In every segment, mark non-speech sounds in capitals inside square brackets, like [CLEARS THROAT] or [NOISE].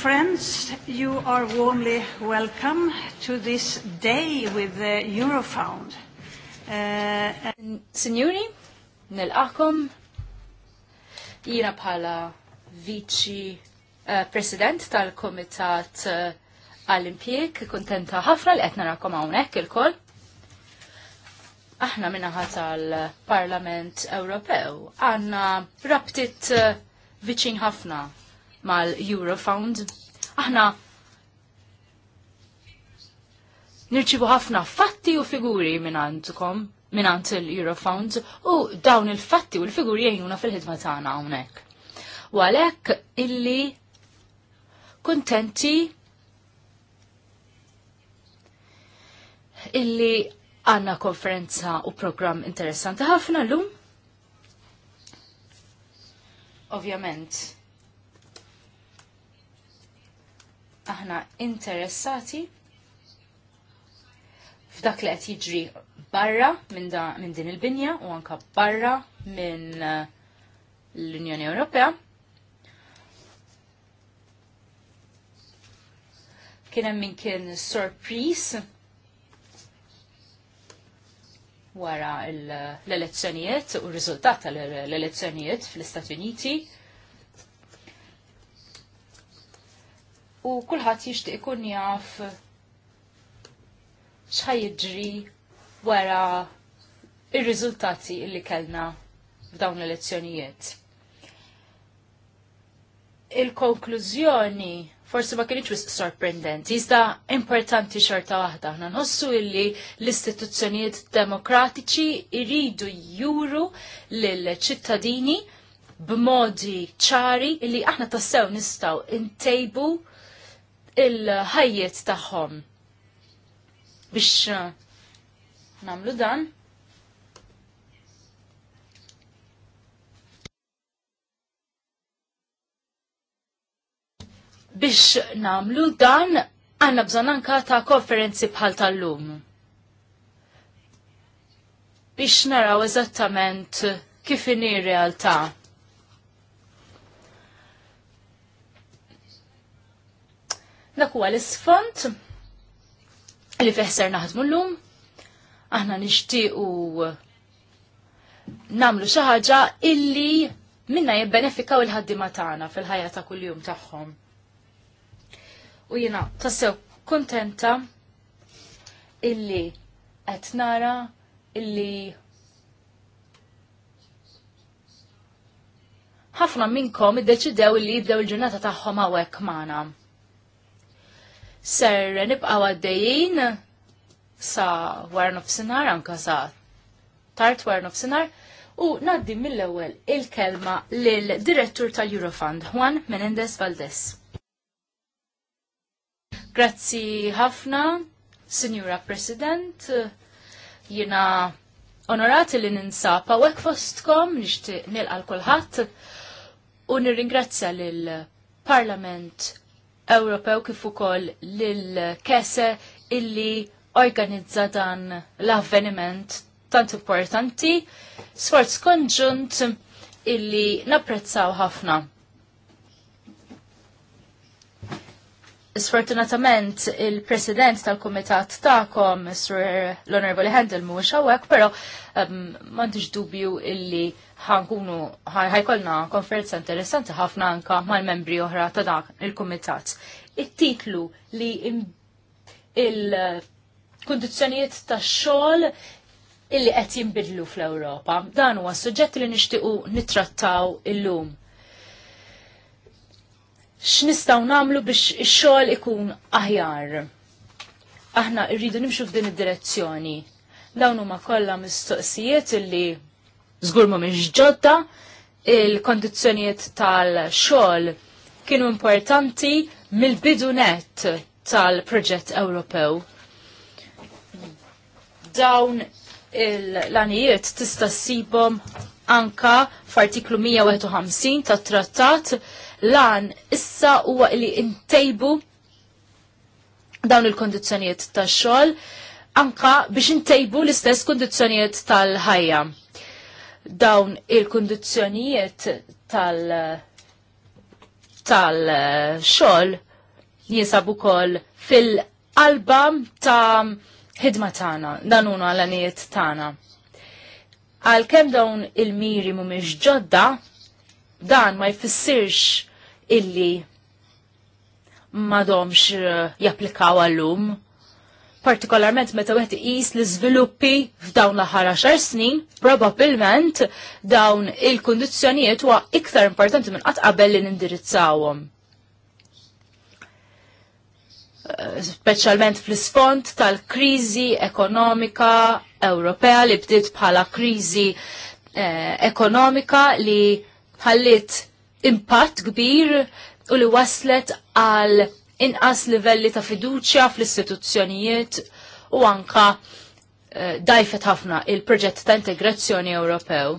Friends, you are warmly welcome to this day with the Eurofound. Uh, Signori, nil-akom, jina bħala Vici uh, president tal-Komitat uh, Olimpijek, kontenta ħafna li qed narakom hawnhekk il-koll. Aħna minnaħa tal-Parlament Ewropew għandna rabtit viċin ħafna mal-Eurofound. Aħna nirċibu ħafna fatti u figuri minn għandkom, minn għand il-Eurofound, u dawn il-fatti u l-figuri jgħinuna fil-ħidma tagħna hawnhekk. U għalhekk illi kontenti illi għanna konferenza u program interessanti ħafna l-lum. Ovvjament, aħna interessati f'dak li qed jiġri barra minn min din il-binja u anka barra minn eh, l-Unjoni Ewropea. Kien hemm min kien sorpriż wara l-elezzjonijiet u r-riżultat tal-elezzjonijiet fl-Istati Uniti u kulħadd jixtieq ikun jaf x'ħajjiġri wara il riżultati li kellna f'dawn l-elezzjonijiet. Il-konklużjoni forsi ma kienx wisq sorprendenti, iżda importanti xorta waħda. Aħna nħossu illi l-istituzzjonijiet demokratiċi iridu juru lill-ċittadini b'modi ċari illi aħna tassew nistgħu intejbu il-ħajjiet tagħhom. Biex uh, nagħmlu dan, biex namlu dan għanna bżon anka ta' konferenzi bħal tal-lum. Biex naraw eżattament kif inhi realtà. Dak huwa l-isfont li feħser naħdmu llum. Aħna nixtiequ namlu xi ħaġa illi minna jibbenefikaw il-ħaddima tagħna fil-ħajja ta' kuljum tagħhom. U jiena tassew kuntenta illi qed nara illi ħafna minnkom iddeċidew illi jibdew il-ġurnata tagħhom hawnhekk magħna ser nibqaw għaddejjin sa war nofsinar, anka sa tart war nofsinar, u naddi mill-ewel il-kelma lil-direttur tal-Eurofund, Juan Menendez Valdez. Grazzi ħafna, Signora President, jina onorati li ninsab għawek fostkom nishtiq nil kulħadd u nirringrazzja lil Parlament Ewropew kif ukoll lil kese illi organizza dan l-avveniment tant importanti, sforz konġunt illi napprezzaw ħafna. Sfortunatament il-president tal-komitat ta'kom, Sr. l Handel, mux għawek, pero um, mandiġ dubju illi ħankunu ħajkolna konferenza interessanti ħafna anka mal-membri oħra ta' dak il-kumitat. It-titlu li il-kondizzjonijiet ta' xogħol illi qed jinbidlu fl-Ewropa. Dan huwa suġġett li nixtiequ nittrattaw illum. X'nistgħu nagħmlu biex ix-xogħol ikun aħjar. Aħna rridu nimxu f'din id-direzzjoni. Dawn huma kollha mistoqsijiet illi żgur mhumiex ġodda, il kondizjoniet tal-xogħol kienu importanti mill-bidunet tal-proġett Ewropew. Dawn l-anijiet tista' ssibhom anka f'artiklu 151 tat-trattat lan issa huwa li intejbu dawn il kondizjoniet tax-xogħol anka biex intejbu l-istess kondizzjonijiet tal-ħajja dawn il-kondizjonijiet tal tal-xol eh, jinsabu kol fil-qalba ta' ħidma tagħna, dan huma tana. tagħna. Għalkemm dawn il-miri mhumiex ġodda, dan ma jfissirx illi domx eh, japplikaw għallum partikolarment meta wieħed iqis l-iżviluppi f'dawn l-aħħar 10 snin, probabbilment dawn il-kundizzjonijiet huwa iktar importanti minn qatt qabel li nindirizzawhom. Eh, speċjalment fl-isfond tal-kriżi ekonomika Ewropea li bdiet bħala kriżi eh, ekonomika li ħallit impatt kbir u li waslet għal inqas livelli ta' fiduċja fl-istituzzjonijiet u anka uh, dajfet ħafna il-proġett ta' integrazzjoni Ewropew.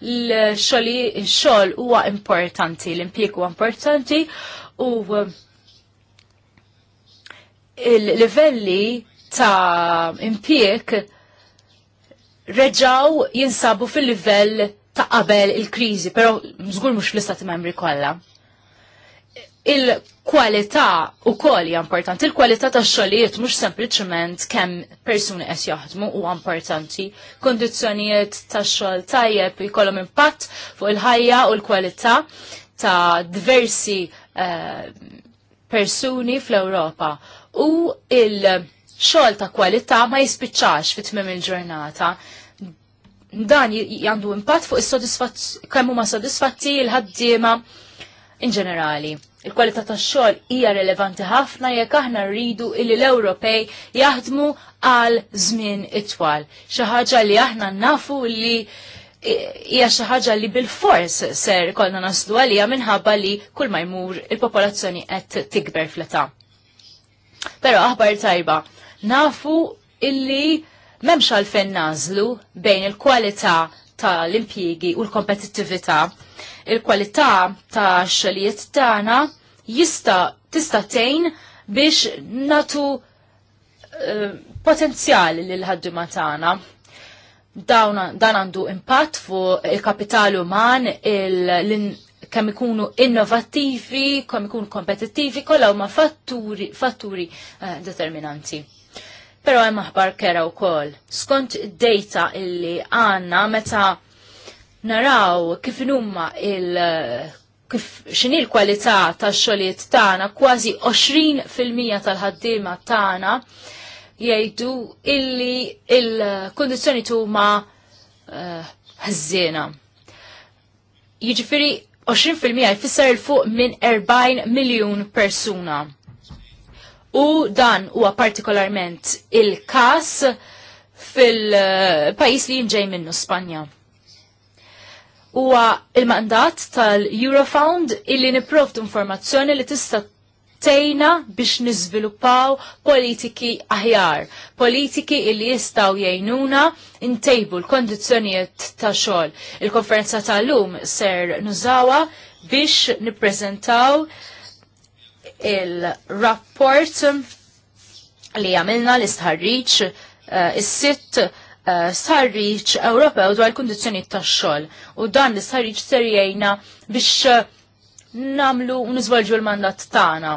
L-xol huwa importanti, l-impjeg huwa importanti u eh, il-livelli ta' impjeg reġaw jinsabu fil-livell ta' qabel il-krizi, pero mżgur mux fl-istati membri kollha il-kwalità u kol importanti, il-kwalità ta' xogħlijiet mhux sempliċement kemm persuni qed jaħdmu u importanti. Kondizzjonijiet ta' xogħol tajjeb jkollhom impatt fuq il-ħajja u l-kwalità ta' diversi uh, persuni fl-Ewropa. U il-xogħol ta' kwalità ma jispiċċax fit-tmiem il-ġurnata dan jandu impatt fuq is-sodisfazz kemm huma sodisfatti l-ħaddiema in ġenerali il-kwalità tax-xogħol hija rilevanti ħafna jekk aħna rridu illi l-Ewropej jaħdmu għal żmien itwal. Xi ħaġa li aħna nafu li hija xi ħaġa li bil-fors ser kollna naslu għalija minħabba li kull ma jmur il-popolazzjoni qed tikber fl-età. Però aħbar tajba, nafu illi memx għalfejn nażlu bejn il-kwalità tal-impjiegi u l-kompetittività il-kwalità ta' xogħlijiet tagħna jista' tista' tgħin biex natu eh, potenzjal lil ħaddima tagħna. Dan għandu impatt fuq il-kapital uman, kemm ikunu innovattivi, kemm ikunu kompetittivi, kollha huma fatturi, fatturi uh, determinanti. Però hemm aħbar kera wkoll. Skont id-data illi għandna meta naraw kif numma il- kif xini l-kwalità tax xoliet tagħna kważi 20% tal-ħaddiema tagħna jgħidu illi il-kondizzjoni huma eh, ħżiena. Uh, Jiġifieri 20% jfisser il fuq minn 40 miljun persuna. U dan huwa partikolarment il-każ fil-pajjiż eh, li jinġej minnu Spanja huwa il-mandat tal-Eurofound illi niprovd informazzjoni li tista' tejna biex niżviluppaw politiki aħjar, politiki illi jistaw jgħinuna intejbu l-kondizzjonijiet ta' xogħol. Il-konferenza tal-lum ser nużawa biex nippreżentaw il-rapport li għamilna l-istħarriċ, uh, eh, is-sitt Eh, sarriċ Ewropew dwar il-kondizjoni tax-xogħol u dan li sarriċ ser jgħinna biex eh, namlu u niżvolġu l-mandat tagħna.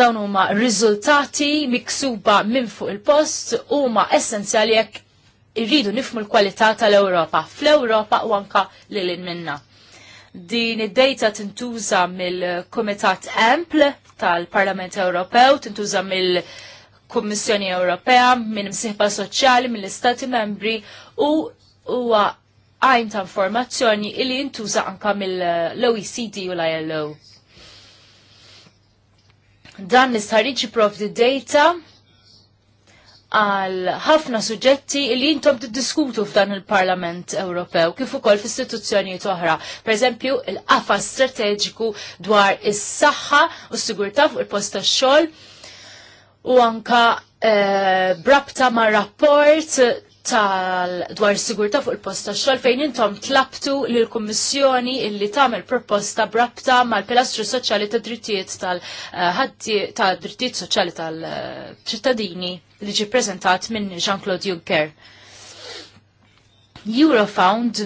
Dawn huma riżultati miksuba minn fuq il-post huma essenzjali jekk irridu nifmu l-kwalità tal-Ewropa fl-Ewropa u anka lil minna. Din id-data tintuża mill-Kumitat Ampl tal-Parlament Ewropew, tintuża mill- kummissjoni Ewropea, minn msiħba soċjali, mill-Istati membri u huwa għajn ta' informazzjoni illi jintuża anka mill-OECD u l-ILO. Dan l prof provdi data għal ħafna suġġetti li jintom diskutu f'dan il-Parlament Ewropew kif ukoll f'istituzzjonijiet oħra. Pereżempju, il-qafa strateġiku dwar is-saħħa u s-sigurtà fuq il-post tax-xogħol u anka eh, brabta ma' rapport tal dwar sigurta fuq il posta ta' xogħol fejn intom tlabtu l kummissjoni illi tagħmel proposta brabta mal-pilastru soċjali ta' drittijiet tal-ħaddi eh, ta' drittijiet soċjali tal-ċittadini li ġi prezentat minn Jean-Claude Juncker. Eurofound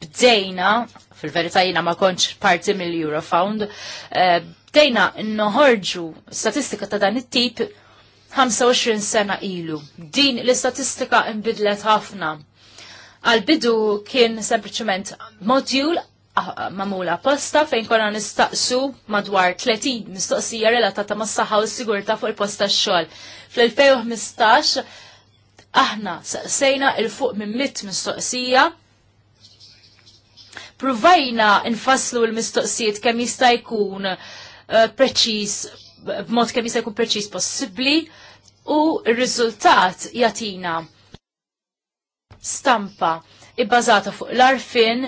bdejna, fil verita jina ma konċ parti mill-Eurofound, eh, bdejna noħorġu statistika ta' dan it-tip 25 sena ilu. Din l-istatistika imbidlet ħafna. Għal-bidu kien sempliciment modjul ah, ah, mamula posta fejn konna nistaqsu madwar 30 mistoqsija relatata ma' s-saħħa u s-sigurta fuq il-posta x-xogħol. Fl-2015 aħna sejna il-fuq minn mit mistoqsija Provajna nfasslu l-mistoqsijiet kemm jista' jkun eh, preċiż b'mod kemm jista' jkun preċiż possibbli u r-riżultat jagħtina stampa ibbażata fuq l-arfin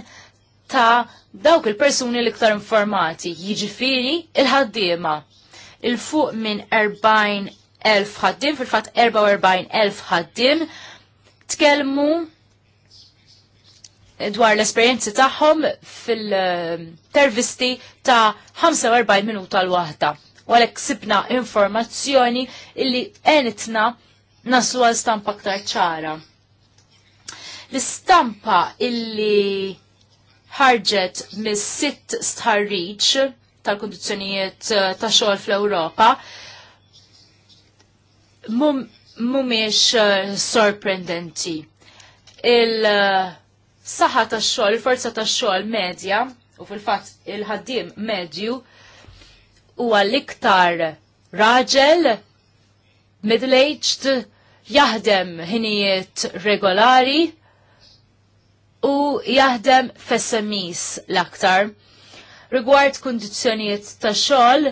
ta' dawk il-persuni l-iktar informati, jiġifieri il-ħaddiema. Il-fuq minn 40,000 ħaddim, fil-fatt 44,000 ħaddim, tkellmu dwar l-esperienzi tagħhom fil-tervisti ta' 45 minuta l-waħda. Walek sibna informazzjoni illi enitna naslu għal stampa aktar ċara. L-istampa illi ħarġet mis sitt starriċ tal-kondizjonijiet eh, ta' xogħol fl-Ewropa mumiex eh, sorprendenti. Il-saħħa eh, ta' xogħol, il-forza ta' xogħol medja, u fil-fatt il-ħaddim medju, huwa l-iktar raġel middle-aged jaħdem ħinijiet regolari u jaħdem fessemis l-aktar. Rigward kondizjoniet ta' xogħol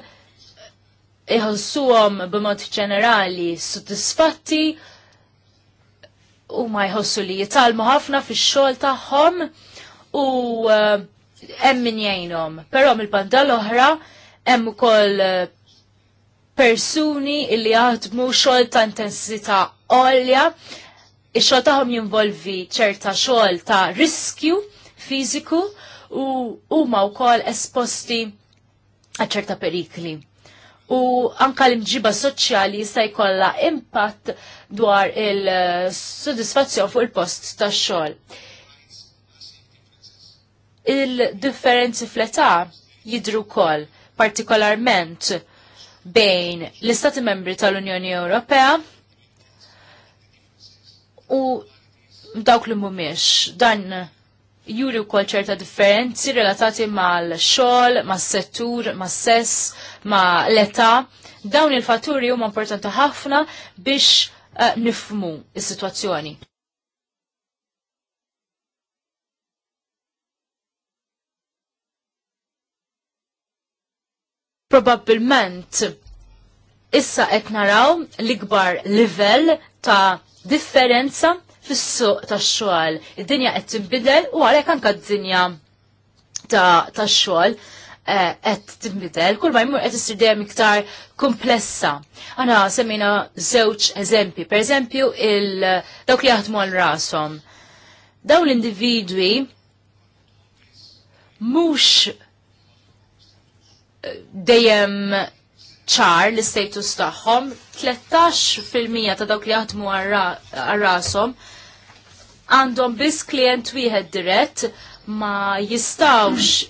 iħossuhom b'mod ġenerali sodisfatti u ma jħossu li jitalmu ħafna fix-xogħol tagħhom u eh, hemm min jgħinhom. Però mill-banda l-oħra hemm ukoll eh, persuni illi jaħdmu xogħol ta' intensità għolja, ix-xogħol tagħhom jinvolvi ċerta xogħol ta' riskju fiżiku u huma wkoll esposti għal ċerta perikli. U anka l-imġiba soċjali jista' jkollha impatt dwar il-sodisfazzjon fuq il-post tax-xogħol. Il-differenzi fl-età jidru koll partikolarment bejn l-Istati membri tal-Unjoni Ewropea u dawk li mhumiex dan juri wkoll ċerta differenzi relatati mal-xogħol, mas-settur, mas-sess, ma' l-età. Dawn il-fatturi huma importanti ħafna biex uh, eh, nifmu is-sitwazzjoni. probabbilment issa qed naraw l-ikbar livell ta' differenza fis-suq tax-xogħol. Id-dinja qed tinbidel u għalhekk anke d-dinja tax-xogħol eh, qed tinbidel, kull ma jmur qed isir dejjem iktar komplessa. Aħna semmejna żewġ eżempji, pereżempju il dawk li jaħdmu għal rashom. Dawn l-individwi mhux dejjem ċar l-status tagħhom, 13% ta' dawk li jaħdmu għar-rashom għandhom biss klient wieħed dirett ma jistawx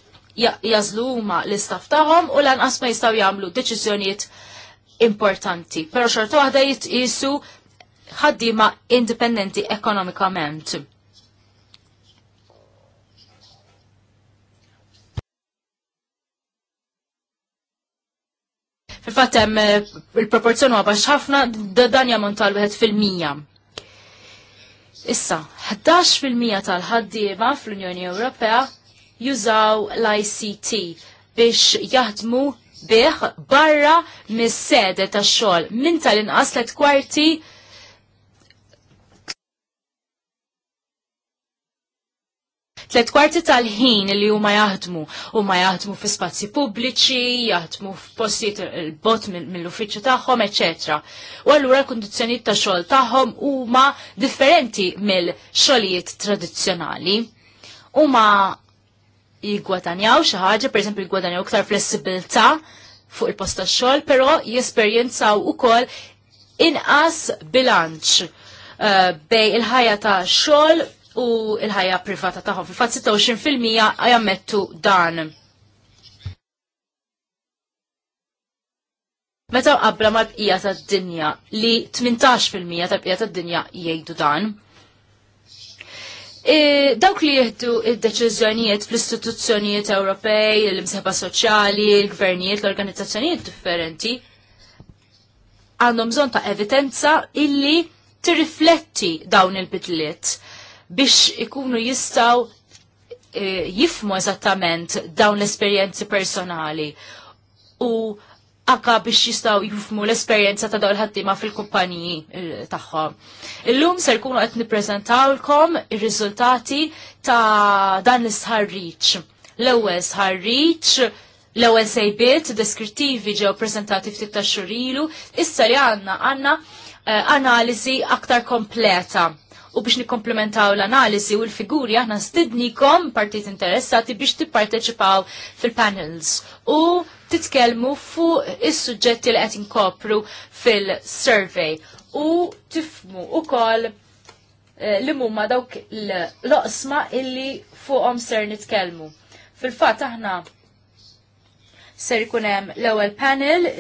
jażlu huma l-istaff tagħhom u lanqas ma jistgħu jagħmlu deċiżjonijiet importanti. Però xorta waħda jitqisu ħaddiema indipendenti ekonomikament. Fil-fatt hemm eh, il-proporzjon huwa baxx ħafna dan jamont tal fil-mija. Issa, 11% tal-ħaddiema fl-Unjoni Ewropea jużaw l-ICT biex jaħdmu bih barra mis-sede tax-xogħol minn tal-inqas tliet kwarti tlet kwarti tal-ħin li huma jaħdmu. Huma jaħdmu fi spazji pubbliċi, jaħdmu f'postijiet il-bot mill-uffiċċju tagħhom, eċetera. U allura l-kundizzjonijiet ta' xogħol tagħhom huma differenti mill-xogħlijiet tradizzjonali. Huma jiggwadanjaw xi ħaġa, pereżempju jiggwadanjaw iktar flessibilità fuq il-post tax-xogħol, però jesperjenzaw ukoll inqas bilanċ uh, bej il-ħajja ta' xogħol u il-ħajja privata tagħhom. Fil-fatt 26% jammettu dan. Meta qabla mal-bqija tad-dinja li 18% tal-bqija tad-dinja jgħidu dan. E, dawk li jihdu id-deċiżjonijiet fl-istituzzjonijiet Ewropej, l-imseba soċjali, l-gvernijiet, l-organizzazzjonijiet differenti, għandhom bżon ta' evidenza illi tirrifletti dawn il-bidliet biex ikunu jistaw eh, jifmu eżattament dawn l-esperjenzi personali u anka biex jistaw jifmu l-esperjenza ta' dawn ħaddima fil-kumpaniji eh, tagħhom. Illum ser kunu qed nippreżentawlkom ir-riżultati ta' dan l-isħarriċ. L-ewwel sħarriċ l-ewwel sejbiet deskrittivi ġew preżentati ftit ta' xurilu, issa li għandna għandna eh, analiżi aktar kompleta u biex nikkomplementaw l-analiżi u l-figuri aħna stidnikom partit interessati biex tipparteċipaw fil-panels u titkellmu fuq is-suġġetti li qed inkopru fil-survey u tifmu ukoll eh, li mumma dawk l-oqsma illi fuqhom ser nitkellmu. Fil-fatt aħna ser ikun hemm l-ewwel panel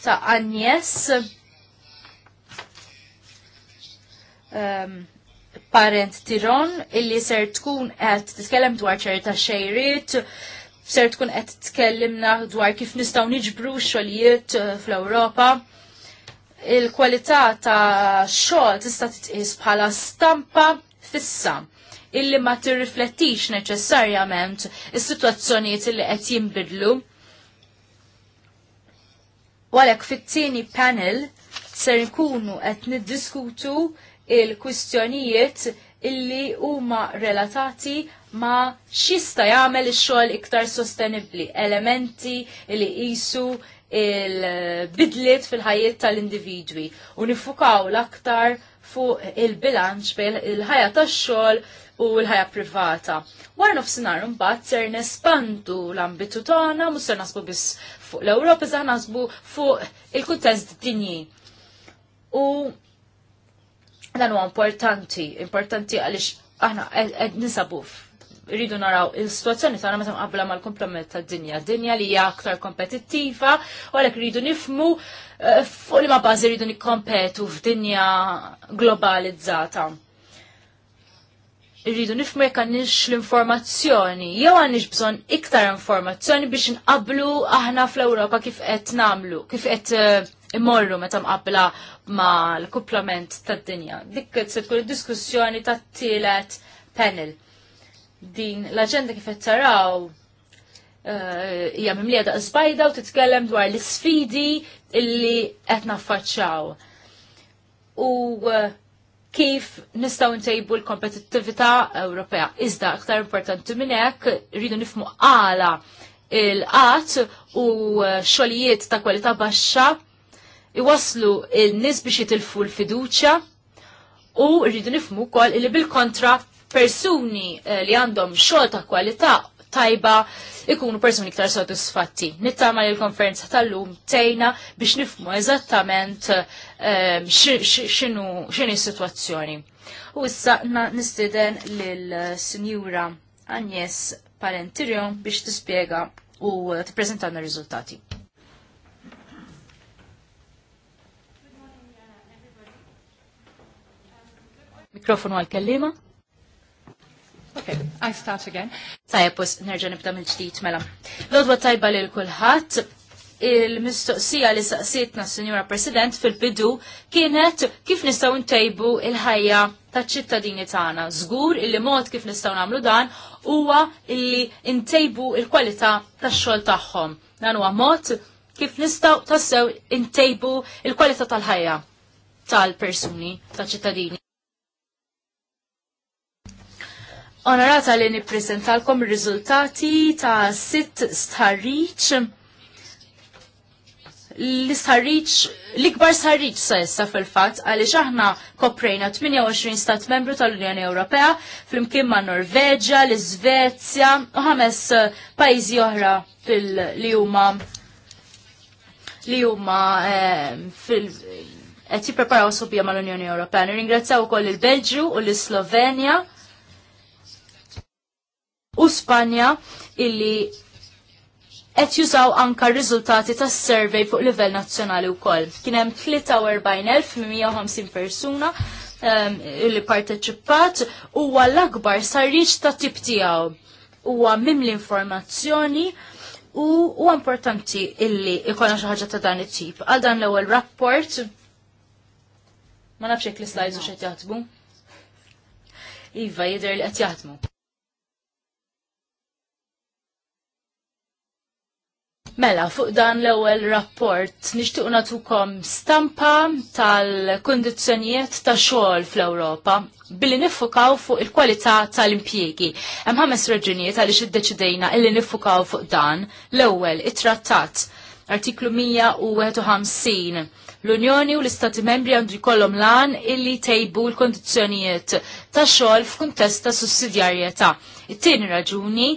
ta' Agnes um, parent tiron illi ser tkun qed tkellem dwar ċerta xejriet, ser tkun qed tkellimna dwar kif nistgħu niġbru xogħlijiet uh, fl-Ewropa. Il-kwalità ta' xogħol tista' titqis bħala stampa fissa illi ma tirriflettix neċessarjament is-sitwazzjonijiet illi qed jinbidlu. Walek fit-tieni panel ser nkunu qed niddiskutu il-kwistjonijiet illi huma relatati ma xista jagħmel ix-xogħol iktar sostenibbli, elementi li qisu il-bidliet fil ħajjiet tal-individwi u nifukaw l-aktar fuq il-bilanċ bejn il-ħajja tax-xogħol u l-ħajja privata. Wara nofsinhar imbagħad ser nespandu l-ambitu tagħna mhux ser nasbu biss fuq l-Ewropa iżda nasbu fuq il-kuntest dinji. U Dan huwa importanti, importanti għaliex aħna qed nisabu rridu naraw il-situazzjoni tagħna meta mqabbla mal-komplement tad-dinja. Dinja li hija aktar kompetittiva u għalhekk rridu nifmu eh, fuq li ma bażi rridu nikkompetu f'dinja globalizzata. Irridu nifmu jekk għandix l-informazzjoni, jew għandix bżonn iktar informazzjoni biex nqablu aħna fl-Ewropa kif qed namlu, kif qed eh, imorru meta mqabbla ma l-kuplament tad dinja Dik se tkun id-diskussjoni ta' tielet panel. Din l-aġenda kif qed taraw eh, hija mimlija daqs bajda u titkellem dwar l-isfidi illi qed naffaċċaw. U eh, kif nistgħu ntejbu l-kompetittività Ewropea. Iżda aktar importanti minn hekk rridu nifmu għala il-qatt u eh, xogħlijiet ta' kwalità baxxa iwaslu il-nis biex jitilfu l-fiduċa u rridu nifmu kol li bil-kontra persuni eh, li għandhom xogħol ta' kwalità tajba ikunu persuni iktar sodisfatti. Nittama li l-konferenza tal-lum tejna biex nifmu eżattament ehm, xinu situazzjoni. U issa nistiden lil-Sinjura Agnes Parentirion biex tispiega u t-prezentana riżultati. Mikrofonu għal-kellima. Okay, I start again. Tajab, pos nerġa nibda mill-ġdijt mela. Lodwa tajba li l-kulħat, il-mistoqsija li saqsitna s-Senjora President fil-bidu kienet kif nistaw ntejbu il-ħajja ta' ċittadini tagħna. Żgur illi mod kif nistaw nagħmlu dan huwa illi ntejbu il-kwalità tax-xogħol tagħhom. Dan huwa mod kif nistaw tassew ntejbu il-kwalità tal-ħajja tal-persuni, tal-ċittadini. Onorata li nipprezentalkom ir-riżultati ta' sitt starriċ l istarriċ l-ikbar starriċ sa' issa fil-fat, għalli xaħna koprejna 28 stat membru tal-Unjoni Ewropea, flimkien ma' Norveġja, l-Svezja, u ħames pajzi oħra fil-li huma li huma ehm, fil- qed jippreparaw subija mal-Unjoni Ewropea. Nirringrazzjaw ukoll il-Belġju u l-Slovenja. il belġju u l slovenja il u l slovenja u Spanja illi qed jużaw anka r-riżultati tas-survey fuq livell nazzjonali wkoll. Kien hemm 43,150 persuna um, ehm, li parteċipat huwa l-akbar sarriċ ta' tip tiegħu. Huwa mim l-informazzjoni u huwa importanti illi ikolna xi ħaġa ta' dan it-tip. Għal dan l-ewwel rapport ma nafx hekk l-slides u xed jaħdmu. Iva jidher li qed jaħdmu. Mela, fuq dan l-ewwel rapport nixtieq natukom stampa tal-kondizzjonijiet ta' xogħol fl-Ewropa billi nifukaw fuq il-kwalità tal-impjiegi. Hemm ħames raġunijiet għaliex iddeċidejna illi nifukaw fuq dan l-ewwel it-trattat artiklu 151 l-Unjoni u l-Istati membri għandu jkollhom lan illi tejbu l-kondizzjonijiet ta' xogħol f'kuntest ta' sussidjarjetà. It-tieni raġuni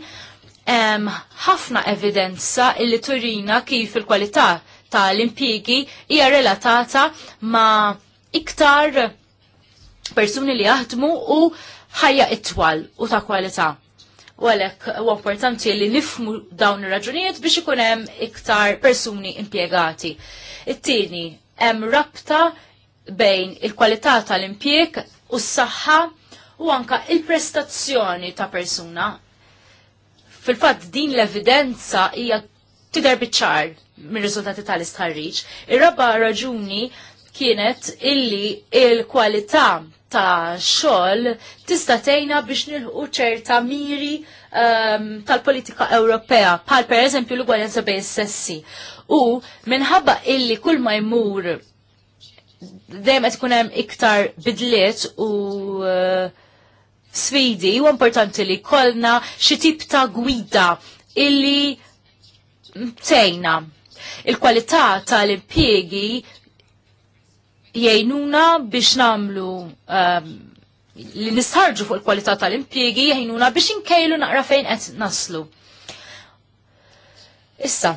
hemm ħafna evidenza illi turina kif il-kwalità tal-impjiegi hija relatata ma' iktar persuni li jaħdmu u ħajja itwal u ta' kwalità. U għalhekk huwa importanti li nifmu dawn ir-raġunijiet biex ikun hemm iktar persuni impjegati. It-tieni hemm rabta bejn il-kwalità tal-impjieg u s-saħħa u anka il-prestazzjoni ta' persuna Fil-fatt din l-evidenza hija tidher biċ-ċar mir-riżultati tal-istħarriġ. Ir-raba raġuni kienet illi il-kwalità ta' xogħol tista' tgħinna biex nilħu ċerta miri um, tal-politika Ewropea, bħal pereżempju l-ugwaljanza bejn sessi. U minħabba illi kull ma jmur dejjem qed hemm iktar bidliet u uh, sfidi u importanti li kolna xi tip ta' gwida illi tejna. Il-kwalità tal-impjegi jgħinuna biex namlu um, li nistarġu fuq il-kwalità tal-impjegi jgħinuna biex inkejlu naqra fejn qed naslu. Issa,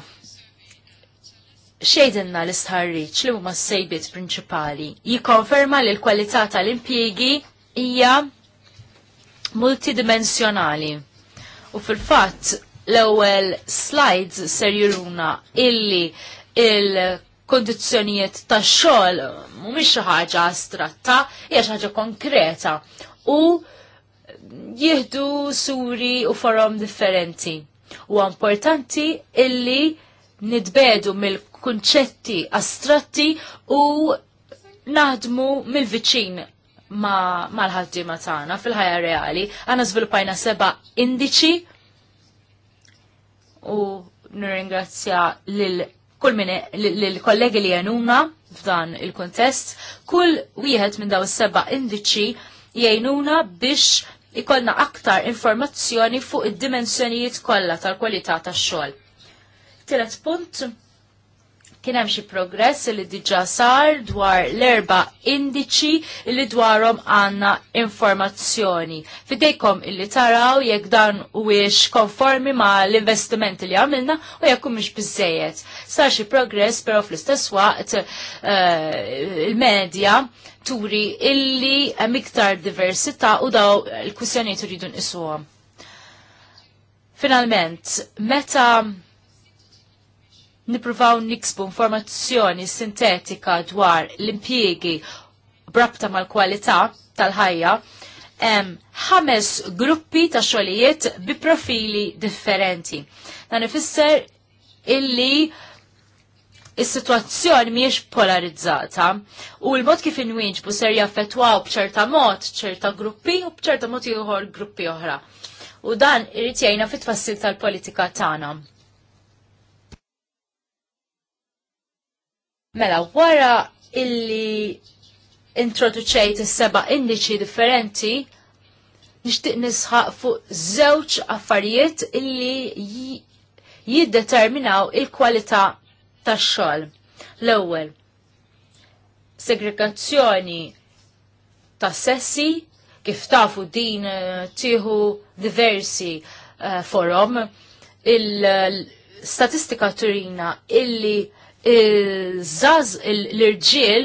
xejdinna l-istħarriċ li huma s-sejbiet prinċipali Jikkonferma li l-kwalità tal-impjegi hija multidimensjonali. U fil-fatt l-ewwel slides ser juruna illi il kondizjonijiet tax-xogħol mhumiex ħaġa astratta, hija xi ħaġa konkreta u jieħdu suri u forom differenti. U importanti illi nitbedu mill-kunċetti astratti u naħdmu mill-viċin ma' mal-ħaddiema tagħna fil-ħajja reali. Għana żviluppajna seba' indiċi u nirringrazzja kull l-kollegi li jenuna f'dan il-kontest, kull wieħed minn daw is-seba' indiċi jgħinuna biex ikollna aktar informazzjoni fuq id-dimensjonijiet kollha tal-kwalità tax-xogħol. Tielet punt Kien hemm xi progress li diġà sar dwar l-erba' indiċi li dwarhom għandna informazzjoni. Fidejkom illi taraw jekk dan huwiex konformi ma' l-investimenti li għamilna u jekk mhux biżejjed. Sar xi progress però fl-istess waqt eh, il-medja turi illi hemm iktar diversità u daw l-kwistjonijiet iridu nqisuhom. Finalment, meta nipruvaw niksbu informazzjoni sintetika dwar l-impjiegi brabta mal-kwalità tal-ħajja hemm ħames gruppi ta' xogħlijiet bi profili differenti. Dan ifisser illi is-sitwazzjoni mhijiex polarizzata u l-mod kif inwinġbu ser jaffettwaw b'ċerta mod ċerta gruppi u b'ċerta mod ieħor gruppi oħra. U dan irid jgħinna fit-tfassil tal-politika tagħna. Mela, wara illi introduċejt is-seba' indiċi differenti, nixtieq nisħaq fuq żewġ affarijiet illi jiddeterminaw il-kwalità tax-xogħol. L-ewwel, segregazzjoni ta' sessi, kif tafu din eh, tieħu diversi uh, forum, il-statistika turina illi il-żaz l-irġiel,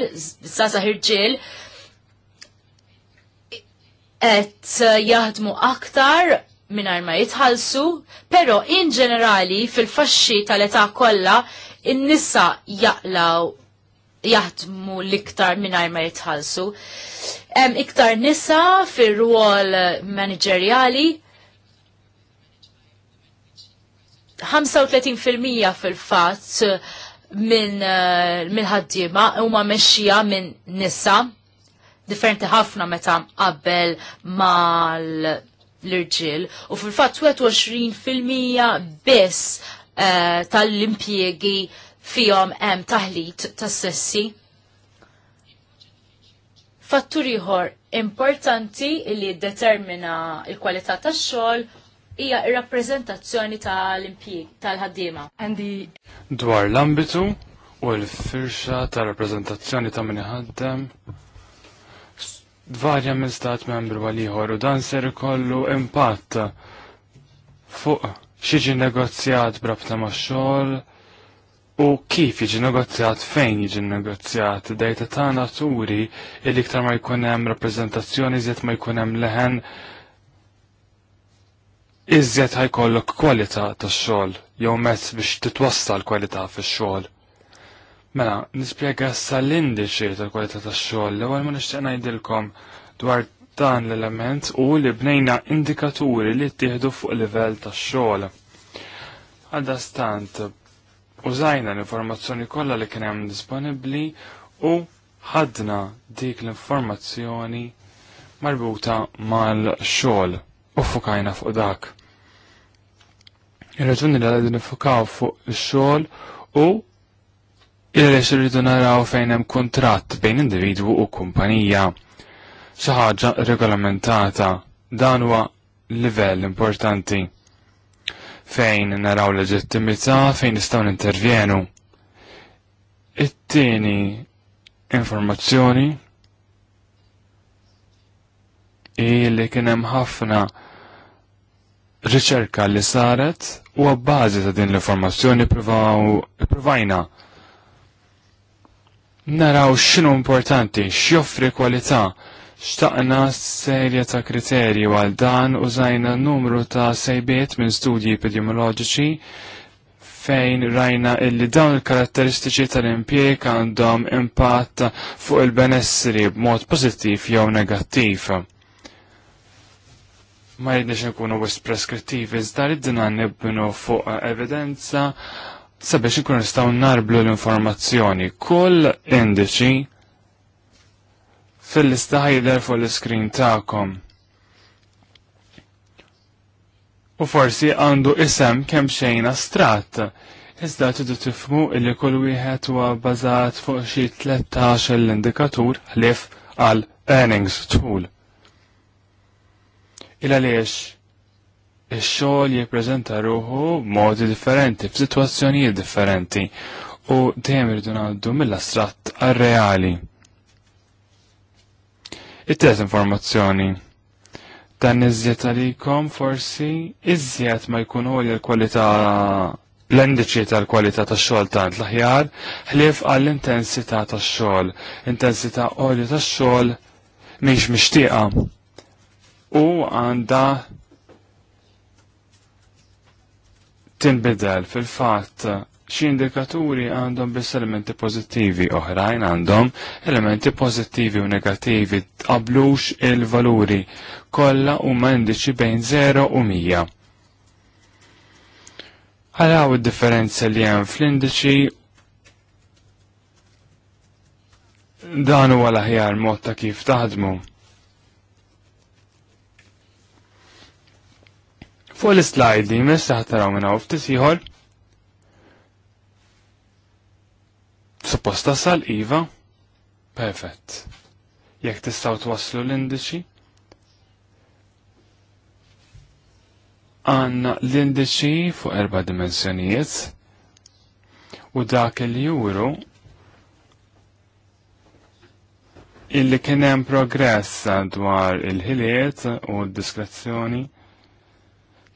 żaza irġiel, qed jaħdmu aktar minar ma jitħalsu, pero in ġenerali fil-faxxi tal-età kollha in-nisa jaqlaw jaħdmu l-iktar mingħajr ma jitħalsu. Hemm iktar nisa fir-rwol manageriali 35% fil-fatt Eh, minn ħaddiema huma mexxija minn nisa differenti ħafna meta qabel mal l-irġil u fil-fatt mija biss eh, tal-impjiegi fihom hemm taħlit tas-sessi. Fattur ieħor importanti li determina l-kwalità tax-xogħol hija r-rappreżentazzjoni tal-impjieg tal-ħaddiema. The... Dwar l-ambitu u l-firxa tal-rappreżentazzjoni ta' min ħaddem varja minn stat membru għal ieħor u dan ser ikollu impatt fuq xieġi negozjat brabta ma' xogħol u kif jiġi negozjat fejn jiġi negozjat dejta ta' naturi il-iktar ma' jkun hemm rappreżentazzjoni żiet ma' jkun hemm leħen iżjed ħajkollok kwalità tax-xogħol jew mezz biex titwassal kwalità fix-xogħol. Mela, nispjega sal-indiċi tal-kwalità tax-xogħol l-ewwel ma nixtieq ngħidilkom dwar dan l-element u li bnejna indikaturi li ttieħdu fuq livell tax-xogħol. stant użajna l-informazzjoni kollha li kien hemm disponibbli u ħadna dik l-informazzjoni marbuta mal-xogħol u fuq dak. Il-raġuni li għadin nifukaw fuq il-xol u il-rex rridu naraw fejn hemm kontrat bejn individwu u kumpanija. ħaġa regolamentata dan huwa livell importanti fejn naraw leġittimità fejn nistgħu intervjenu. It-tieni informazzjoni i li kien hemm ħafna riċerka li saret u għabbażi ta' din l-informazzjoni provajna. Naraw x'inhu importanti, x'joffri kwalità, xtaqna serja ta' kriterji għal dan u zajna numru ta' sejbiet minn studji epidemioloġiċi fejn rajna illi dawn il-karatteristiċi tal-impjeg għandhom impatt fuq il-benessri b'mod pożittiv jew negattiv ma jridniex nkunu wis preskrittivi, iżda ridna nibnu fuq evidenza sabiex nkunu nistgħu narblu l-informazzjoni. Kull indiċi fil-lista ħajder fuq l-iskrin tagħkom. U forsi għandu isem kemm xejn astratt. Iżda tidu tifmu illi kull wieħed huwa bażat fuq xi 13 l-indikatur ħlif għal earnings tool il għaliex ix-xogħol jippreżenta ruħu b'modi differenti, f'sitwazzjonijiet differenti u dejjem irridu ngħaddu mill-astratt ar reali it informazzjoni dan iżjed għalikom forsi iżjed ma jkun għolja l-kwalità l-indiċi tal-kwalità tax-xogħol tant l-aħjar ħlief għall-intensità tax-xogħol. Intensità għolja tax-xogħol mhix mixtieqa u għanda tinbidel fil-fatt xi indikaturi għandhom biss elementi pożittivi oħrajn għandhom elementi pożittivi u negattivi qablux il-valuri kollha huma indiċi bejn 0 u 100. Ħaraw id-differenza li hemm fl-indiċi dan huwa l-aħjar mod ta' kif taħdmu. Fuq l li mis taħtaraw minna u ftit ieħor. sal iva. Perfett. Jekk tistaw twasslu l-indiċi? Għanna l-indiċi fuq erba' dimensjonijiet u dak il juru illi kien hemm progress dwar il-ħiliet u d-diskrezzjoni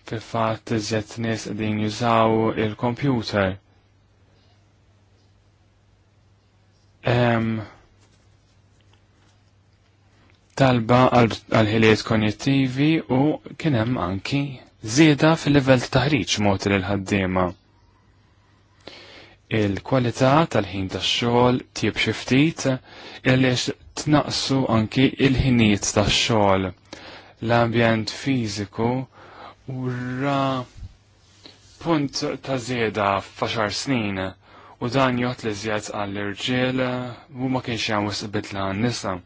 fil-fat iżjed nies qegħdin jużaw il kompjuter talba għal-ħiliet konjettivi u kien hemm anki żieda fil-livell ta' taħriġ il-ħaddima. ħaddiema. Il-kwalità tal-ħin tax-xogħol tieb xi ftit għaliex tnaqsu anki il-ħinijiet tax-xogħol. L-ambjent fiżiku Ura, punt ta' zjeda f'għaxar snin u dan jot li zjed għall-irġiel u ma kienx jgħamu s bidla għan-nisa.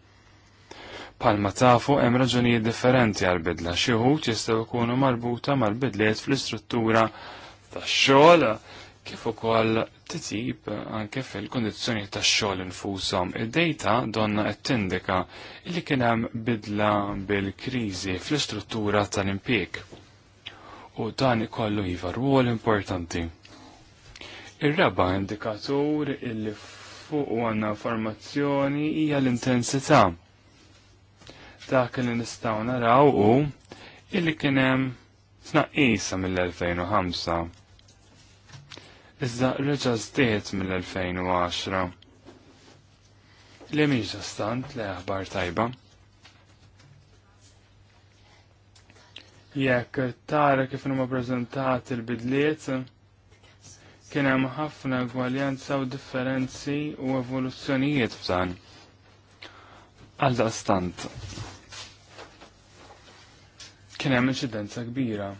Palma tafu hemm raġunijiet differenti għal-bidla xi wħud jistgħu jkunu marbuta mal-bidliet fl-istruttura tax-xogħol kif ukoll titjib anke fil-kondizzjoni tax-xogħol infushom. Id-dejta donna qed tindika li kien hemm bidla bil-kriżi fl-istruttura tal-impjeg u dan ikollu jiva ruol importanti. Ir-raba indikatur illi fuq għanna formazzjoni hija l-intensità. Dak li nistgħu naraw u illi kien hemm tnaqqisa mill-2005. Iżda reġa' żdied mill-2010. Li mhix stant le aħbar tajba. jekk tara kif huma preżentat il bidliet kien hemm ħafna gwaljanza u differenzi u evoluzzjonijiet f'dan. Għal daqstant. Kien hemm inċidenza kbira.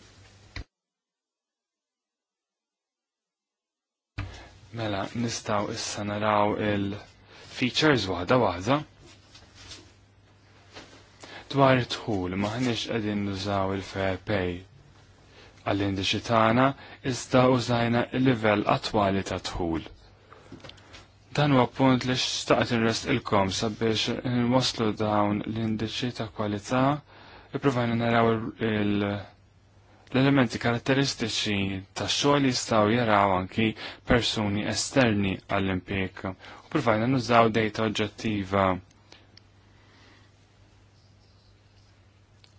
Mela, nistaw issa naraw il-features waħda waħda dwar it-tħul maħniex qegħdin nużaw il-fair pay għall-indiċi tagħna iżda użajna il-livell attwali ta' tħul. Dan huwa punt li xtaqt inrest ilkom sabiex nwaslu dawn l-indiċi ta' kwalità ippruvajna naraw l-elementi karatteristiċi ta' xogħol jistgħu jaraw anki persuni esterni għall-impjeg u provajna nużaw data oġġettiva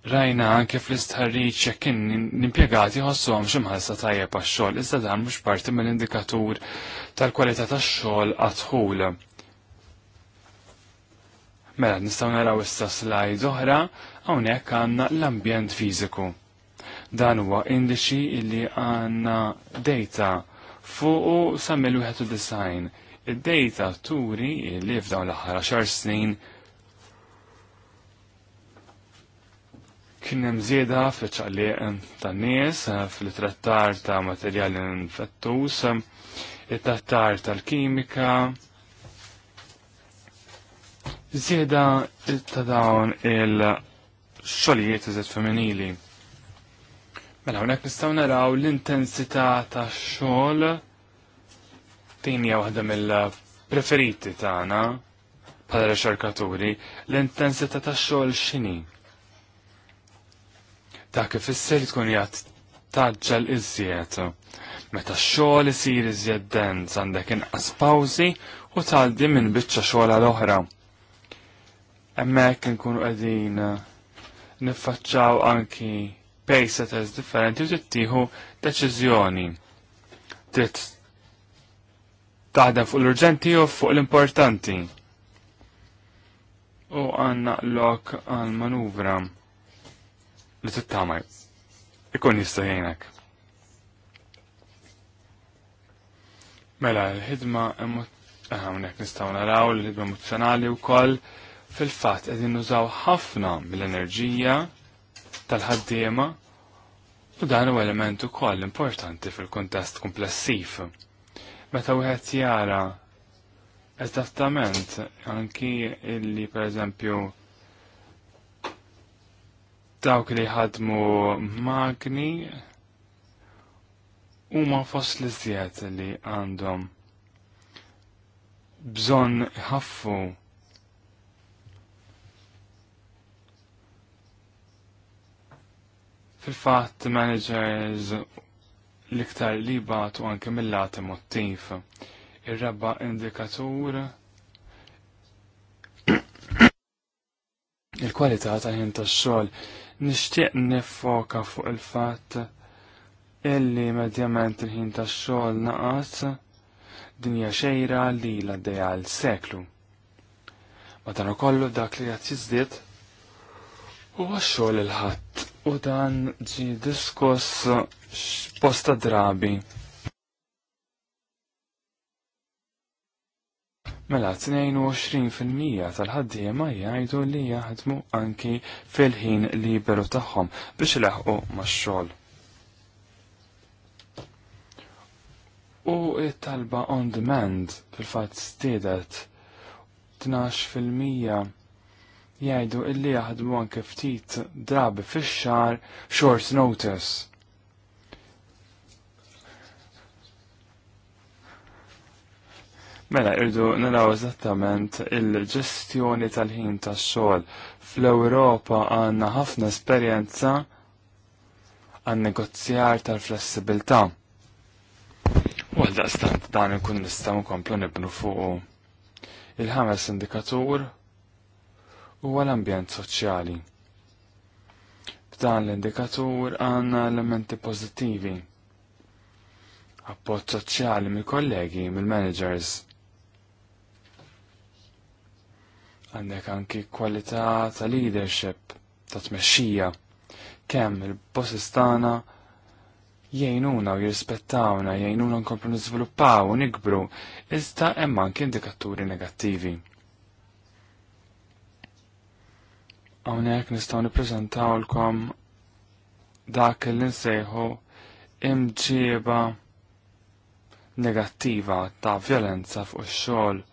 Rajna anke fl-istħarriċ kien l-impiegati ħossu xi ximħalsa tajjeb għax-xogħol, iżda dan mhux parti mill-indikatur tal-kwalità tax-xogħol għadħul. Mela nistgħu naraw issa slajd oħra hawnhekk għandna l-ambjent fiżiku. Dan huwa indiċi li għandna data fuq sa mill-1 design. Id-data turi li f'dawn l-aħħar xar snin Kien hemm żieda fiċ-ċaqliq tan-nies eh, fil-trattar ta' materjali infettus, eh, it-trattar tal-kimika, żieda ta' dawn il-xogħlijiet iżed femminili. Mela hawnhekk nistgħu naraw l-intensità tax-xogħol hija waħda mill-preferiti tagħna bħala reċerkaturi l-intensità tax-xogħol x'inhi ta' kif isser tkun jgħat taġġel iżjed. Meta x-xogħol isir iżjed dens għandek inqas pawżi u tgħaddi minn biċċa xogħol l-oħra. Hemmhekk inkunu qegħdin niffaċċaw anki pejseters differenti u tittieħu deċiżjoni. Trid taħdem fuq l-urġenti u fuq l-importanti. U għanna l-ok għal manuvra li tittamaj ikun jista' jgħinek. Mela, l-ħidma hawnhekk nistgħu naraw l-ħidma u wkoll fil-fatt qegħdin nużaw ħafna mill-enerġija tal-ħaddiema u dan huwa element ukoll importanti fil-kuntest komplessiv. Meta wieħed jara eżattament anki illi pereżempju dawk li ħadmu magni huma fost li zjed li għandhom bżonn ħaffu fil-fatt managers l-iktar li batu anke mill-lat emotiv. Ir-raba indikatur [COUGHS] il-kwalità ta' ħin tax-xogħol Nixtieq nifoka fuq il-fatt illi medjament il-ħin tax-xogħol naqas dinja xejra li la l seklu. Ma dan ukollu dak li qed jiżdied huwa xogħol il-ħadd u dan ġi diskuss posta drabi Mela 22% tal-ħaddiema jgħidu li jaħdmu anki fil-ħin liberu tagħhom biex ilaħqu max-xogħol. U it-talba on demand fil-fatt stiedet 12% jgħidu li jaħdmu anke ftit drabi fix-xar short notice. Mela, irdu naraw eżattament il-ġestjoni tal-ħin tax-xogħol. Fl-Ewropa għandna ħafna esperjenza għan negozjar tal-flessibilità. U għal daqstant dan ikun nistgħu nkomplu nibnu fuq il-ħames indikatur u għal-ambjent soċjali. B'dan l-indikatur għandna elementi pożittivi. Appoġġ soċjali mill-kollegi, mill-managers, għandek anki kwalità ta' leadership, ta' tmexxija, kemm il-bosses tagħna jgħinuna u jirrispettawna, jgħinuna nkomplu niżviluppaw u nikbru, iżda hemm anki indikaturi negattivi. Hawnhekk nistgħu nippreżentawlkom dak li nsejħu imġieba negattiva ta' violenza fuq ix-xogħol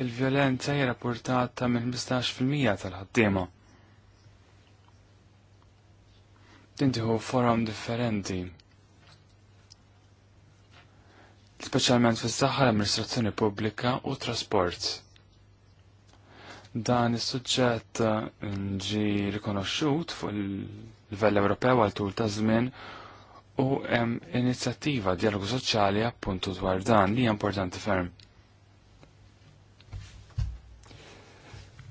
il-violenza hija rapportata minn 15% tal-ħaddiema. Tintiħu forum differenti. Speċjalment fis-saħħa l-amministrazzjoni pubblika u trasport. Dan is-suġġett eh, ġi rikonoxxut fuq il-livell Ewropew għal tul ta' żmien u hemm inizjattiva dialogu soċjali appuntu dwar dan li hija importanti ferm.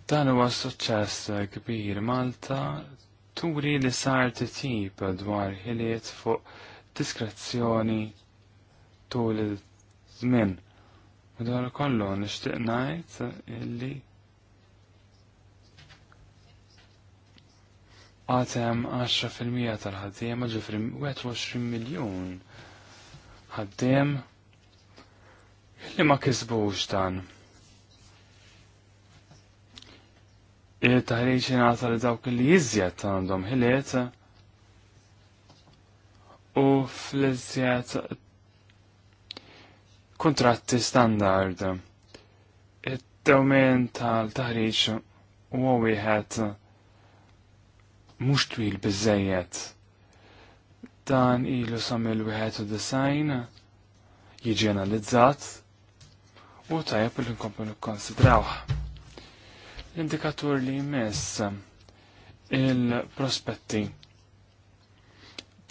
Dan huwa suċċess kbir Malta turi li sar titjib dwar ħiliet fuq diskrezzjoni tul iż-żmien. U dwar kollu nixtieq ngħid illi fil 10% tal-ħaddiema ġifri 21 miljun ħaddiem li ma kisbux dan. il-taħriġ jingħata li dawk li jiżjed għandhom ħiliet u fl-iżjed kontratti standard. il dawmen tal-taħriġ huwa wieħed mhux twil biżejjed. Dan ilu samil wieħed u design jiġi analizzat u tajab li nkomplu konsidrawħ. L-indikatur li jmess il-prospetti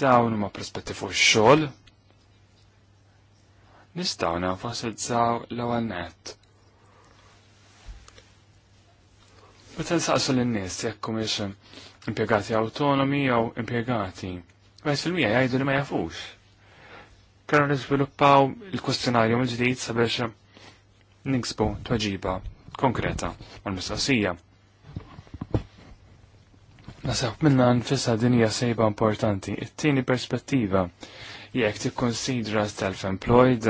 dawn huma prospetti fuq xogħol. Nistgħu nenfasizzaw l-ewwel nett. Meta nsaqsu lin-nies jekk humiex impjegati autonomi jew impjegati, għajs fil-mija jgħidu li ma jafux. Kienu niżviluppaw il-kwestjonarju mill-ġdid sabiex niksbu tweġiba konkreta mal-mistoqsija. Nasab minna nfissa dinja sejba importanti. It-tieni perspettiva jekk tikkonsidra self-employed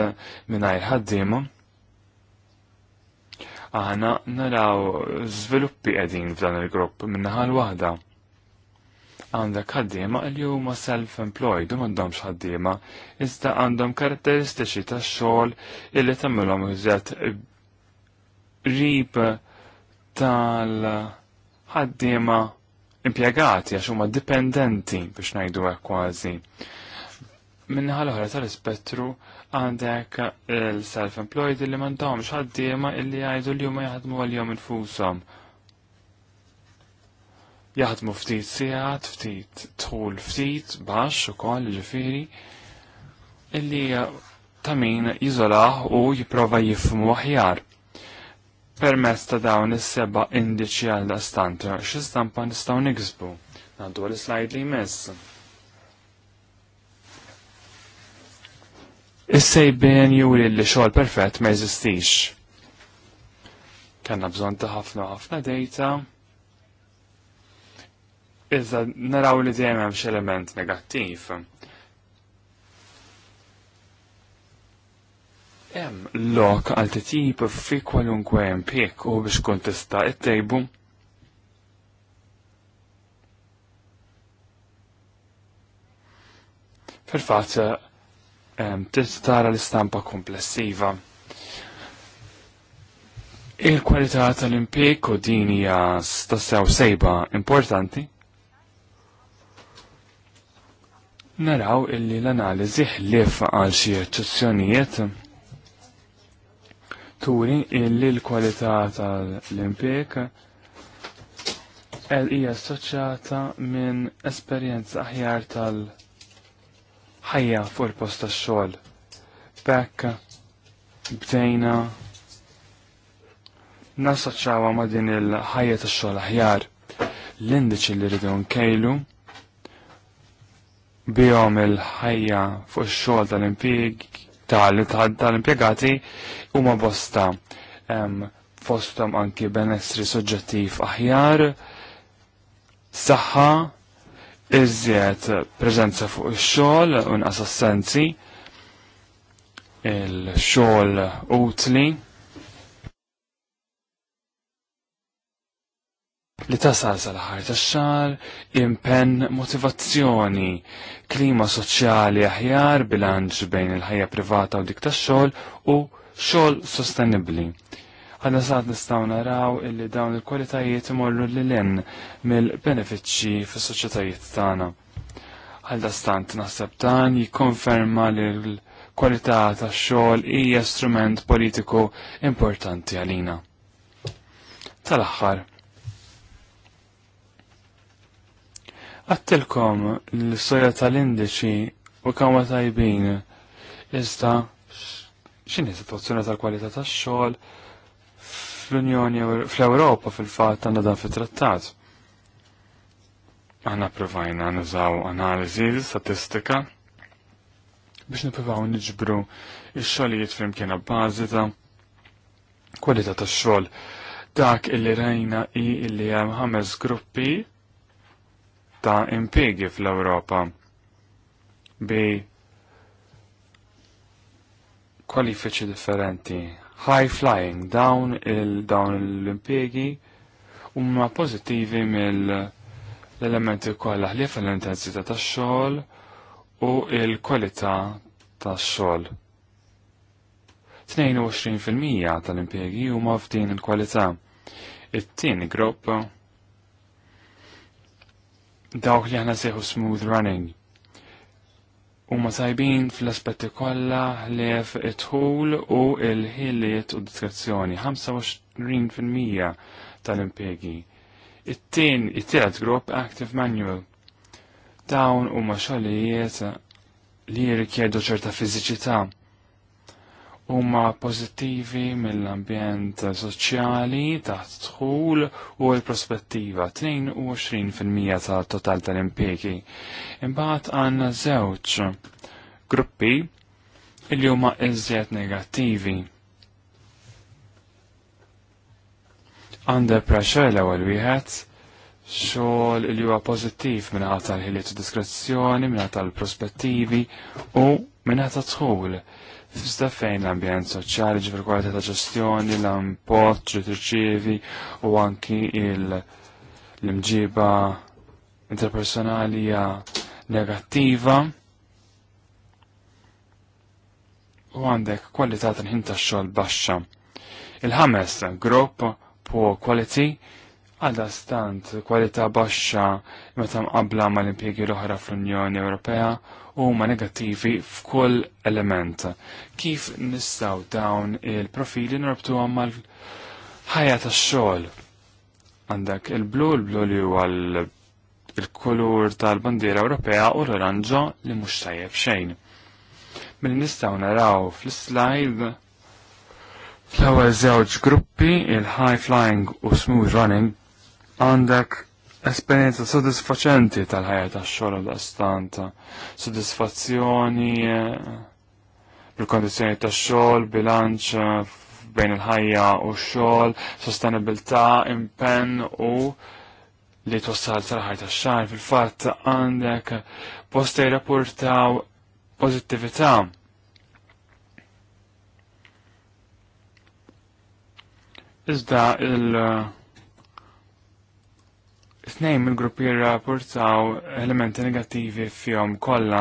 mingħajr ħaddiema. Aħna naraw żviluppi qegħdin f'dan il-grupp minnaħa l-waħda. Għandek ħaddiema li huma self-employed u m'għandhomx ħaddiema iżda għandhom karatteristiċi tax-xogħol illi tagħmilhom iżjed rib tal-ħaddiema impjegati għax huma dipendenti biex ngħidu hekk kważi. Minnaħa l-oħra tal-ispettru għandek il-self-employed li m'għandhomx ħaddiema illi jgħidu li huma jaħdmu għal-jom infushom. Jaħdmu ftit sigħat, ftit tħul ftit, baxx ukoll ġifieri illi ta' min jiżolaħ u jipprova jifhmu aħjar. Permess ta' dawn is-seba' indiċi għal stant x'istampa nistgħu niksbu. Ngħaddu l-slajd li jmiss. Is-sejbien juri li xogħol perfett ma jeżistix. Kanna bżonn ta' ħafna ħafna data. Iżda naraw li dejjem hemm xi element negattiv. Hemm lok għal titjib fi kwalunkwe impjek u biex kontesta it-tejbu. Fil-fatt tistara l-istampa komplessiva. Il-kwalità tal-impjek u din hija stassew sejba importanti. Naraw illi l-analiżi ħlief għal xi eċċezzjonijiet fatturi illi l-kwalità tal-impjeg hija assoċjata minn esperjenza aħjar tal-ħajja fuq il-post tax-xogħol. Bekk bdejna nassoċjawa ma' din il-ħajja tax-xogħol aħjar. L-indiċi li rridu nkejlu bihom il-ħajja fuq ix-xogħol tal impjeg tal-impjegati huma bosta fostom anki benessri soġġettiv aħjar, saħħa, iżjed preżenza fuq ix-xogħol u nqas assenzi, il-xogħol utli, li tasal sal-ħar tax-xar impenn motivazzjoni, klima soċjali aħjar, bilanċ bejn il-ħajja privata u dik tax-xogħol u xogħol sostenibbli. Għadna saħt nistaw naraw illi dawn il-kwalitajiet imorru l-lin mill-benefiċċji fis soċjetajiet tagħna. Għal stant naħseb dan jikkonferma li l-kwalità tax-xogħol hija strument politiku importanti għalina. Tal-aħħar, Għattilkom l soja tal-indiċi u kama tajbin iżda x'inhi situazzjoni tal-kwalità tax-xogħol fl-Unjoni fl-Ewropa fil-fatt għandha dan fit-trattat. Aħna provajna nużaw analiżi, statistika biex nippruvaw niġbru x-xogħlijiet flimkien bażi ta' kwalità tax-xogħol dak illi rajna i illi hemm ħames gruppi ta' impjiegi fl-Ewropa bi kwalifiċi differenti. High flying, dawn il-dawn l-impjegi huma pożittivi mill-elementi kollha ħlief l-intensità tax-xogħol u l-kwalità tax-xogħol. 22% tal-impjegi huma f'din il-kwalità. It-tieni grupp dawk li ħana seħu smooth running. U ma tajbin fl-aspetti kollha li it-tħul u il-ħiliet u diskrezzjoni 25% tal-impjegi. It-tien, it-tielet grupp Active Manual. Dawn huma xogħlijiet li jirrikjedu ċerta fiżiċità huma pożittivi mill-ambjent soċjali taħt dħul u l-prospettiva 22% tal total tal-impjegi. Imbagħad għandna żewġ gruppi li huma iżjed negattivi. Under pressure l-ewwel wieħed xogħol li huwa pożittiv mingħata tal-ħiliet u diskrezzjoni, mingħata tal-prospettivi u mingħata dħul. Iżda fejn l-ambjent soċjali ġifir kwalità ta' ġestjoni, l-amport li tirċievi u anki l-imġiba interpersonali hija negattiva. U għandek kwalità ta' ħin tax-xogħol baxxa. Il-ħames grupp po quality Għada stant kwalità baxxa meta mqabbla ma l-impjegi l-oħra fl-Unjoni Ewropea huma negattivi f'kull element. Kif nistgħu dawn il-profili norbtuhom mal-ħajja tax-xogħol? Għandek il-blu, il-blu li huwa il-kulur tal-bandiera Ewropea u l-oranġo li mhux tajjeb xejn. Mill nistgħu naraw fl-slide fl ewwel żewġ gruppi il-high flying u smooth running għandek esperienza sodisfaċenti tal-ħajja tax-xogħol stanta, sodisfazzjoni eh, bil kondizjoni tax-xogħol, bilanċ eh, bejn il-ħajja u xogħol sostenibilità, impenn u li twassal tal-ħajja tax-xahar fil-fatt għandek posta jirrapportaw pożittività. Iżda il- uh, Tnejn mill-gruppi rrapportaw elementi negattivi fihom kollha.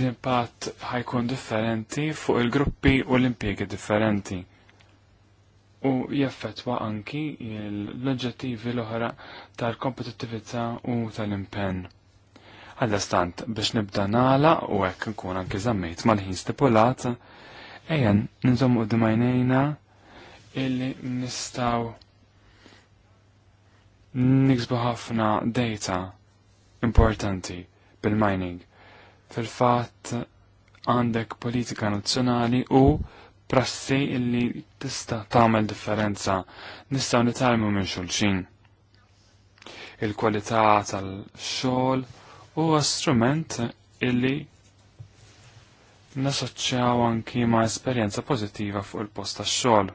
L-impatt ħajkun differenti fuq il-gruppi u l impiegi differenti. U jaffetwa anki l-oġġettivi l-oħra tal-kompetittività u tal-impenn. Għallastant, biex nibda nala u hekk nkun anki zammit mal-ħin stipulat, Ejjen, u d majnejna illi nistaw niksbu ħafna data importanti bil-mining. Fil-fat għandek politika nazzjonali u prassi illi tista tagħmel differenza nistgħu nitalmu minn xulxin. Il-kwalità tal-xogħol huwa strument illi nasoċċjaw anki ma' esperjenza pożittiva fuq il-post tax-xogħol.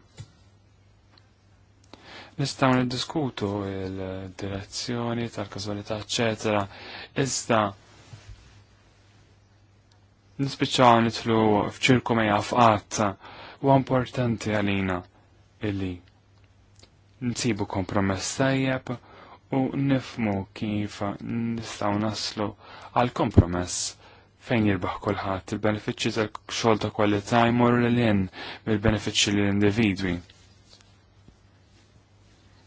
Nistgħu niddiskutu il-direzzjoni tal-każwalità, eċetera, iżda nispiċċaw nitlu f'ċirku ma jafqat huwa importanti għalina illi nsibu kompromess tajjeb u nifmu kif nistgħu naslu għal kompromess fejn jirbaħ kolħat. Il-benefiċċji tal-xogħol ta' kwalità jmorru lil jen mill-benefiċċji lill individwi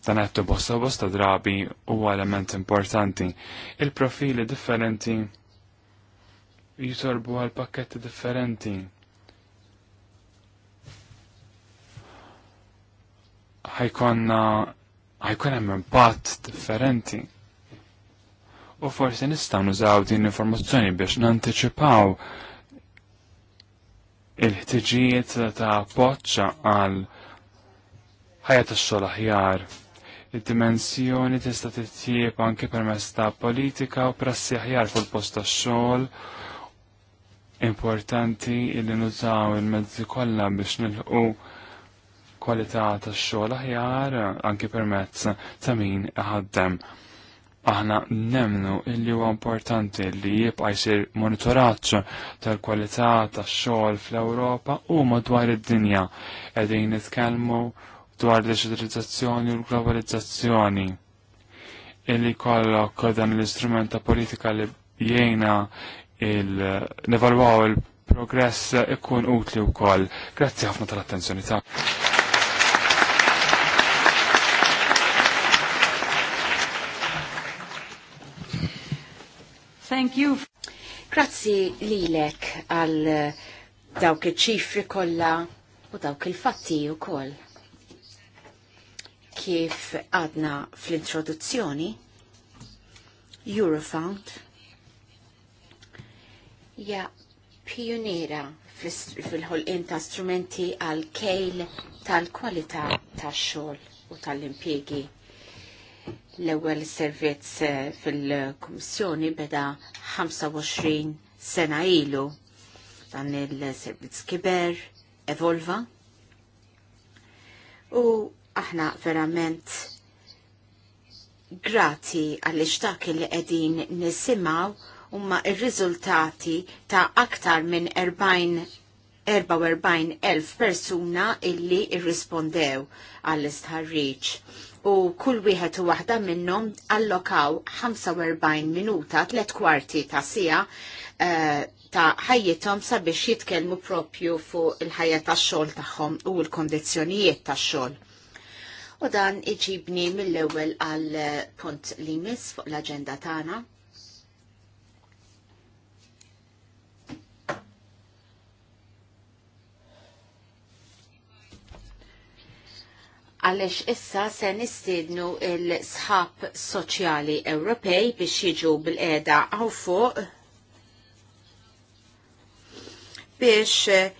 Dan qed bosta bosta drabi huwa element importanti. Il-profili differenti jitorbu għal pakketti differenti. ħajkonna ħajkun hemm impatt differenti u forsi nistgħu nużaw din l-informazzjoni biex nanticipaw il-ħtiġijiet ta' poċċa għal ħajja tax-xogħol aħjar. Id-dimensjoni tista' titjieb anke permezz ta' politika u prassi aħjar fuq il-post tax-xogħol importanti li nużaw il-mezzi kollha biex nilħu kwalità tax-xogħol aħjar anke permezz ta' min iħaddem. Aħna nemnu illi huwa importanti li jibqa' jsir monitoraġġ tal-kwalità tax-xogħol fl-Ewropa u madwar id-dinja qegħdin nitkellmu dwar l digitalizzazzjoni u l-globalizzazzjoni illi kollok dan l-istrument ta' politika li jgħina il-nevalwaw il-progress ikun utli wkoll. Grazzi ħafna tal-attenzjoni ta' Thank you. Grazzi lilek għal eh, dawk il-ċifri kollha u dawk il-fatti u koll. Kif għadna fl-introduzzjoni, Eurofound ja pioniera fil-ħolqien ta' strumenti għal kejl tal-kwalità tax-xogħol u tal-impjegi L-ewwel servizz eh, fil-Kummissjoni beda 25 sena ilu dan il-servizz kiber, evolva. U aħna verament grati għall-ixtaq li qegħdin nisimgħu huma r-riżultati ta' aktar minn 40 44.000 persuna illi irrispondew għall istħarriċ u kull wieħed u waħda minnhom allokaw 45 minuta tliet kwarti ta' sija eh, ta' ħajjithom sabiex jitkellmu propju fuq il-ħajja tax-xogħol tagħhom u l-kondizzjonijiet tax-xogħol. U dan iġibni mill-ewwel għal eh, punt li miss fuq l-aġenda tagħna għalex issa se nistednu il-sħab soċjali Ewropej biex jiġu bil eda għaw fuq biex eh,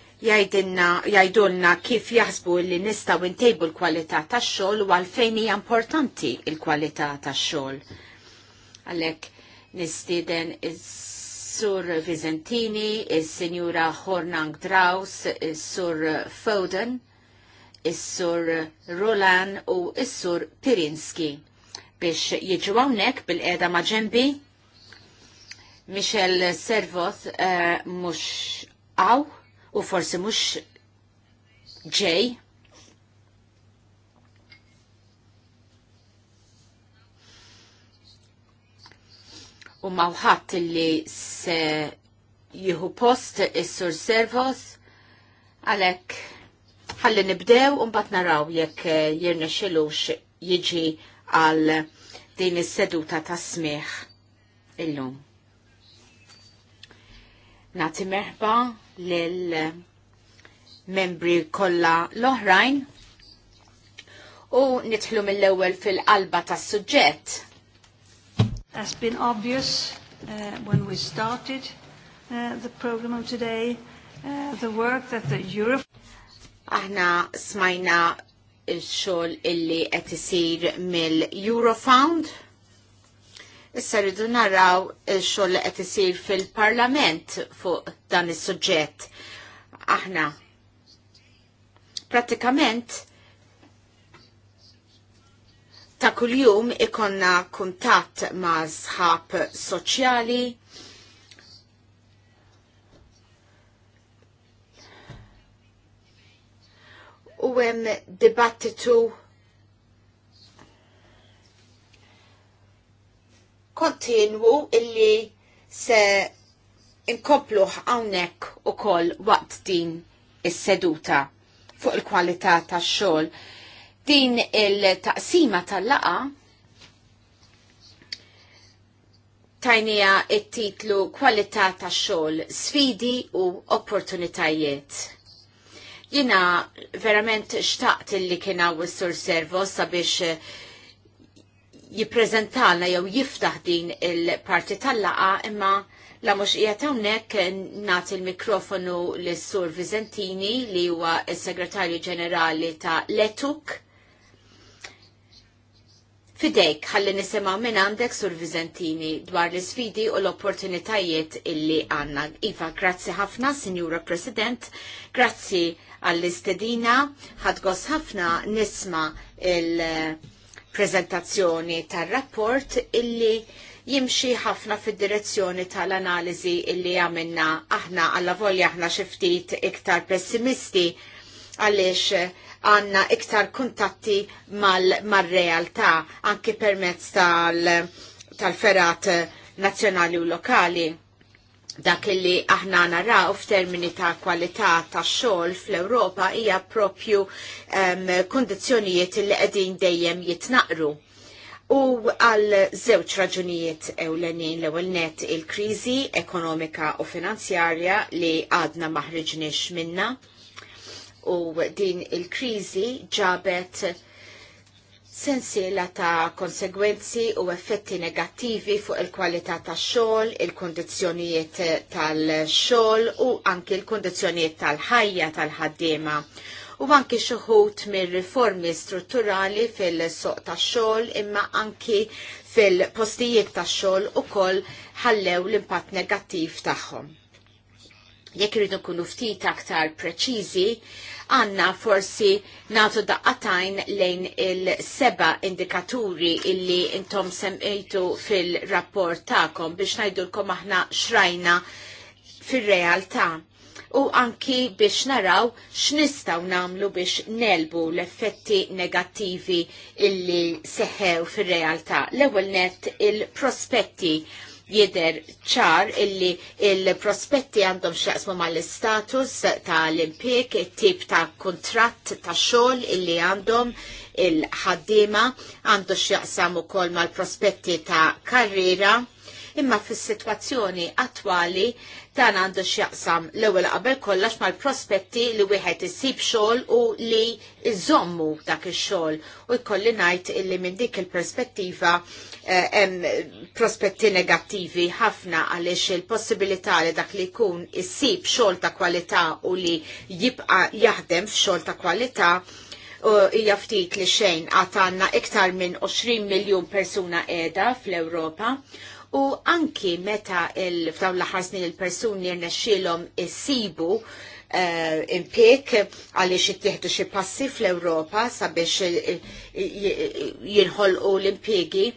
jajdunna kif jaħsbu li nistaw intejbu l-kwalità tax xogħol u għalfejn hija importanti l-kwalità tax xogħol. Għalhekk nistieden sur Vizentini, il sinjura Hornang Draus, is-Sur Foden is-sur Rolan u is-sur Pirinski biex jiġu hawnhekk bil-qeda ma' Michel Servoth eh, mux mhux għaw u forsi mhux ġej. U mawħat li se jieħu post is-sur Servoth għalhekk Ħalli nibdew u mbagħad naraw jekk eh, jirna xilux jiġi għal din is-seduta ta' smieħ illum. Nati merħba lil membri kollha l-oħrajn u nitħlu mill-ewwel fil-qalba tas-suġġett. As been obvious uh, when we started uh, the program of today, uh, the work that the Europe Aħna smajna il-xol illi qed isir mill-Eurofound. Issa rridu naraw il-xol qed isir fil-Parlament fuq dan is-suġġett. Aħna pratikament ta' kuljum ikonna kuntatt ma' sħab soċjali, u hemm dibattitu kontinwu illi se inkopluħ hawnhekk ukoll waqt din is-seduta fuq il-kwalità tax-xogħol. Din il-taqsima tal-laqa tajnija it-titlu Kwalità tax-xogħol, sfidi u opportunitajiet Jina verament xtaqt li kiena u s-sur servo sabiex eh, jiprezentalna jew jiftaħ din il-parti tal-laqa imma la mux jgħatawnek eh, nat il-mikrofonu l-sur Vizentini li huwa il-segretarju ġenerali ta' Letuk Fidejk, ħalli nisema minn għandek sur Vizentini dwar l sfidi u l-opportunitajiet illi għanna. Iva, grazzi ħafna, Signora President, grazzi għall-istedina, ħadgos ħafna nisma il-prezentazzjoni tal-rapport illi jimxi ħafna fid-direzzjoni tal-analizi illi għamilna aħna għalla volja aħna xiftit iktar pessimisti għaliex għanna iktar kuntatti mal-realtà mal anki permezz tal-ferat tal nazzjonali u lokali dak li aħna naraw f'termini ta' kwalità ta' xogħol fl-Ewropa hija propju um, kondizzjonijiet li qegħdin dejjem jitnaqru. U għal żewġ raġunijiet ewlenin l-ewwel net il-kriżi ekonomika u finanzjarja li għadna maħriġniex minna u din il-kriżi ġabet sensiela ta' konsegwenzi u effetti negattivi fuq il-kwalità tax xogħol, il-kondizzjonijiet tal-xogħol u anki l-kondizzjonijiet tal-ħajja tal-ħaddiema u anki xuħut mir riformi strutturali fil-soq ta' xol imma anki fil-postijiet ta' xol u koll ħallew l-impatt negattiv tagħhom jekk irridu nkunu ftit aktar preċiżi, għanna forsi nagħtu daqqatajn lejn il-seba indikaturi illi intom semmejtu fil-rapport tagħkom biex ngħidulkom aħna xrajna fir-realtà u anki biex naraw x'nistgħu nagħmlu biex nelbu l-effetti negattivi illi seħħew fir-realtà. L-ewwel nett il prospetti jider ċar illi il-prospetti għandhom xaqsmu ma l-status ta' l-impik, tip ta' kontratt ta' xol illi għandhom il-ħaddima, għandu x'jaqsam u kol ma' l-prospetti ta' karriera, imma fis situazzjoni attwali dan għandu x'jaqsam l-ewwel qabel kollox mal-prospetti li wieħed isib xogħol u li iżommu dak ix-xogħol u jkolli ngħid illi minn dik il-perspettiva eh, hemm prospetti negattivi ħafna għaliex il-possibilità li dak li jkun issib xogħol ta' kwalità u li jibqa' jaħdem f'xogħol ta' kwalità hija ftit li xejn għatanna iktar minn 20 miljun persuna qiegħda fl-Ewropa u anki meta f'dawn l-aħħar snin il-persuni rnexxielhom issibu uh, eh, impik għaliex jittieħdu xi passi fl-Ewropa sabiex u l impiegi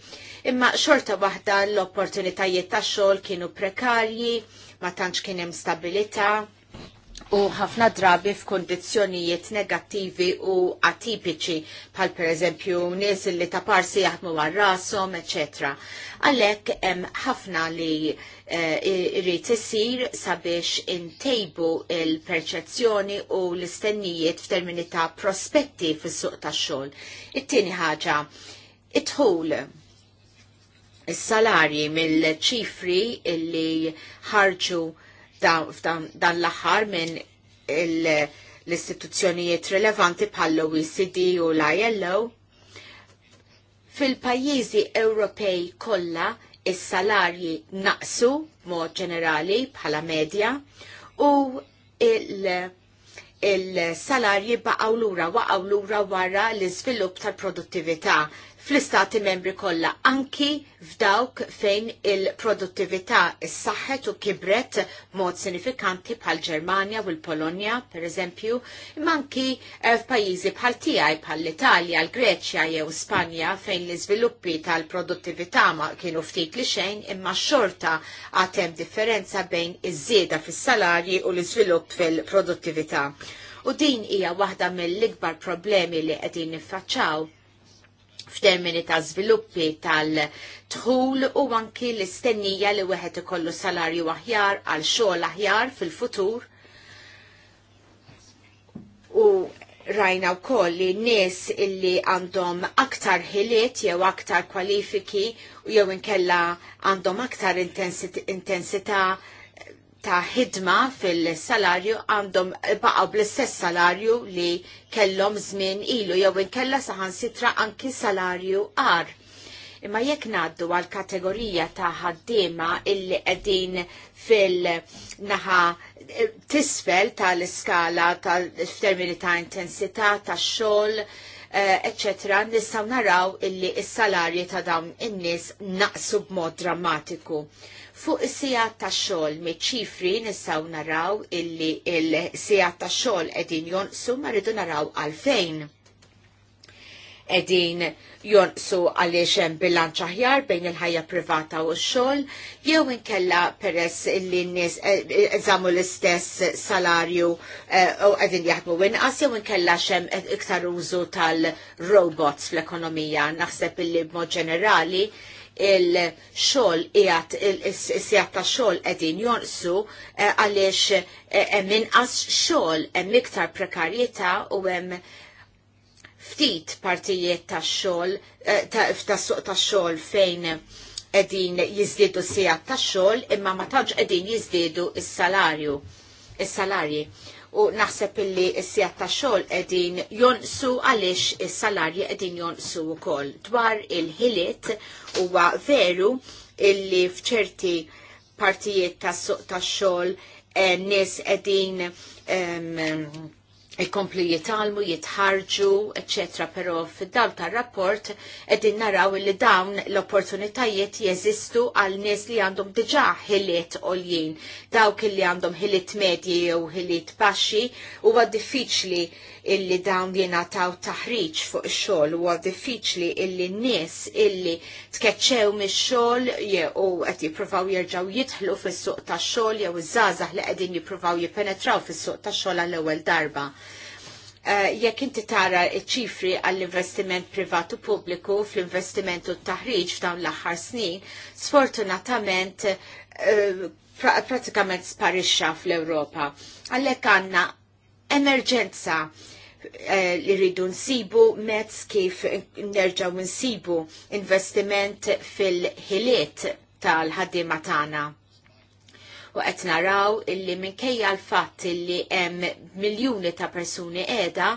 Imma xorta waħda l-opportunitajiet tax-xogħol kienu prekarji, ma tantx kien hemm stabilità u ħafna drabi f'kondizjonijiet negattivi u atipiċi pal per eżempju nies li ta' parsi jaħdmu għal rasom, etc. Għalhekk hemm ħafna li eh, irrid isir sabiex intejbu il-perċezzjoni u l-istennijiet f'termini ta' prospetti fis-suq tax-xogħol. It-tieni ħaġa, it-tħul is-salarji mill-ċifri illi ħarġu dan l-aħħar minn l-istituzzjonijiet rilevanti bħall-OECD u l-ILO. Fil-pajjiżi Ewropej kollha is-salarji naqsu mod ġenerali bħala medja u il-salarji il baqgħu lura waqgħu lura wara l-iżvilupp tal-produttività fl-istati membri kollha anki f'dawk fejn il-produttività s saħħet u kibret mod sinifikanti bħal Ġermanja u l-Polonja pereżempju, imma anki eh, f'pajjiżi bħal tiegħi bħal l-Italja, l-Greċja jew Spanja fejn l-iżviluppi tal-produttività ma kienu ftit li xejn imma xorta għad hemm differenza bejn iż-żieda fis-salarji u l-iżvilupp fil-produttività. U din hija waħda mill-ikbar problemi li qegħdin niffaċċaw f'termini ta' sviluppi tal-tħul u anki l-istennija li wieħed ikollu salarju aħjar għal xogħol aħjar fil-futur. U rajna u koll li nis illi għandhom aktar ħiliet jew aktar kwalifiki u jew inkella għandhom aktar intensità ta' ħidma fil-salarju għandhom baqgħu bl-istess salarju li kellhom żmien ilu jew inkella saħansitra anki salarju għar. Imma jekk ngħaddu għal kategorija ta' ħaddiema illi qegħdin fil-naħa eh, tisfel tal-iskala tal-termini ta' intensità tax-xogħol, eccetera, eh, nistgħu naraw illi s-salarji ta' dawn in-nies naqsu b'mod drammatiku. Fuq is-sijat tax xogħol miċ-ċifri nistgħu naraw illi l sija tax xogħol qegħdin jonqsu ma rridu naraw għalfejn. Qegħdin jonqsu għaliex hemm bilanċ aħjar bejn il-ħajja privata u x-xogħol jew inkella peress illi n-nies eżamu eh, eh, l-istess salarju eh, u qegħdin jaħdmu inqas jew inkella x'hemm iktar użu tal-robots fl-ekonomija. Naħseb illi b'mod ġenerali il-xol ijat, il-sijat ta' xol edin jonqsu eh, għalix eh, hemm inqas xol, hemm iktar prekarjetà u hemm ftit partijiet ta' xol, eh, ta' suq ta' xol fejn edin jizdidu sijat ta' xol imma ma tantx edin jizdidu is-salarju, is-salarji u naħseb illi s-sijat ta' xol edin jonsu għalix il-salarji edin jonsu u kol. Dwar il ħilit u veru illi fċerti partijiet ta' suq ta' xol eh, nis edin um, ehm, ikomplu jitalmu, jitħarġu, etc. Pero fil-dal tar-rapport edin naraw li dawn l-opportunitajiet jeżistu għal nies li għandhom diġà ħiliet oljien. Dawk li għandhom ħiliet medji jew ħiliet baxxi huwa diffiċli illi dawn nataw taħriġ fuq ix-xogħol huwa diffiċli illi n-nies illi tkeċċew mix-xogħol u qed jippruvaw jerġgħu jitħlu fis-suq tax-xogħol jew iż-żgħażagħ li qegħdin jippruvaw jippenetraw fis-suq tax-xogħol għall-ewwel darba. Eh, jekk inti tara ċifri għall-investiment privatu pubbliku fl-investiment u t-taħriġ f'dawn l-aħħar snin, sfortunatament eh, pratikament sparixxa fl-Ewropa. Għallek għanna emerġenza li eh, rridu nsibu mezz kif nerġaw nsibu investiment fil-ħiliet tal-ħaddiema tagħna. U qed naraw illi minkejja l-fatt illi hemm miljuni ta' persuni qiegħda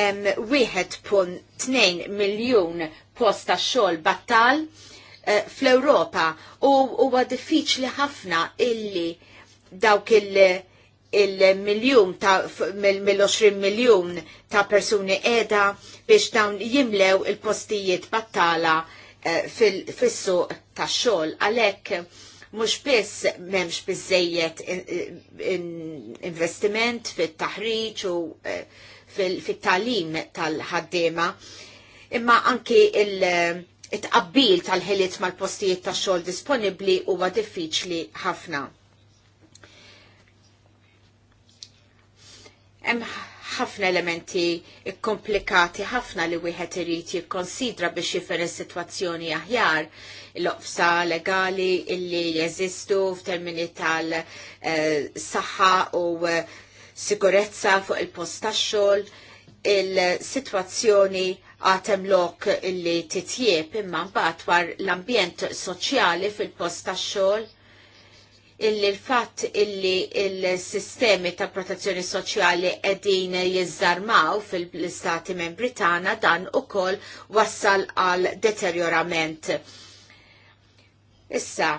hemm 1.2 miljun post ta' xogħol battal eh, fl-Ewropa u huwa diffiċli ħafna illi dawk il- il-miljum ta' mill-20 miljum ta' persuni edha biex dawn jimlew il-postijiet battala eh, fil-fissuq ta' xol. Għalek, mux biss memx bizzejiet investiment fit-taħriċ u eh, fit-talim tal-ħaddema, imma anki il-tqabbil tal-ħiliet mal-postijiet ta' xogħol disponibbli huwa diffiċli ħafna. Hemm ħafna elementi komplikati ħafna li wieħed irid jikkonsidra biex jifer is-sitwazzjoni aħjar l-oqsa legali illi jeżistu f'termini tal-saħħa eh, u eh, sigurezza fuq il-post tax-xogħol il-sitwazzjoni għatem lok illi titjieb imma mbagħad war l-ambjent soċjali fil-post tax-xogħol illi l-fatt illi il-sistemi ta' protezzjoni soċjali edin jizzarmaw fil-istati membri tagħna dan ukoll wassal għal deterjorament. Issa,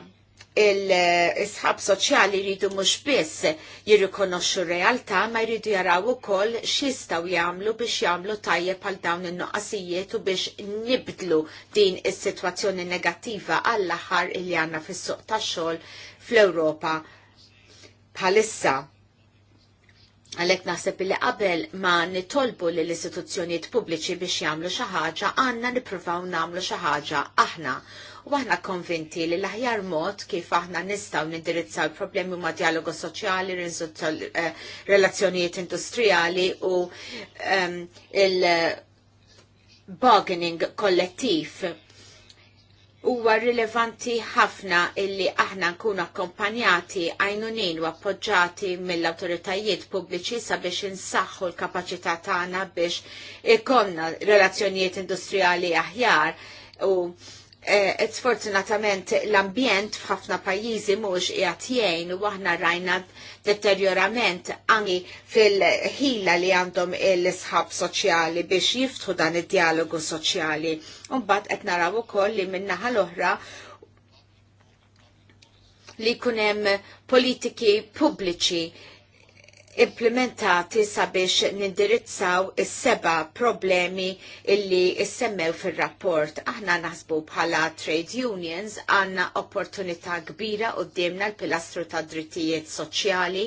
il-sħab soċjali jridu mhux biss jirrikonoxxu realtà ma jridu jaraw ukoll x'jistgħu jagħmlu biex jagħmlu tajjeb għal dawn in-nuqqasijiet u biex nibdlu din is-sitwazzjoni negattiva għall aħħar li għandna fis-suq tax-xogħol fl-Ewropa bħalissa. Għalek naħseb li qabel ma nitolbu li l istituzzjoniet pubbliċi biex jagħmlu xi ħaġa, għandna nippruvaw nagħmlu xi ħaġa aħna. U aħna konvinti li l-aħjar mod kif aħna nistgħu nindirizzaw problemi ma' dialogu soċjali, eh, relazzjonijiet industrijali u ehm, il bargaining kollettiv huwa rilevanti ħafna illi aħna nkunu akkompanjati għajnunin u appoġġati mill-autoritajiet pubbliċi sabiex insaħħu l-kapacità tagħna biex ikonna relazzjonijiet industrijali aħjar u Eh, et sfortunatament l-ambjent f'ħafna pajjiżi mhux qiegħed jgħin u aħna rajna deterjorament anki fil-ħila li għandhom l-isħab soċjali biex jiftħu dan id-dialogu soċjali. Mbagħad qed naraw ukoll li min-naħa l-oħra li kunem politiki pubbliċi implementati sabiex nindirizzaw is-seba problemi illi issemmew fil-rapport. Aħna naħsbu bħala trade unions għanna opportunità kbira u d-demna l-pilastru ta' drittijiet soċjali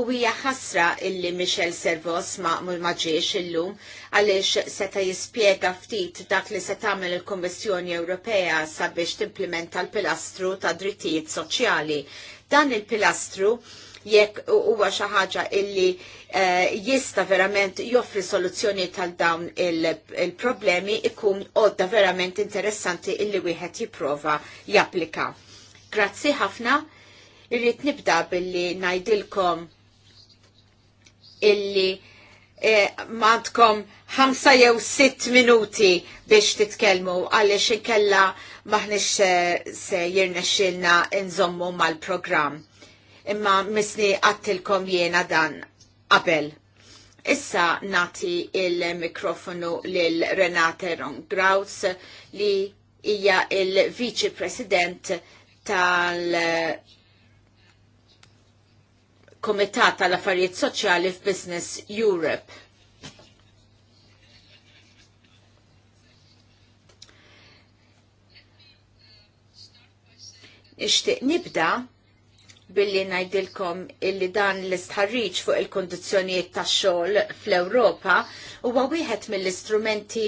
u hija ħasra illi Michel Servos ma' maġiex illum għaliex seta jispiega ftit dak li se tagħmel il-Kommissjoni Ewropea sabiex t-implementa l-pilastru ta' drittijiet soċjali. Dan il-pilastru jekk huwa xi ħaġa illi eh, jista verament joffri soluzzjoni tal dawn il-problemi ikun għodda verament interessanti illi wieħed jipprova japplika. Grazzi ħafna. Irrid nibda billi ngħidilkom illi eh, mandkom ħamsa jew sitt minuti biex titkellmu għaliex inkella maħniex eh, se jirnexxilna nżommu mal-programm imma misni għattilkom jiena dan qabel. Issa nati il-mikrofonu lil Renate Rongdraus li hija il-Viċi President tal- Komitat tal-Affarijiet Soċjali f'Business Europe. Ixtieq nibda billi najdilkom illi dan l-istħarriċ fuq il-kondizjonijiet ta' xogħol fl-Ewropa huwa wieħed mill-istrumenti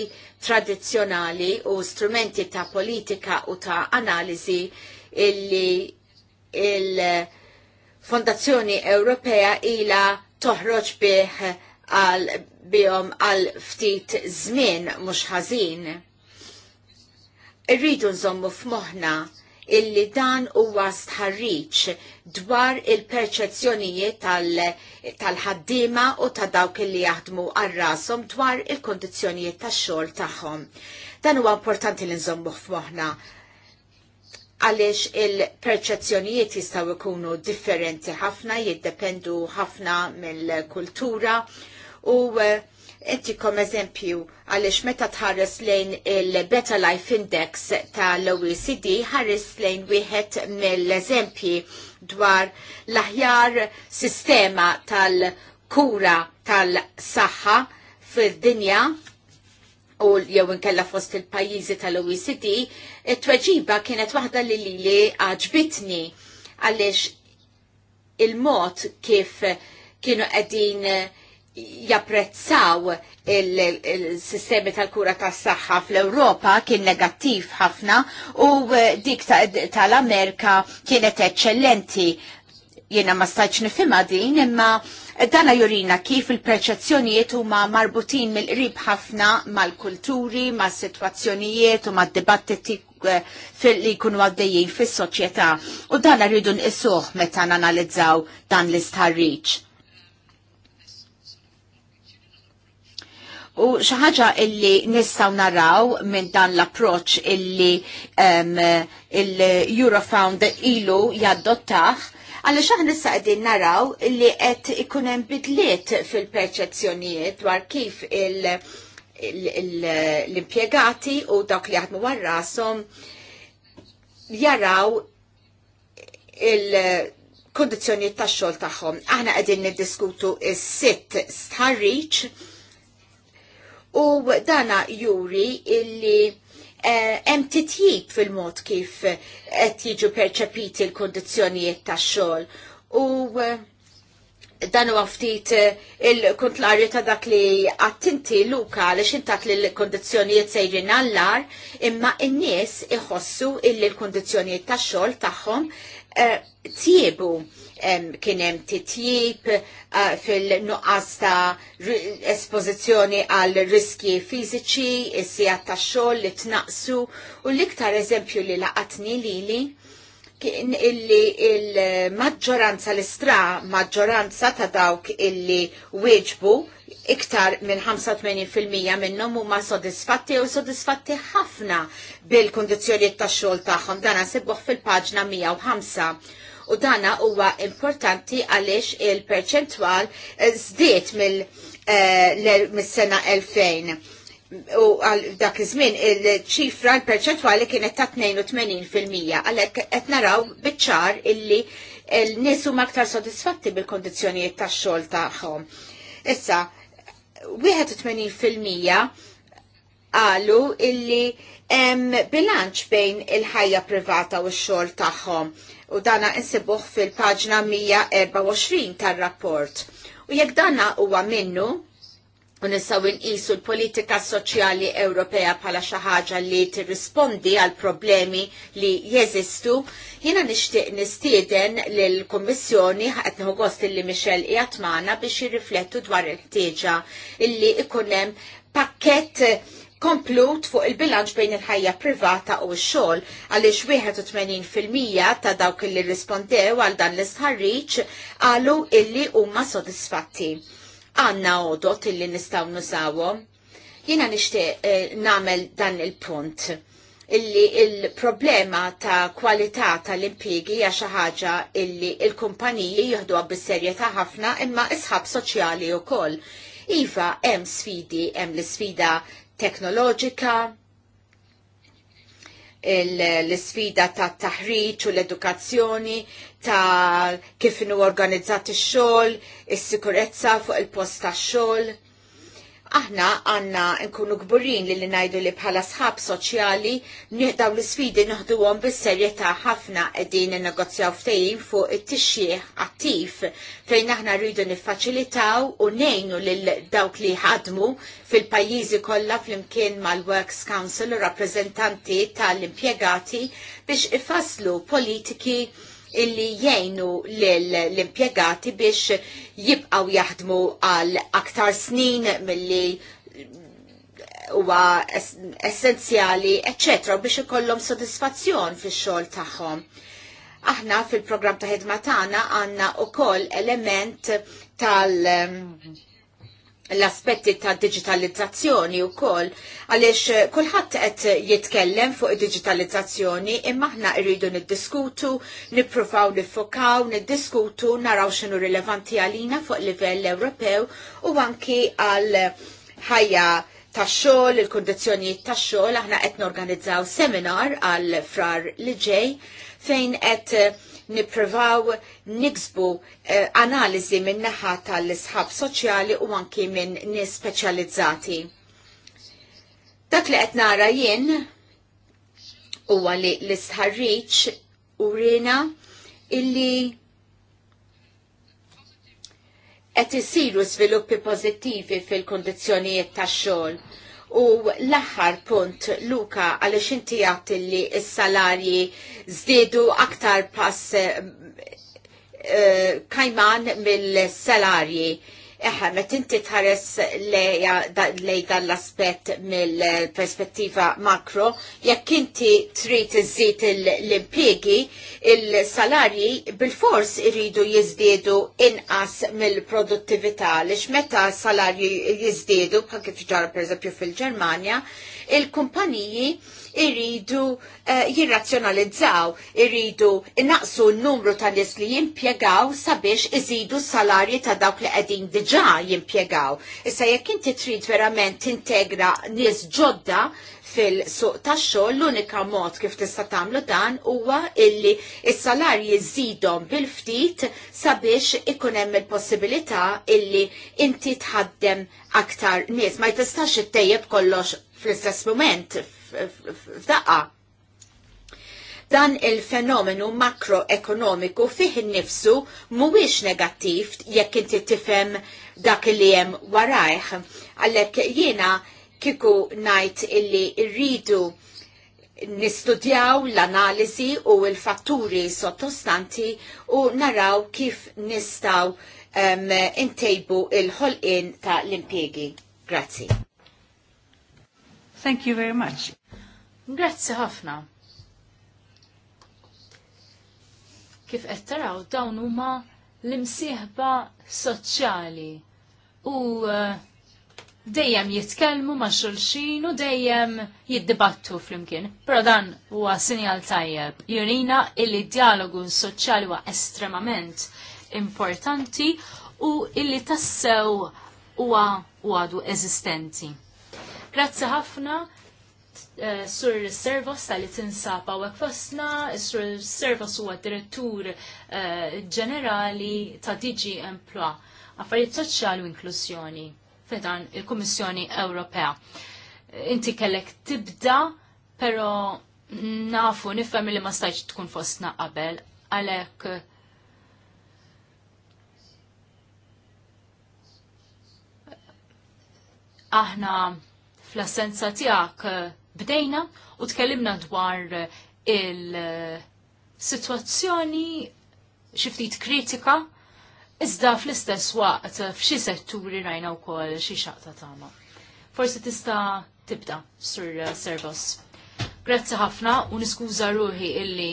tradizzjonali u strumenti ta' politika u ta' analiżi illi il-Fondazzjoni Ewropea ila toħroġ bih għal bihom għal ftit żmien mhux ħażin. Irridu nżommu f'moħħna illi dan huwa stħarriċ dwar il-perċezzjonijiet tal-ħaddima tal u ta' dawk li jaħdmu għal dwar il-kondizjonijiet tax-xogħol tagħhom. Dan huwa importanti li nżommu f'moħħna għaliex il-perċezzjonijiet jistgħu jkunu differenti ħafna, jiddependu ħafna mill-kultura u uh, kom eżempju għalix meta tħares lejn il-Beta Life Index tal-OECD ħares lejn wieħed mill-eżempji dwar l-aħjar sistema tal-kura tal-saħħa fil-dinja u jew inkella fost il-pajjiżi tal-OECD, it-tweġiba kienet waħda li li għaġbitni għaliex il-mod kif kienu qegħdin japprezzaw il-sistemi tal-kura tas saħħa fl ewropa kien negattiv ħafna u eh, dik tal-Amerika kienet eccellenti. jiena ma stajċ nifima din, imma dana jurina kif il-perċezzjonijiet huma marbutin mill-qrib ħafna mal-kulturi, mal-situazzjonijiet u mad-dibattiti eh, li jkunu għaddejjin fis-soċjetà u dan rridu nqisuh meta nanalizzaw dan l-istarriċ U xaħġa illi nistaw naraw minn dan l-approċ illi um, il-Eurofound ilu jaddottaħ għalli xaħ nista' għedin naraw illi għed ikunem bidliet fil-perċezzjonijiet dwar kif l-impiegati u dak li għadmu għarrasom jaraw il-kondizjoniet ta' xol taħħom. Aħna għedin niddiskutu is-sitt starriċ u dana juri illi eh, hemm uh, titjib fil-mod kif qed jiġu perċepiti l-kondizzjonijiet tax-xogħol. U eh, dan huwa ftit eh, il kuntlarju ta' dak li attinti Luka għaliex intat li l-kondizzjonijiet sejrin għallar, imma n-nies iħossu illi l-kondizzjonijiet tax-xogħol tagħhom tjiebu kien hemm titjib eh, fil-nuqqas ta' espożizzjoni għal riski fiżiċi, is-sija tax-xogħol li tnaqsu u l-iktar eżempju li laqatni lili kien illi il-maġġoranza l-istra maġġoranza ta' dawk illi wieġbu iktar minn 85% minnhom huma sodisfatti u sodisfatti ħafna bil-kondizzjonijiet tax-xogħol tagħhom dan sebbuħ fil-paġna 105 u dana huwa importanti għaliex il-perċentwal zdiet mill-sena eh, 2000 u għal dak iż-żmien il-ċifra l-perċentwali kienet ta' 82% għalhekk qed naraw biċ-ċar illi l-nies huma aktar sodisfatti bil-kondizzjonijiet tax-xogħol tagħhom. Issa, 81% qalu illi bilanċ bejn il-ħajja privata u x-xogħol tagħhom u dana insibuh fil-paġna 124 tar-rapport. U jekk dana huwa minnu, u nistgħu nqisu l-politika soċjali Ewropea bħala xi ħaġa li tirrispondi għal problemi li jeżistu, jiena nixtieq nistieden lill kummissjoni qed nieħu gost li Michel qiegħed biex jirriflettu dwar il-ħtieġa illi ikun hemm pakkett komplut fuq il-bilanċ bejn il-ħajja privata u x-xogħol għaliex 81% ta' dawk li rispondew għal dan l istħarriċ qalu illi huma sodisfatti. Għanna odot illi nistgħu nużawhom. Jiena nixtieq eh, nagħmel dan il-punt illi il-problema ta' kwalità tal impjiegi hija xi ħaġa illi l kumpaniji jieħduha bis-serjetà ħafna imma isħab soċjali wkoll. Iva, hemm sfidi, hemm l-sfida teknoloġika, l-sfida ta' taħriċ u l-edukazzjoni, ta' kif nu organizzati xol il-sikurezza fuq il-post ta' xol aħna għanna nkunu gburin li li najdu li bħala sħab soċjali nieħdaw l-sfidi naħduhom bis-serjetà ħafna qegħdin innegozjaw ftehim fuq it-tixjih attiv fejn aħna rridu niffaċilitaw u nejnu lil dawk li ħadmu fil-pajjiżi kollha flimkien mal-Works Council u rappreżentanti tal-impjegati biex ifasslu politiki illi jgħinu l-impiegati biex jibqaw jaħdmu għal aktar snin milli huwa essenzjali, eccetera, biex ikollhom sodisfazzjon fix-xogħol tagħhom aħna fil-program ta' ħidma tagħna għandna wkoll element tal- l-aspetti ta' digitalizzazzjoni u koll, għalix eh, kullħat qed jitkellem fuq digitalizzazzjoni imma ħna irridu niddiskutu, nippruvaw nifokaw, niddiskutu, naraw xinu rilevanti għalina fuq livell Ewropew u anki għal ħajja ta' xogħol, il kondizjoni ta' xogħol, aħna qed norganizzaw seminar għal frar li ġej fejn qed nippruvaw niksbu eh, analiżi minn naħa tal-isħab soċjali u anki minn nis speċjalizzati. Dak li qed nara jien huwa li l-isħarriċ urina illi qed isiru sviluppi pożittivi fil-kondizzjonijiet tax-xogħol. U l-aħħar punt, Luka, għaliex inti jagħti li s-salarji żdiedu aktar pass eh, kajman mill-salarji. Eħe, ma inti tħares lej dan l-aspet mill-perspettiva makro, jekk inti trid iżid l-impiegi, il-salarji bil-fors iridu jizdiedu inqas mill-produttività, lix meta salarji jizdiedu, kif ġara per fil-Ġermanja, il-kumpaniji irridu uh, eh, jirrazzjonalizzaw, irridu innaqsu n-numru ta' nies li jimpjegaw sabiex iżidu s-salarji ta' dawk li qegħdin diġà jimpjegaw. Issa jekk inti trid verament tintegra nies ġodda fil-suq tax-xogħol l-unika mod kif tista' tagħmlu dan huwa illi s-salarji jżidhom żidhom bil-ftit sabiex ikun hemm il-possibilità illi inti tħaddem aktar nies ma tistax ittejjeb kollox fl-istess mument f'daqqa. Dan il-fenomenu makroekonomiku fih innifsu mhuwiex negattiv jekk inti tifhem dak li hemm warajh. Għalhekk jiena kiku ngħid illi rridu nistudjaw l-analizi u l-fatturi sottostanti u naraw kif nistaw um, intejbu il-ħolqin ta' l-impiegi. Grazzi. Thank you very much. Grazzi ħafna. Kif qed taraw dawn huma l-imsieħba soċjali u eh, dejjem jitkellmu ma' xulxin u dejjem jiddibattu flimkien. Però dan huwa sinjal tajjeb. Jurina illi dialogu soċjali huwa estremament importanti u illi tassew huwa għadu eżistenti. Grazzi ħafna Eh, Sur Servos tal-li tinsab għawek fosna, Sur Servos huwa direttur eh, ġenerali ta' DG Emploa, affarijiet soċjali u inklusjoni fedan il-Kummissjoni Ewropea. Inti kellek tibda, pero nafu nifhem li ma stajċ tkun fostna qabel, għalek eh, aħna fl-assenza tijak bdejna u tkellimna dwar eh, il-situazzjoni xiftit kritika Iżda fl-istess waqt f'xi setturi rajna wkoll xi xaqta tagħna. Forsi tista' tibda sur eh, Servos. Grazzi ħafna u niskuża ruħi illi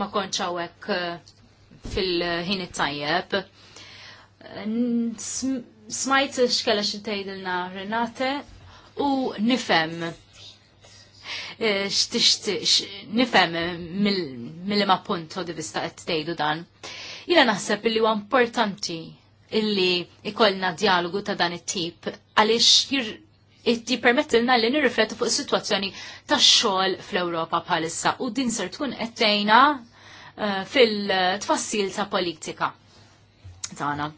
ma kontx hawnhekk eh, fil-ħin it-tajjeb. Smajt x'kellha xi tgħidilna Renate u nifhem x'tixtieq nifhem mill-ma punto di vista qed tgħidu dan. Jiena naħseb li huwa importanti illi ikollna dialogu ta' dan it-tip għaliex jitti permettilna li nirriflettu fuq is-sitwazzjoni tax-xogħol fl-Ewropa bħalissa u din ser tkun qedtejna eh, fil-tfassil ta' politika tagħna.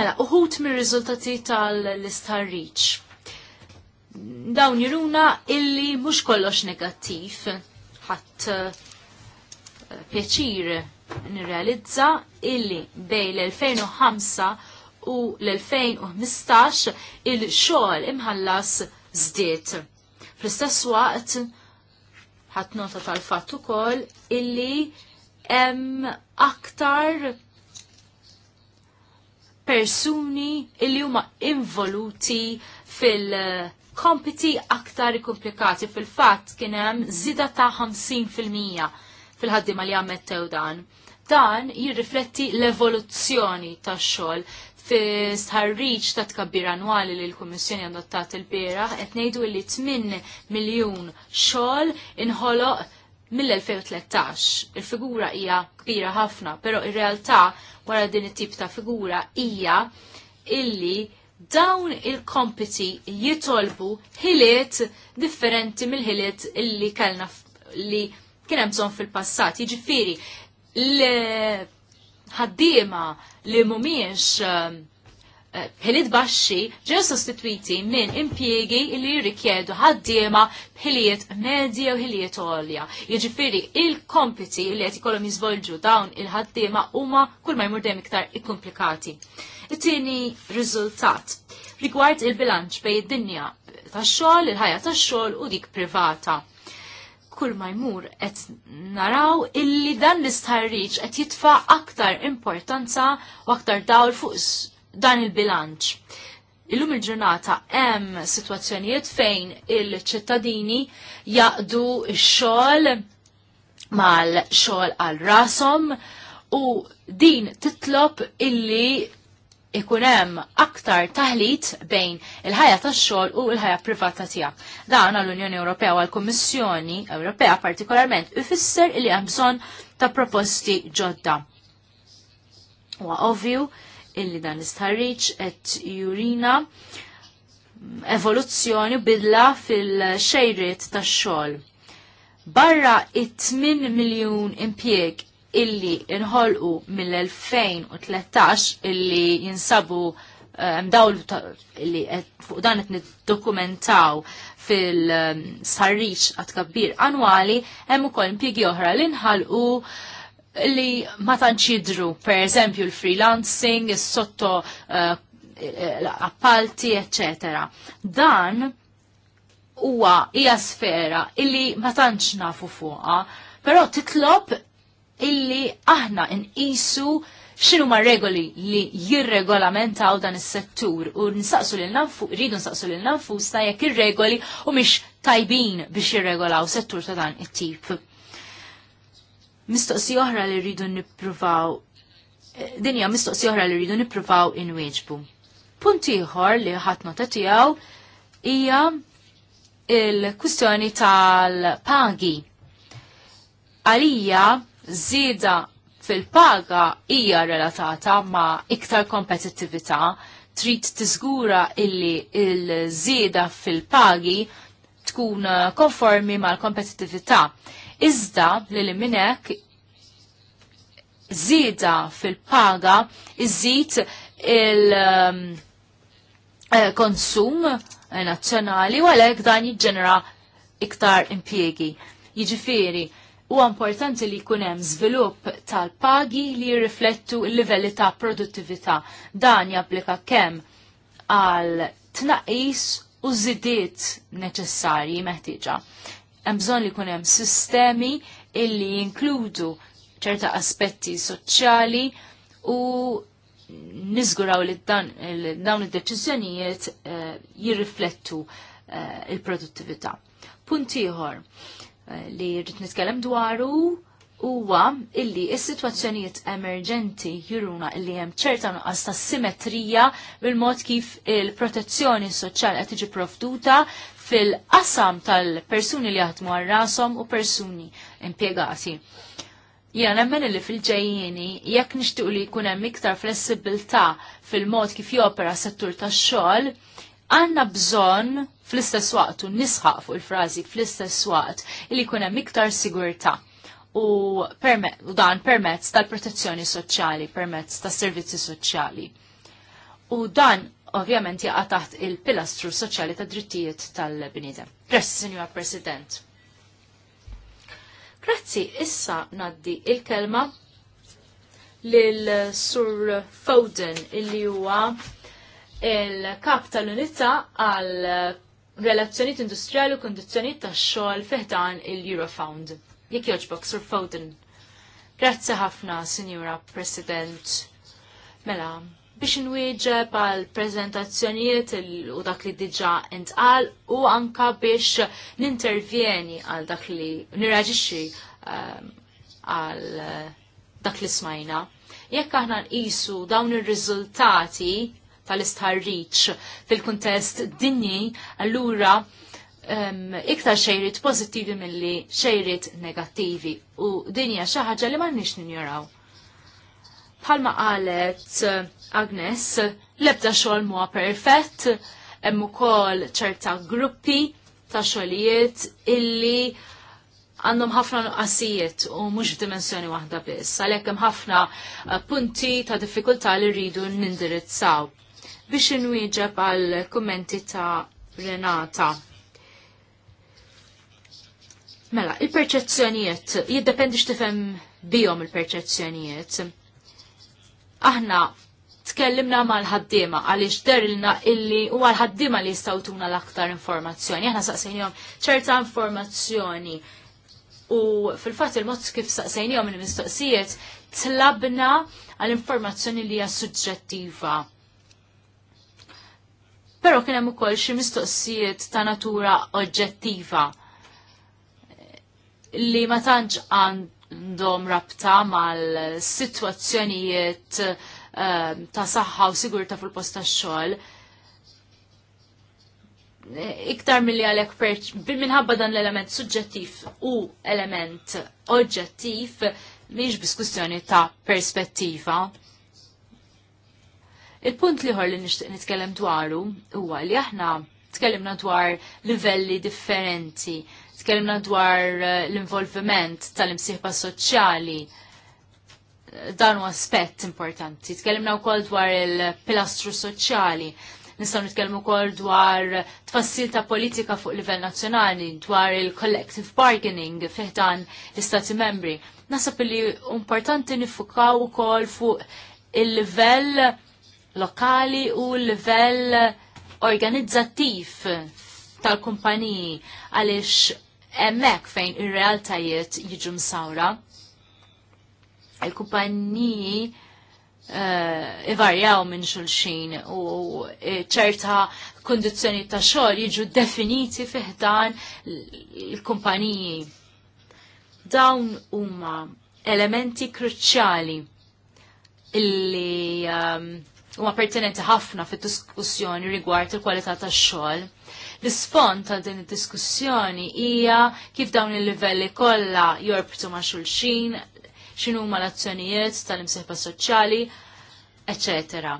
Mela, uħut mir-riżultati tal-istarriċ dawn jiruna illi mhux kollox negattiv. Ħadd eh, pjaċir nirrealizza illi bej l-2005 u l-2015 il-xogħol imħallas zdiet. Fl-istess waqt ħadd nota tal-fatt ukoll illi hemm aktar persuni illi huma involuti fil- uh, kompiti aktar komplikati fil-fatt kien hemm zida ta' 50% fil fil-ħaddima li għammettew dan. Dan jirrifletti l-evoluzzjoni tax-xogħol fil-sħarriċ ta' tkabbir annwali li l-Kummissjoni għandottat il-bieraħ qed ngħidu li 8 miljun xogħol inħoloq mill-2013 il-figura hija kbira ħafna, però ir-realtà wara din it-tip ta' figura hija illi dawn il-kompiti jitolbu ħiliet differenti mill-ħiliet li kellna li kien hemm bżonn fil-passat. Jiġifieri l-ħaddiema li mhumiex um, bħilid baxxi ġew sostitwiti minn impjiegi li jirrikjedu ħaddiema bħiliet medja u ħiliet għolja. Jiġifieri il-kompiti li qed ikollhom jiżvolġu dawn il-ħaddiema huma kull ma jmur dejjem iktar ikkumplikati. It-tieni riżultat rigward il-bilanċ bejn id-dinja tax-xogħol, il-ħajja tax-xogħol u dik privata kull ma jmur qed naraw illi dan l-istħarriġ qed jitfa' aktar importanza u aktar dawl fuq dan il-bilanċ. Illum il-ġurnata hemm situazzjonijiet fejn il-ċittadini jaqdu x-xogħol mal-xogħol għal rasom u din titlob illi ikun hemm aktar taħlit bejn il-ħajja tax-xogħol u l-ħajja privata tiegħek. Dan għall-Unjoni Ewropea u għall-Kummissjoni Ewropea partikolarment ifisser li hemm bżonn ta' proposti ġodda. Huwa ovvju illi dan istħarriċ et jurina evoluzzjoni bidla fil-xejriet tax xogħol. Barra it-8 miljun impjieg illi inħolqu mill-2013 illi jinsabu eh, mdawl illi fuq dan qed niddokumentaw fil-sarriċ eh, għat kabbir annwali hemm ukoll impjiegi oħra li nħalqu li ma tantx jidru, per eżempju l-freelancing, is-sotto uh, appalti, eccetera. Dan huwa hija sfera illi ma tantx nafu fuqha, però titlob illi aħna nqisu x'inhu ma regoli li jirregolamentaw dan is-settur u nsaqsu lil nafu, rridu nsaqsu lil nanfu jekk ir-regoli u mhix tajbin biex jirregolaw settur ta' dan it-tip mistoqsi oħra li rridu nippruvaw eh, dinja mistoqsi oħra li rridu nippruvaw inwieġbu. Punt ieħor li ħadd nota tiegħu hija il-kwistjoni tal-pagi. Għalija żieda fil-paga hija relatata ma' iktar kompetittività trid tiżgura illi il-żieda fil-pagi tkun konformi mal-kompetittività iżda li li minnek zida fil-paga iżid il-konsum um, eh, eh, nazzjonali u għalek dan jiġġenera iktar impiegi. Jiġifieri, huwa importanti li jkun hemm żvilupp tal-pagi li jirriflettu l-livelli ta' produttività. Dan japplika kemm għal tnaqis u żidiet neċessarji meħtieġa hemm bżonn li jkun hemm sistemi illi jinkludu ċerta aspetti soċjali u niżguraw li dawn id-deċiżjonijiet eh, jirriflettu eh, il-produttività. Punt ieħor eh, li rrid nitkellem dwaru huwa illi is-sitwazzjonijiet emerġenti juruna illi hemm ċerta nuqqas ta' simetrija bil-mod kif il-protezzjoni soċjali qed tiġi provduta fil-qasam tal-persuni li jaħdmu għal rasom u persuni impiegati. Jena nemmen li fil-ġejjini jekk nixtiequ li jkun hemm iktar flessibilità fil-mod kif jopera settur tax-xogħol, għandna bżonn fl-istess waqt u nisħaq fuq il-frażi fl-istess waqt li jkun hemm iktar sigurtà u, u dan permezz tal-protezzjoni soċjali, permezz tas-servizzi soċjali. U dan ovvjament jaqa taħt il-pilastru soċjali ta' drittijiet tal-bnidem. Grazzi, Signor President. Grazzi, issa naddi il-kelma lil Sur Foden illi huwa il-kap tal-unità għal relazzjoniet industrijali u kondizzjoniet tax-xogħol fiħdan il-Eurofound. Jekk joġbok, Sur Foden. Grazzi ħafna, Signora President. Mela, biex nwieġeb għal prezentazzjonijiet u dak li diġa intqal u anka biex nintervjeni għal dak li nirraġixxi ehm, għal eh, dak li smajna. Jekk aħna nqisu dawn ir-riżultati tal-istħarriċ fil-kuntest dinji, allura um, iktar xejrit pozittivi mill-li xejrit negattivi u dinja xi ħaġa li m'għandniex ninjoraw. Palma qalet Agnes, lebda xogħol mua perfett, hemm ukoll ċerta gruppi ta' xogħlijiet illi għandhom ħafna nuqqasijiet u mhux f'dimensjoni waħda biss, għalhekk hemm ħafna punti ta' diffikulta li rridu nindirizzaw. Biex inwieġeb għal kummenti ta' Renata. Mela, il-perċezzjonijiet, jiddependi x'tifhem bijom il-perċezzjonijiet aħna tkellimna mal-ħaddima għaliex derilna illi u għal-ħaddima li jistawtuna l-aktar informazzjoni. Aħna saqsejnijom ċerta informazzjoni u fil-fat il-mod kif saqsejnijom il-mistoqsijiet tlabna għal-informazzjoni li hija suġġettiva. Pero kien hemm ukoll xi mistoqsijiet ta' natura oġġettiva li ma tantx għand dom rabta mal-situazzjonijiet ehm, ta' saħħa u sigurta fil-post tax-xogħol e, iktar mill-li għalek perċ, minħabba dan l-element suġġettiv u element oġġettiv, miex diskussjoni ta' perspettiva. Il-punt liħor li nitkellem dwaru huwa li aħna tkellimna dwar livelli differenti tkellimna dwar eh, l-involviment tal-imsieħba soċjali dan u aspett importanti. Tkellimna wkoll dwar il-pilastru soċjali. Nistgħu nitkellmu wkoll dwar tfassil ta' politika fuq livell nazzjonali, dwar il-collective bargaining fiħdan l-Istati membri. Nasab li importanti nifukaw ukoll fuq il-livell lokali u l-livell organizzattiv tal-kumpaniji għaliex emmek fejn ir-realtajiet jiġu msawra. Il-kumpanniji uh, ivarjaw minn xulxin u eh, ċerta kondizjoni ta' xogħol jiġu definiti fiħdan il kumpaniji Dawn huma elementi kruċjali illi ehm, huma um, pertinenti ħafna fid-diskussjoni rigward il-kwalità tax-xogħol. L-ispont ta' din id-diskussjoni hija kif dawn il-livelli kollha jorbtu ma' xulxin, x'inhu ma' l-azzjonijiet tal-imsieħba soċjali, eċetera.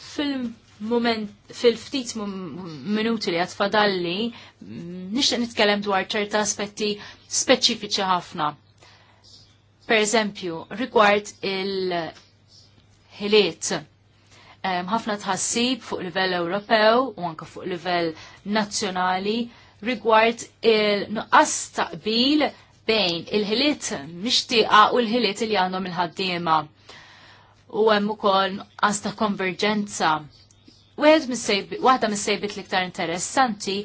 Fil-moment fil-ftit minuti li għad fadalli, nixtieq nitkellem dwar ċerta aspetti speċifiċi ħafna. Per eżempju, rigward il-ħiliet ħafna tħassib fuq livell Ewropew u anke fuq livell nazzjonali rigward il-nuqqas taqbil bejn il-ħiliet mixtieqa u l-ħiliet li għandhom il-ħaddiema. U hemm ukoll nuqqas ta' konverġenza. Waħda mis-sejbit l-iktar interessanti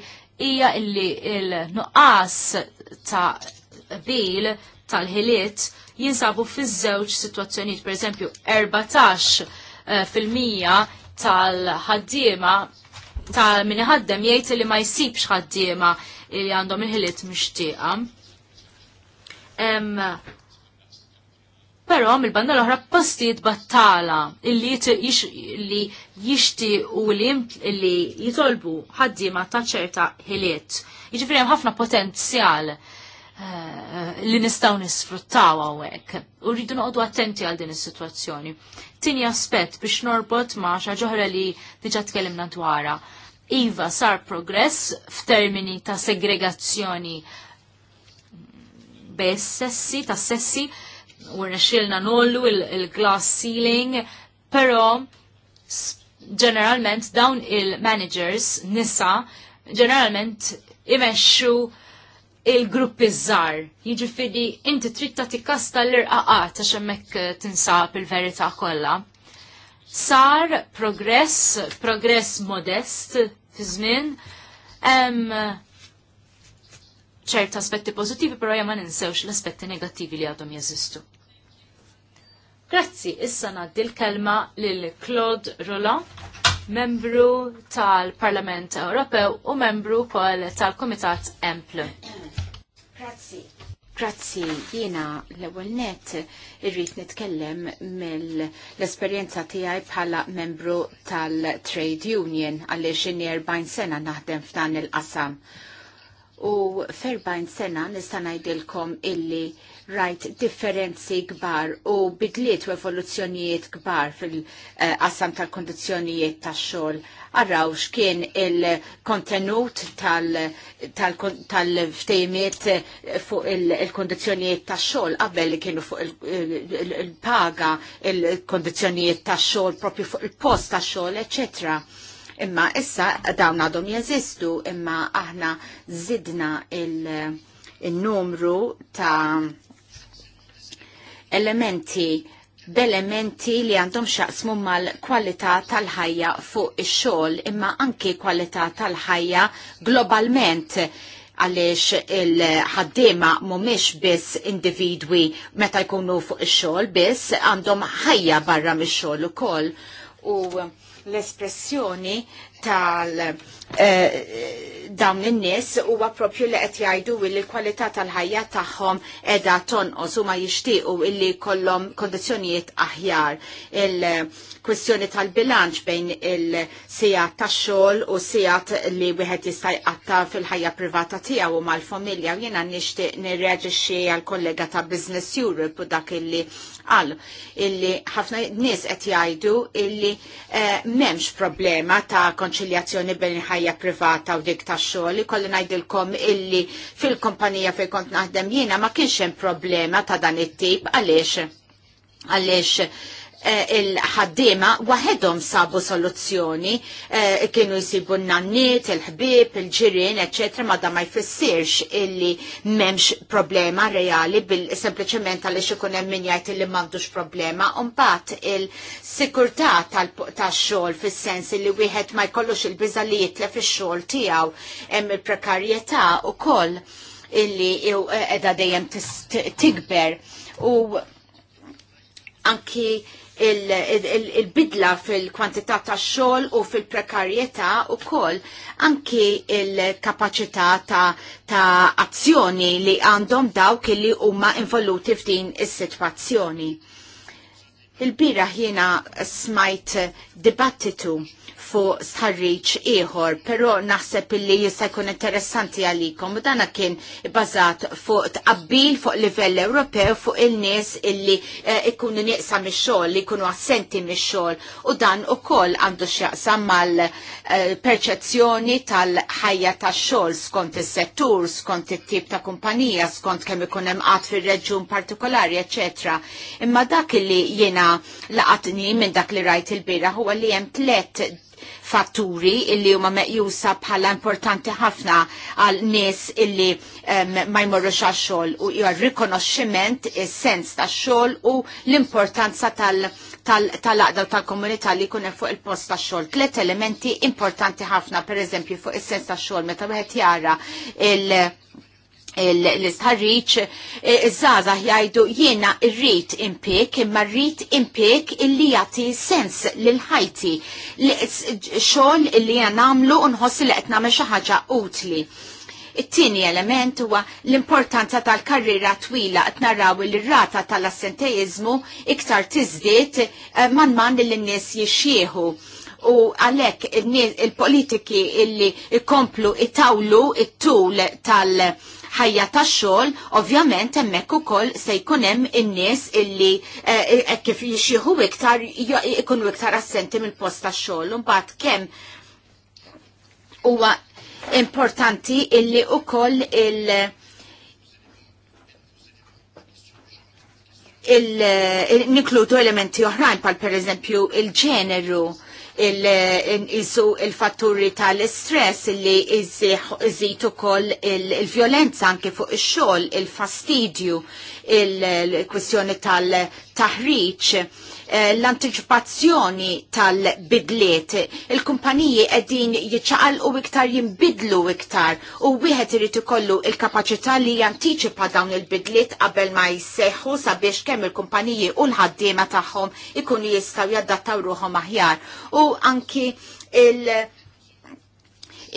hija illi il-nuqqas ta' bil tal-ħiliet jinsabu fiż żewġ sitwazzjonijiet, pereżempju 14 Eh, fil-mija tal-ħaddiema ta' mini ħaddem jgħid li ma jsibx ħaddiema li għandhom il-ħiliet mixtieqa. Però mill-banda l-oħra postijiet battala illi li jixti u li jitolbu ħaddiema ta' ċerta ħiliet. Jiġifieri hemm ħafna potenzjal Eh, li nistaw nisfruttaw għawek. U rridu noqdu attenti għal din is-sitwazzjoni. Tini aspett biex norbot ma' xaġoħra li diġa tkellimna dwarha. Iva sar progress f'termini ta' segregazzjoni bej sessi, ta' sessi, u rnexilna nollu il-glass ceiling, però ġeneralment dawn il-managers nisa ġeneralment imexxu il iż-żar. Jiġifieri inti trid tagħti kasta l-irqaqat għax hemmhekk eh, tinsab il-verità kollha. Sar progress, progress modest fi żmien, hemm ċert aspetti pożittivi, però ma ninsewx l-aspetti negattivi li għadhom jeżistu. Grazzi, issa naddi l-kelma lil Claude Roland, membru tal-Parlament Ewropew u membru kol tal-Komitat Emple. Grazzi. Grazzi, jiena l-ewwel net irrid nitkellem mill-esperjenza tiegħi bħala membru tal-Trade Union għaliex in 40 sena naħdem f'dan il-qasam. U f'erbajn sena nista' ngħidilkom illi rajt differenzi kbar u bidliet u evoluzzjonijiet kbar fil-qassam tal-kondizjonijiet tax-xogħol. Araw x'kien il-kontenut tal-ftejmiet tal tal fuq il-kondizjonijiet tax-xogħol qabel li kienu fuq il-paga, il il-kondizjonijiet tax-xogħol propju fuq il-post tax-xogħol, ecc. imma issa dawn għadhom jeżistu imma aħna zidna il-numru ta' elementi b'elementi li għandhom xaqsmu mal-kwalità tal-ħajja fuq ix-xogħol imma anki kwalità tal-ħajja globalment għaliex il-ħaddima mumiex biss individwi meta jkunu fuq ix-xogħol biss għandhom ħajja barra mix-xogħol ukoll u l-espressjoni tal- eh, dawn in-nies huwa proprju li qed jgħidu li l-kwalità tal-ħajja tagħhom qiegħda tonqos huma jixtiequ illi jkollhom kondizzjonijiet aħjar. Il-kwistjoni tal-bilanċ bejn il-sigħat tax-xogħol u sigħat li wieħed jista' jqatta fil-ħajja privata tiegħu u mal-familja u jiena nixtieq nirreġixxi għall-kollega ta' Business Europe u dak illi qal illi ħafna nies qed jgħidu illi eh, m'hemmx problema ta' konċiljazzjoni bejn ħajja privata u dik tax-xogħol. Ikolli ngħidilkom illi fil-kumpanija fejn kont naħdem jiena ma kienx hemm problema ta' dan it-tip għaliex għaliex Eh, il-ħaddima waħedhom sabu soluzzjoni eh, kienu jisibu n-nanniet, il-ħbib, il ġirin etc. ma da ma jfissirx illi memx problema reali bil-sempliciment għalli xikunem min jajt illi mandux problema unbat il-sikurta tal-xol fil-sens illi wieħed ma jkollux il-biza li jitlef il-xol tijaw hemm il-prekarjetà u koll illi edha dejjem tikber u anki il-bidla fil-kwantità ta' xogħol u fil-prekarjetà u koll anki il-kapacità ta', ta azzjoni li għandhom dawk li huma involuti f'din is-sitwazzjoni. Il-bira jiena smajt dibattitu fuq sħarriċ ieħor, però naħseb illi jista' jkun interessanti għalikom u dana kien bażat fuq tqabbil fuq livell Ewropew fuq il-nies illi eh, ikunu nieqsa mix-xogħol, li jkunu assenti mix-xogħol u dan ukoll għandu x'jaqsam mal-perċezzjoni eh, tal-ħajja tax-xogħol skont is-settur, skont it-tip ta' kumpanija, skont kemm ikun hemm qatt fir-reġjun partikolari, eċċetera. Imma dak li jiena laqatni minn dak li rajt il-bira huwa li hemm tliet fatturi illi huma meqjusa bħala importanti ħafna għal nies illi ma jmorrux għax-xogħol u hija rikonoxximent is-sens tax-xogħol u l-importanza tal-aqda tal, tal tal-komunità li jkun hemm fuq il-post tax-xogħol. Tliet elementi importanti ħafna pereżempju fuq is-sens tax-xogħol meta wieħed jara il- l-istħarriċ zaza e, żaza jgħidu jiena rrit impik imma rrit impik illi jagħti sens lil ħajti xogħol illi jena nagħmlu u nħossi li qed nagħmel xi ħaġa utli. It-tieni element huwa l-importanza tal-karriera twila qed naraw li rata tal-assentejiżmu iktar tiżdied e, man man li nies jixxieħu u għalek il-politiki illi ikomplu it-tawlu it-tul tal- ħajja tax-xogħol, ovvjament hemmhekk ukoll se jkun hemm in-nies illi eh, eh, kif jixieħu iktar ikunu iktar assenti mill-post tax-xogħol. kem kemm huwa importanti illi koll il- il-nikludu elementi oħrajn pal per eżempju il-ġeneru il-isu il-fatturi tal-istress li iżitu ukoll il-vjolenza anke fuq ix-xogħol, il-fastidju, il kwestjoni tal-taħriġ Eh, l-anticipazzjoni tal-bidliet. Il-kumpaniji qegħdin u iktar jinbidlu iktar u wieħed irid ikollu il-kapaċità li jantiċipa dawn il-bidliet qabel ma jseħħu sabiex kemm il-kumpaniji u l-ħaddiema tagħhom ikunu jistgħu jaddattaw ruħhom aħjar. U anki il-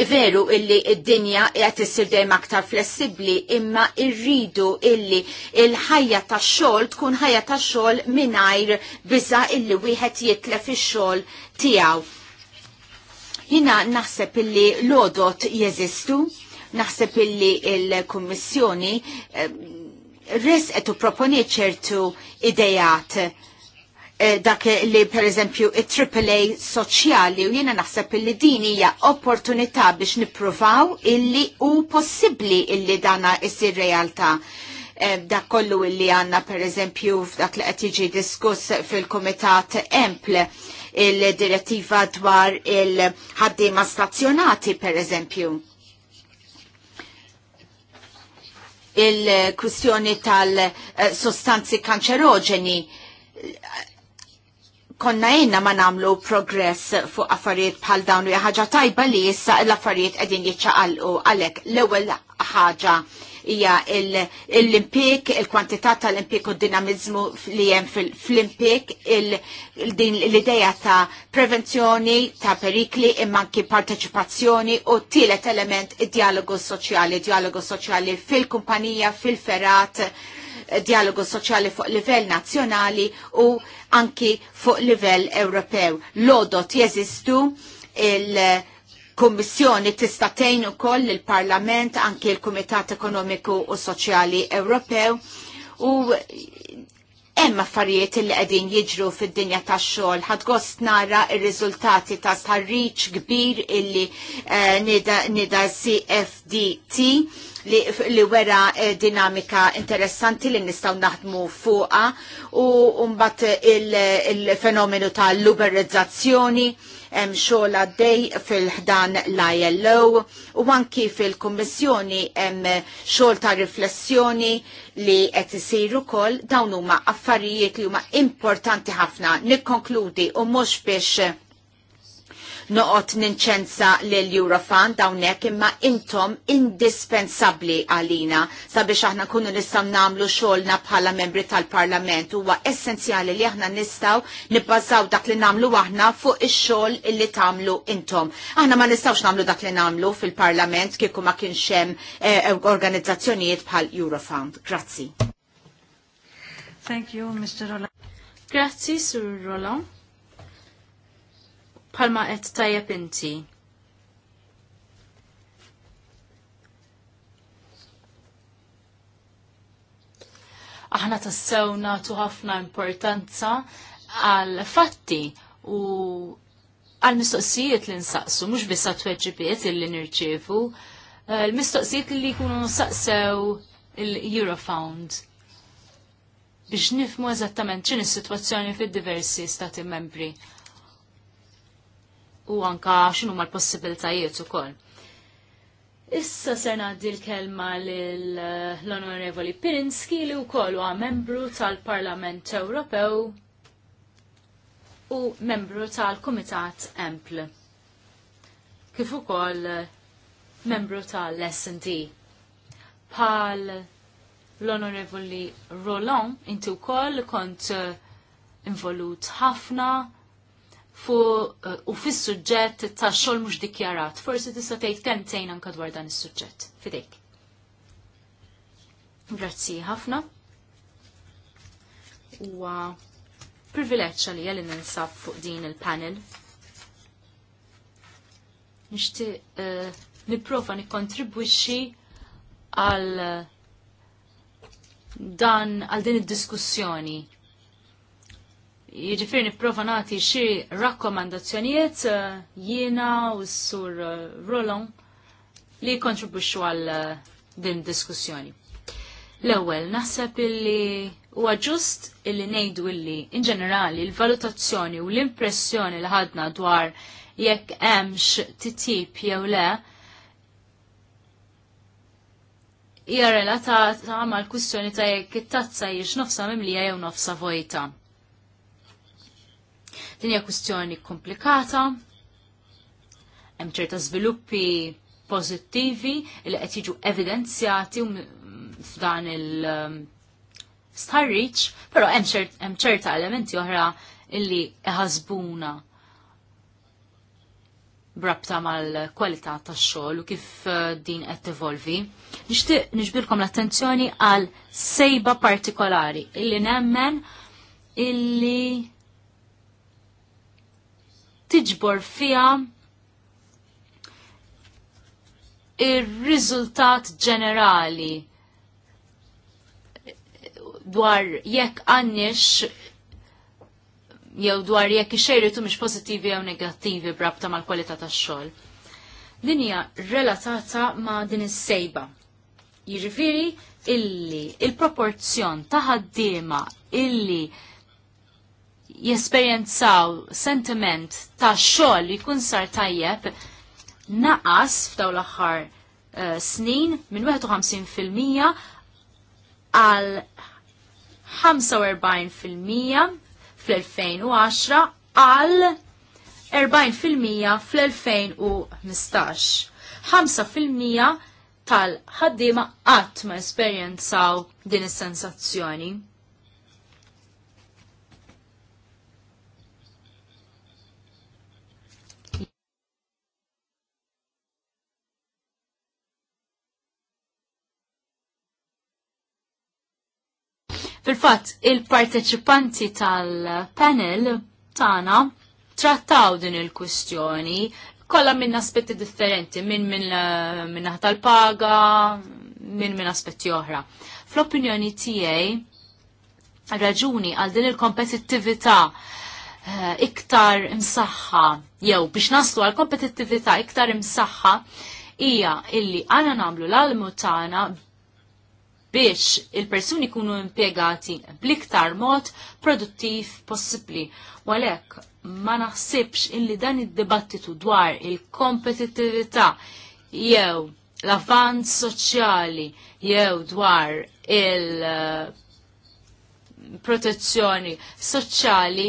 veru illi id-dinja qed issir dejjem aktar flessibbli imma rridu illi il-ħajja tax-xogħol tkun ħajja ta' xogħol mingħajr biża' illi wieħed jitlef ix-xogħol tiegħu. Jina naħseb illi l-odot jeżistu, naħseb illi il-Kummissjoni eh, res qed proponi ċertu idejat Eh, dak li per eżempju AAA soċjali u jiena naħseb illi din hija opportunità biex nippruvaw illi u possibbli illi dana isir realtà eh, dak kollu illi għanna per eżempju f'dak li qed jiġi diskuss fil-Kumitat Empl il-direttiva dwar il-ħaddiema stazzjonati per eżempju. Il-kwistjoni tal-sostanzi eh, kanċerogeni konna jenna ma namlu progress fuq affarijiet bħal dawn u ħaġa tajba li issa l-affarijiet qegħdin jiċċaqalqu għalhekk l-ewwel ħaġa hija l-impik, il-kwantità tal-impik u d-dinamizmu li hemm fl-impik, l-ideja ta' prevenzjoni, ta' perikli, imma anki parteċipazzjoni u tielet element id-dialogu soċjali, dialogu soċjali fil-kumpanija, fil-ferat, fil kumpanija fil ferat dialogu soċjali fuq livell nazzjonali u anki fuq livell Ewropew. Lodot jeżistu il- Kommissjoni tista' tgħin ukoll il-Parlament anki l-Kumitat Ekonomiku u Soċjali Ewropew u hemm affarijiet li qegħdin jiġru fid-dinja tax-xogħol ħad gost nara r-riżultati ta' sarriċ kbir illi uh, nida, nida CFDT li, li wera eh, dinamika interessanti li nistaw naħdmu fuqa u mbagħad il-fenomenu il tal-luberizzazzjoni hemm xogħol għaddej fil-ħdan l-ILO u anki fil-Kummissjoni hemm xogħol ta' riflessjoni li qed isir ukoll dawn huma affarijiet li huma importanti ħafna. Nikkonkludi u mhux biex noqot ninċenza l-Eurofund dawnek imma intom indispensabli għalina sabiex aħna kunu nistaw namlu xolna bħala membri tal-parlament huwa essenzjali li aħna nistaw nibbażaw dak li namlu aħna fuq ix-xogħol illi tagħmlu intom. Aħna ma nistawx namlu dak li namlu fil-parlament kieku ma kienx hemm eh, organizzazzjonijiet bħal Eurofund. Grazzi. Thank you, Mr. Roland. Grazzi, Sur Roland palma qed tajjeb inti. Aħna tassew natu ħafna importanza għal fatti u għal mistoqsijiet li nsaqsu, mux bissa tweġibiet li nirċevu, eh, l-mistoqsijiet li jkunu nsaqsew il-Eurofound biex nifmu eżattament ċini is-sitwazzjoni fil diversi stati membri u anka ma l possibiltajiet ukoll. Issa ser ngħaddi l-kelma eh, l-Onorevoli Pirinski li wkoll huwa membru tal-Parlament Ewropew u membru tal-Kumitat Empl. Kif ukoll eh, membru tal-S&D. Pal l-Onorevoli Roland, inti wkoll kont eh, involut ħafna fu eh, u fis-suġġett ta' xogħol mhux dikjarat. Forsi tista' tgħid tgħin anke dwar dan is-suġġett. Fidejk. Grazzi ħafna. Huwa privileġġ għalija li ninsab fuq din il-panel. Nixtieq eh, nipprova nikkontribwixxi għal eh, dan għal din id-diskussjoni jiġifieri nipprova nagħti xi rakkomandazzjonijiet eh, jiena u s-sur eh, Rolon li kontribwixxu għal eh, din diskussjoni. L-ewwel naħseb illi huwa ġust illi ngħidu illi in ġenerali l-valutazzjoni u l-impressjoni li ħadna dwar jekk hemmx titjib jew le hija relatata mal-kwistjoni ta' jekk it-tazza jiex nofsa mimlija jew nofsa vojta. Din hija kwistjoni komplikata, hemm ċerta żviluppi pożittivi li qed jiġu evidenzjati f'dan il um, starriċ, però hemm ċerta elementi oħra illi iħasbuna brabta mal-kwalità tax-xogħol u kif uh, din qed tevolvi. Nixtieq niġbirkom l-attenzjoni għal sejba partikolari illi nemmen illi tiġbor fija il riżultat ġenerali dwar jekk għannix jew dwar jekk ixejritu mhix pożittivi jew negattivi brabta mal-kwalità tax-xogħol. Din hija relatata ma' din is-sejba. Jiġifieri illi il-proporzjon ta' ħaddiema illi jesperjenzaw sentiment ta' xogħol li jkun sar tajjeb naqas f'daw l-aħħar uh, snin minn 51% għal 45% fl-2010 għal 40% fl-2015. 5% tal-ħaddima qatt ma esperjenzaw din is-sensazzjoni. Fil-fatt, il-parteċipanti tal-panel tagħna trattaw din il kustjoni kollha minn aspetti differenti, minn minn eh, min tal-paga, minn minn aspetti oħra. Fl-opinjoni tiegħi raġuni għal din il-kompetittività eh, iktar imsaħħa, jew biex naslu għal kompetittività iktar imsaħħa, hija illi għana namlu l-almu tagħna biex il-persuni kunu impiegati bliktar mod produttiv possibli. Walek, ma naħsibx illi dan id-dibattitu dwar il-kompetitività jew l avanz soċjali jew dwar il-protezzjoni soċjali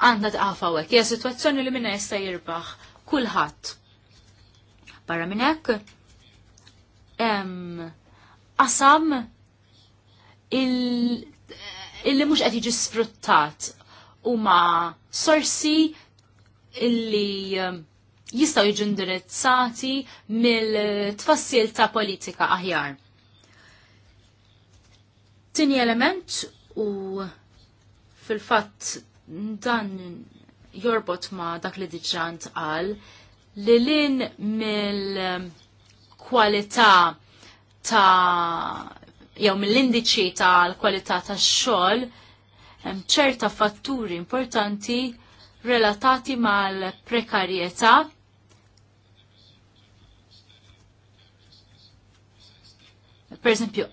għandna tqafa hekk. Ja sitwazzjoni li minna jista' jirbaħ kulħadd. Barra minn hekk qasam illi mhux qed jiġi sfruttat huma sorsi illi um, jistaw jiġu indirizzati mill-tfassil ta' politika aħjar. Tini element u fil-fatt dan jorbot ma dak li diġant għal li lin mill-kwalità ta' jew mill-indiċi tal kwalità tax-xogħol hemm ċerta fatturi importanti relatati mal-prekarjetà per esempio,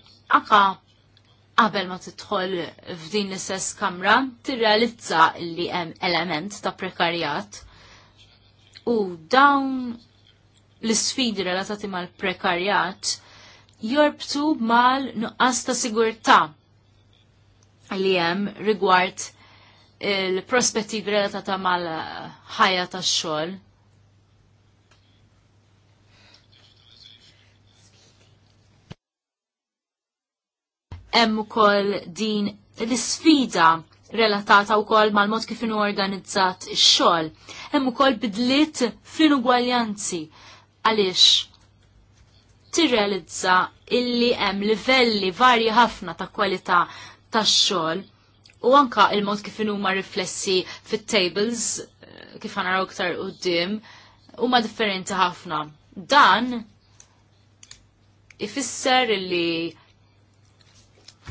qabel ma tidħol f'din l-istess kamra, tirrealizza li hemm element ta' prekarjat. U dawn l-sfidi relatati mal-prekarjat jorbtu mal nuqqas ta' sigurtà li hemm rigward il prospettivi relatata mal-ħajja tax-xogħol. Hemm ukoll din l-isfida relatata wkoll mal-mod kif inhu organizzat ix-xogħol. Hemm ukoll bidliet fl-inugwaljanzi għaliex tirrealizza illi hemm livelli varji ħafna ta' kwalità tax-xogħol u anka il-mod kif huma riflessi fit-tables eh, kif ħanaraw iktar qudiem huma differenti ħafna. Dan ifisser illi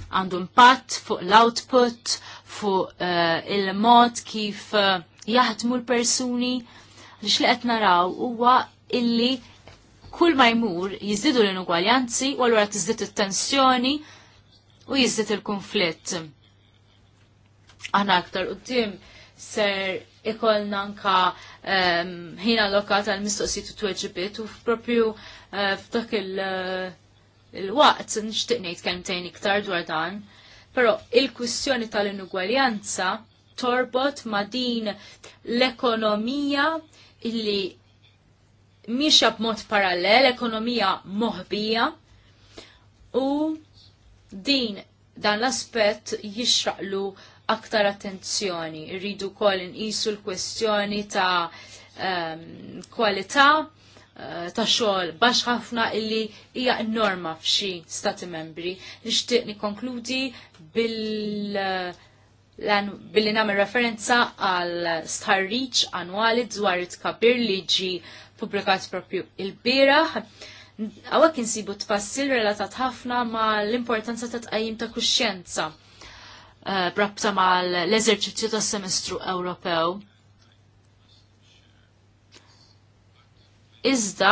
għandu impatt fuq l-output, fuq uh, il-mod kif uh, jaħdmu l-persuni. Għax li qed naraw huwa illi kull ma jmur jizdidu l-inugwaljanzi u għallura tizdid it-tensjoni u jizdid il-konflitt. Aħna aktar tim ser ikolna anka ehm, ħina lokat lokata l-mistoqsijiet u tweġibiet u f'propju uh, f'dak eh, il-waqt nixtieq ngħid kemmtejn iktar dwar dan. Però il-kwistjoni tal-inugwaljanza torbot ma' din l-ekonomija illi miexa b'mod parallel, ekonomija moħbija u din dan l-aspett jixraqlu aktar attenzjoni. Rridu kol inqisu l-kwestjoni ta' um, kwalità eh, ta' xogħol bax ħafna illi hija norma f'xi stati membri. Nixtieq nikkonkludi billi nagħmel referenza għal starriċ annwali dwar it-kabir li ġi publikat propju il-biraħ. Għawek insibu tfassil relatat ħafna ma l-importanza ta' tqajjim ta' kuxjenza eh, brabta ma l-eżerċizzju ta' semestru Ewropew. Iżda,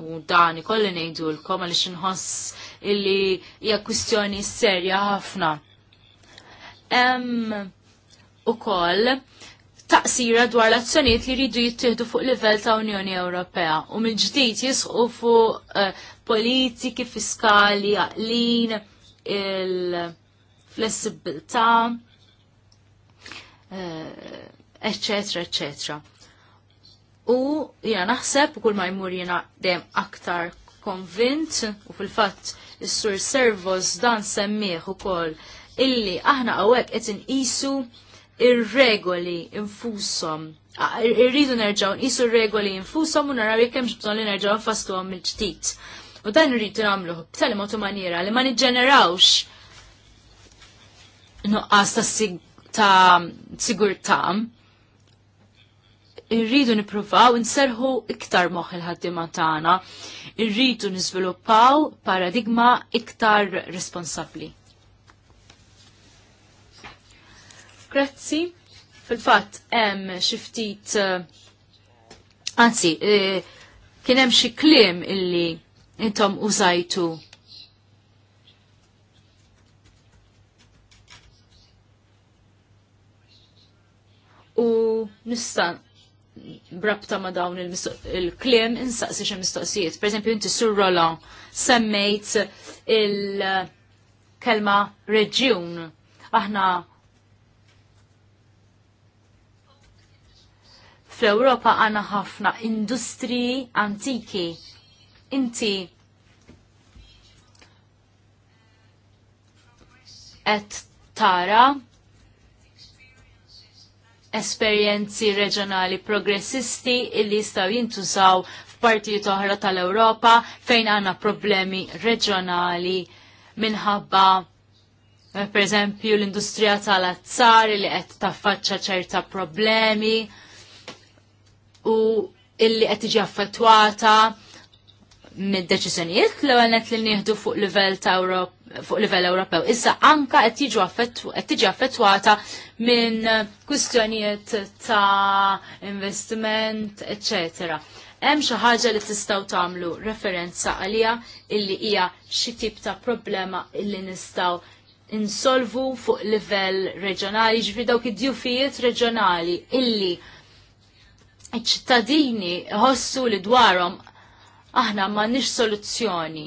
u dan ikolli l lkom għaliex inħoss illi hija kwistjoni serja ħafna. u koll, taqsira dwar l-azzjonijiet li jridu jittieħdu fuq livell ta' Unjoni Ewropea u mill-ġdid jisqu fuq eh, politiki fiskali għaqlin il-flessibilità eccetera, eh, eccetera. U jena naħseb u kull ma jmur jena dem aktar konvint u fil-fatt is-sur servos dan semmieħ ukoll illi aħna għawek qed inqisu ir-regoli infushom. Irridu nerġgħu nqisu r-regoli infushom u naraw jekk hemmx bżonn li nerġgħu nfastuhom mill-ġdid. U dan irridu nagħmlu b'tali mod maniera li ma niġġenerawx nuqqas ta' ta' sigurtà. Irridu nippruvaw inserħu iktar moħħ il-ħaddiema tagħna. Irridu niżviluppaw paradigma iktar responsabbli. Grazzi. Fil-fatt hemm xi ftit eh, anzi eh, kien hemm xi kliem illi intom użajtu u nista brabta ma dawn il-klim il insaqsi xe mistoqsijiet. Per esempio, inti sur Roland semmejt il-kelma reġjun. Aħna fl-Ewropa għandna ħafna industriji antiki. Inti qed tara esperjenzi reġjonali progressisti illi jistgħu jintużaw f'partijiet oħra tal-Ewropa fejn għandna problemi reġjonali minħabba per l-industrija tal-azzar li qed taffaċċa ċerta problemi u illi qed tiġi affettwata mid-deċiżjonijiet l għalnet li nieħdu fuq livell ta' fuq livell Ewropew. Issa anka qed tiġi affettwata minn kwistjonijiet ta' investiment, eċetera. Hemm xi ħaġa li tistgħu tagħmlu referenza għalija illi hija xi tip ta' problema illi nistgħu insolvu fuq livell reġjonali, ġifri dawk id-djufijiet reġjonali illi ċittadini ħossu li dwarhom aħna ma nix soluzzjoni.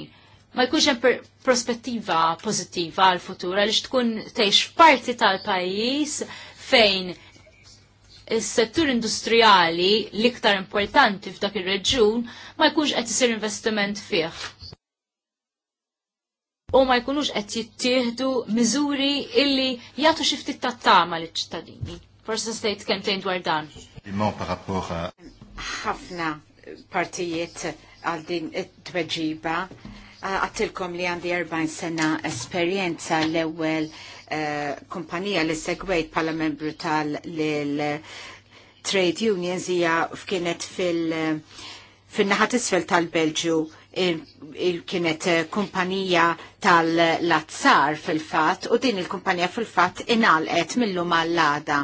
Ma jkunx hemm prospettiva pożittiva għal futur għaliex tkun tgħix parti tal-pajjiż fejn is-settur industrijali l-iktar importanti f'dak ir-reġjun ma jkunx qed isir investiment fih. U ma jkunux qed jittieħdu miżuri illi jagħtu xi ftit tat-tama liċ-ċittadini. Forsi stejt kemtejn dwar dan. Ħafna partijiet għal din it-tweġiba għattilkom li għandi 40 sena esperienza l-ewel eh, kumpanija li segwejt pala membru tal-Trade eh, Unions hija f'kienet fil- fin-naħat isfel tal-Belġu kienet eh, kumpanija tal-Lazzar fil-fat u din il-kumpanija fil-fat inalqet mill-lum għall-għada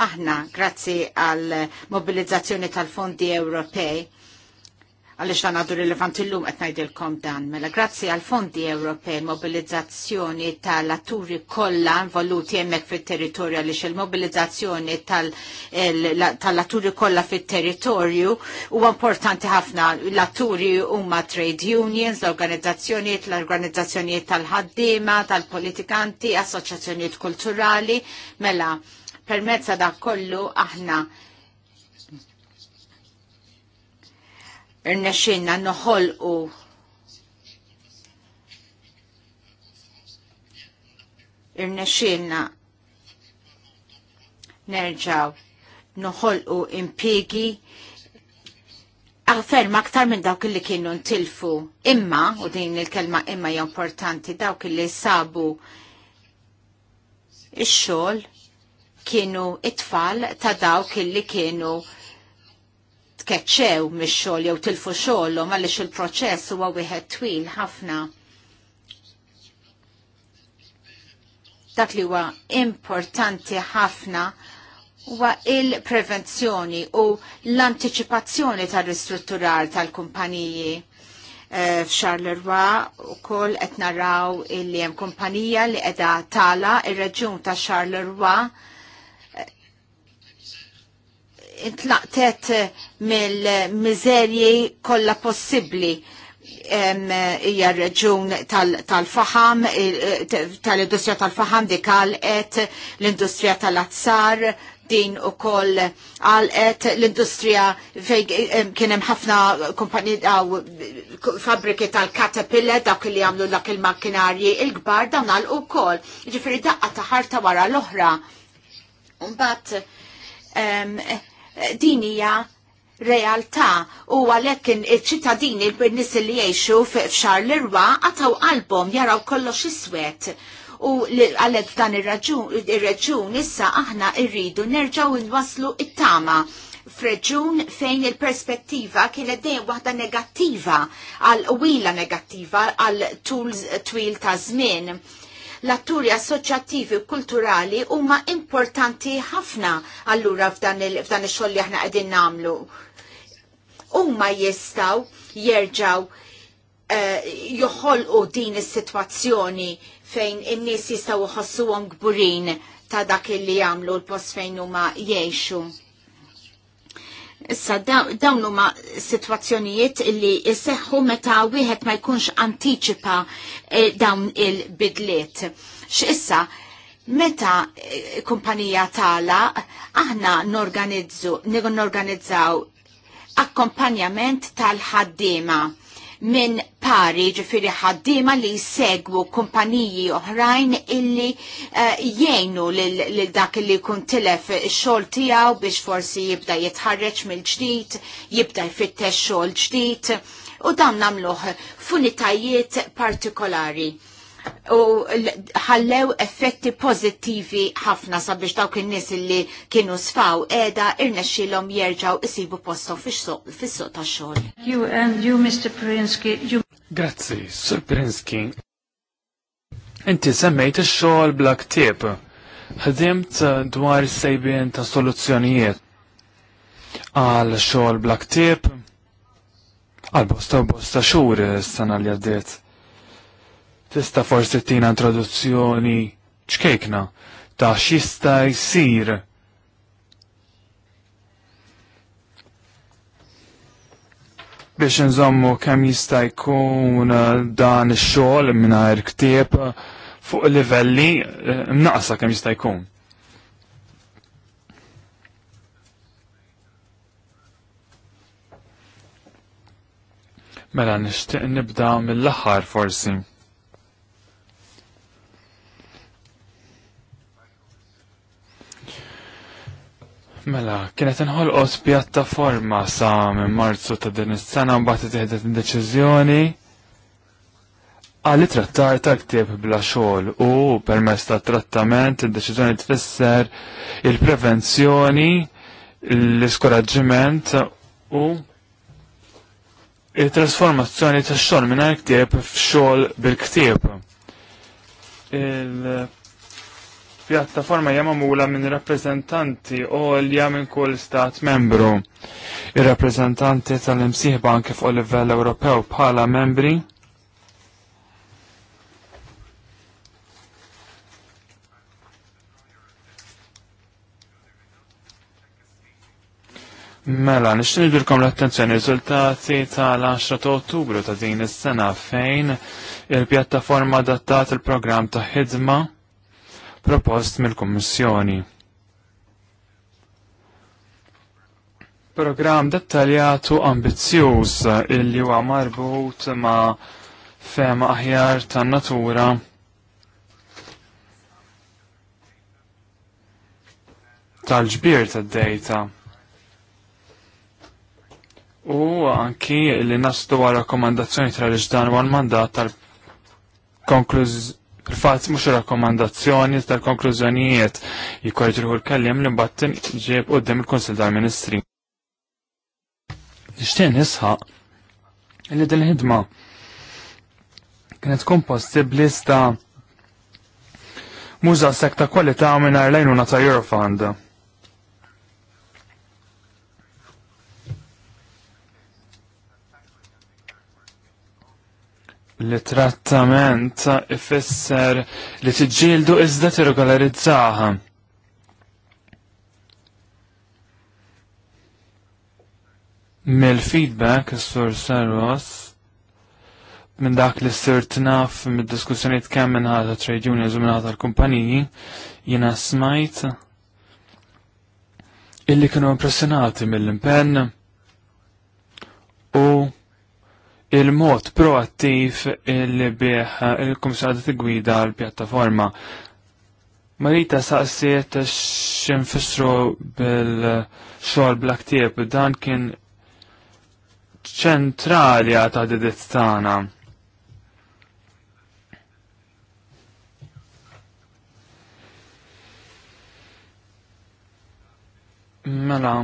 aħna grazzi għal mobilizzazzjoni tal-fondi Ewropej għalix għan għadu rilevant illum qed ngħidilkom dan. Mela grazzi għal fondi Ewropej mobilizzazzjoni tal-atturi kollha involuti hemmhekk fit-territorju għaliex il-mobilizzazzjoni tal-atturi kollha fit-territorju huwa importanti ħafna l-atturi huma trade unions, l-organizzazzjonijiet, l-organizzazzjonijiet tal-ħaddiema, tal-politikanti, assoċjazzjonijiet kulturali, mela Permezza da kollu aħna irnexxinna noħolqu irnexxinna nerġaw noħolqu impjegi Aferma aktar minn dawk li kienu ntilfu imma, u din il-kelma imma hija importanti, dawk li sabu ix-xogħol kienu it-tfal ta' dawk illi kienu tkeċċew mix-xogħol jew tilfu xogħolhom għaliex il-proċess huwa wieħed twil ħafna. Dak li huwa importanti ħafna huwa il-prevenzjoni u l-antiċipazzjoni tal-ristrutturar tal-kumpaniji. E, eh, f'Charleroi u koll qed naraw illi hemm kumpanija li qiegħda tala ir-reġjun ta' Charleroi intlaqtet mill-mizerji kollha possibbli hija reġun tal-faham, eh, eh, tal-industrija tal-faham dik għalqet l-industrija tal-azzar, din u koll għalqet l-industrija fej kienem ħafna kompani fabriki tal-Caterpillar dawk li għamlu dak il-makkinarji il-gbar dan għal u koll. Ġifiri daqqa taħarta wara l-oħra. Umbat, din hija realtà u għalhekk il ċittadini bin-nies li jgħixu f'xar l-irwa għataw qalbhom jaraw kollox iswed u għalek dan ir-reġun issa aħna rridu nerġgħu nwaslu it-tama f'reġun fejn il-perspettiva kienet dejjem waħda negattiva għal wila negattiva għal tools twil ta' żmien l-atturi assoċjattivi u kulturali huma importanti ħafna allura f'dan ix-xogħol li aħna qegħdin nagħmlu. Huma jistgħu jerġgħu eh, joħolqu din is-sitwazzjoni fejn in-nies jistgħu jħossuhom gburin ta' dak li jagħmlu l-post fejn huma jgħixu Issa dawn huma situazzjonijiet li jseħħu meta wieħed ma jkunx antiċipa eh, dawn il-bidliet. X'issa meta eh, kumpanija tala aħna norganizzu, norganizzaw akkompanjament tal-ħaddiema minn pari ġifiri ħaddima li jsegwu kumpaniji oħrajn illi uh, jgħinu lil dak li kun tilef xol tijaw biex forsi jibda jitħarreċ mill-ġdijt, jibda jfittex xol ġdijt u dan namluħ funitajiet partikolari u ħallew effetti pozittivi ħafna sabiex dawk in-nies li kienu sfaw edha irnexxilhom jerġgħu isibu postom fis-suq tax-xogħol. You and you Mr. You... Grazzi, Sir Prinski. Inti semmejt ix-xogħol bla ktieb. Ħdimt uh, dwar sejbien ta' soluzzjonijiet għal xogħol bla ktieb għal bosta bosta xhur is-sena li għaddiet Tista' forsi tina introduzzjoni ċkejkna ta' xista jsir. biex nżommu kemm jista' jkun eh, dan ix-xogħol ktieb fuq livelli eh, mnaqsa kemm jista' jkun. Mela nixtieq nibda mill-aħħar forsi. Mela, kienet inħolqos pjattaforma sa' minn marzu ta' din is-sena mbagħad id deċiżjoni għalli trattar ta' ktieb bla xogħol u permezz ta' trattament id-deċiżjoni tfisser il-prevenzjoni, l-iskoraġġiment u il-trasformazzjoni ta' xogħol minn ktieb f'xogħol bil-ktieb. il pjattaforma hija magħmula minn rappreżentanti għolja minn kull stat membru. Ir-rappreżentanti tal-imsieħba anke fuq livell Ewropew bħala membri Mela, nixtin idurkom l-attenzjoni riżultati tal-10 ta' ottubru ta' din is-sena fejn il-pjattaforma adattat il-programm ta' ħidma propost mill-Kummissjoni. Program dettaljatu ambizzjuż illi huwa marbut ma' fema aħjar tan-natura tal-ġbir tad-dejta. U anki li naslu għal rakkomandazzjoni l ġdan għal mandat tal-konkluż Fil-fatt il rakkomandazzjoni tal-konklużjonijiet jikkorġru l-kellim li mbattin ġieb dem il konsil tal-Ministri. Nixtieq nisħaq li din ħidma kienet komposti blista muża sekta kwalità minn arlejnuna ta' Eurofund. li trattament ifisser li tiġġieldu iżda tirregolarizzaha. Mill-feedback s sur Saros minn dak li s-sirt naf mid-diskussjoniet kemm minn ħata trade unions u minn ħata l-kumpaniji jina smajt illi kienu impressionati mill-impenn u il-mod proattiv il bieħ il t-gwida l-pjattaforma. Marita saqsiet x'infissru bil-xogħol Black Tip dan kien ċentrali għata didiet tagħna. Mela,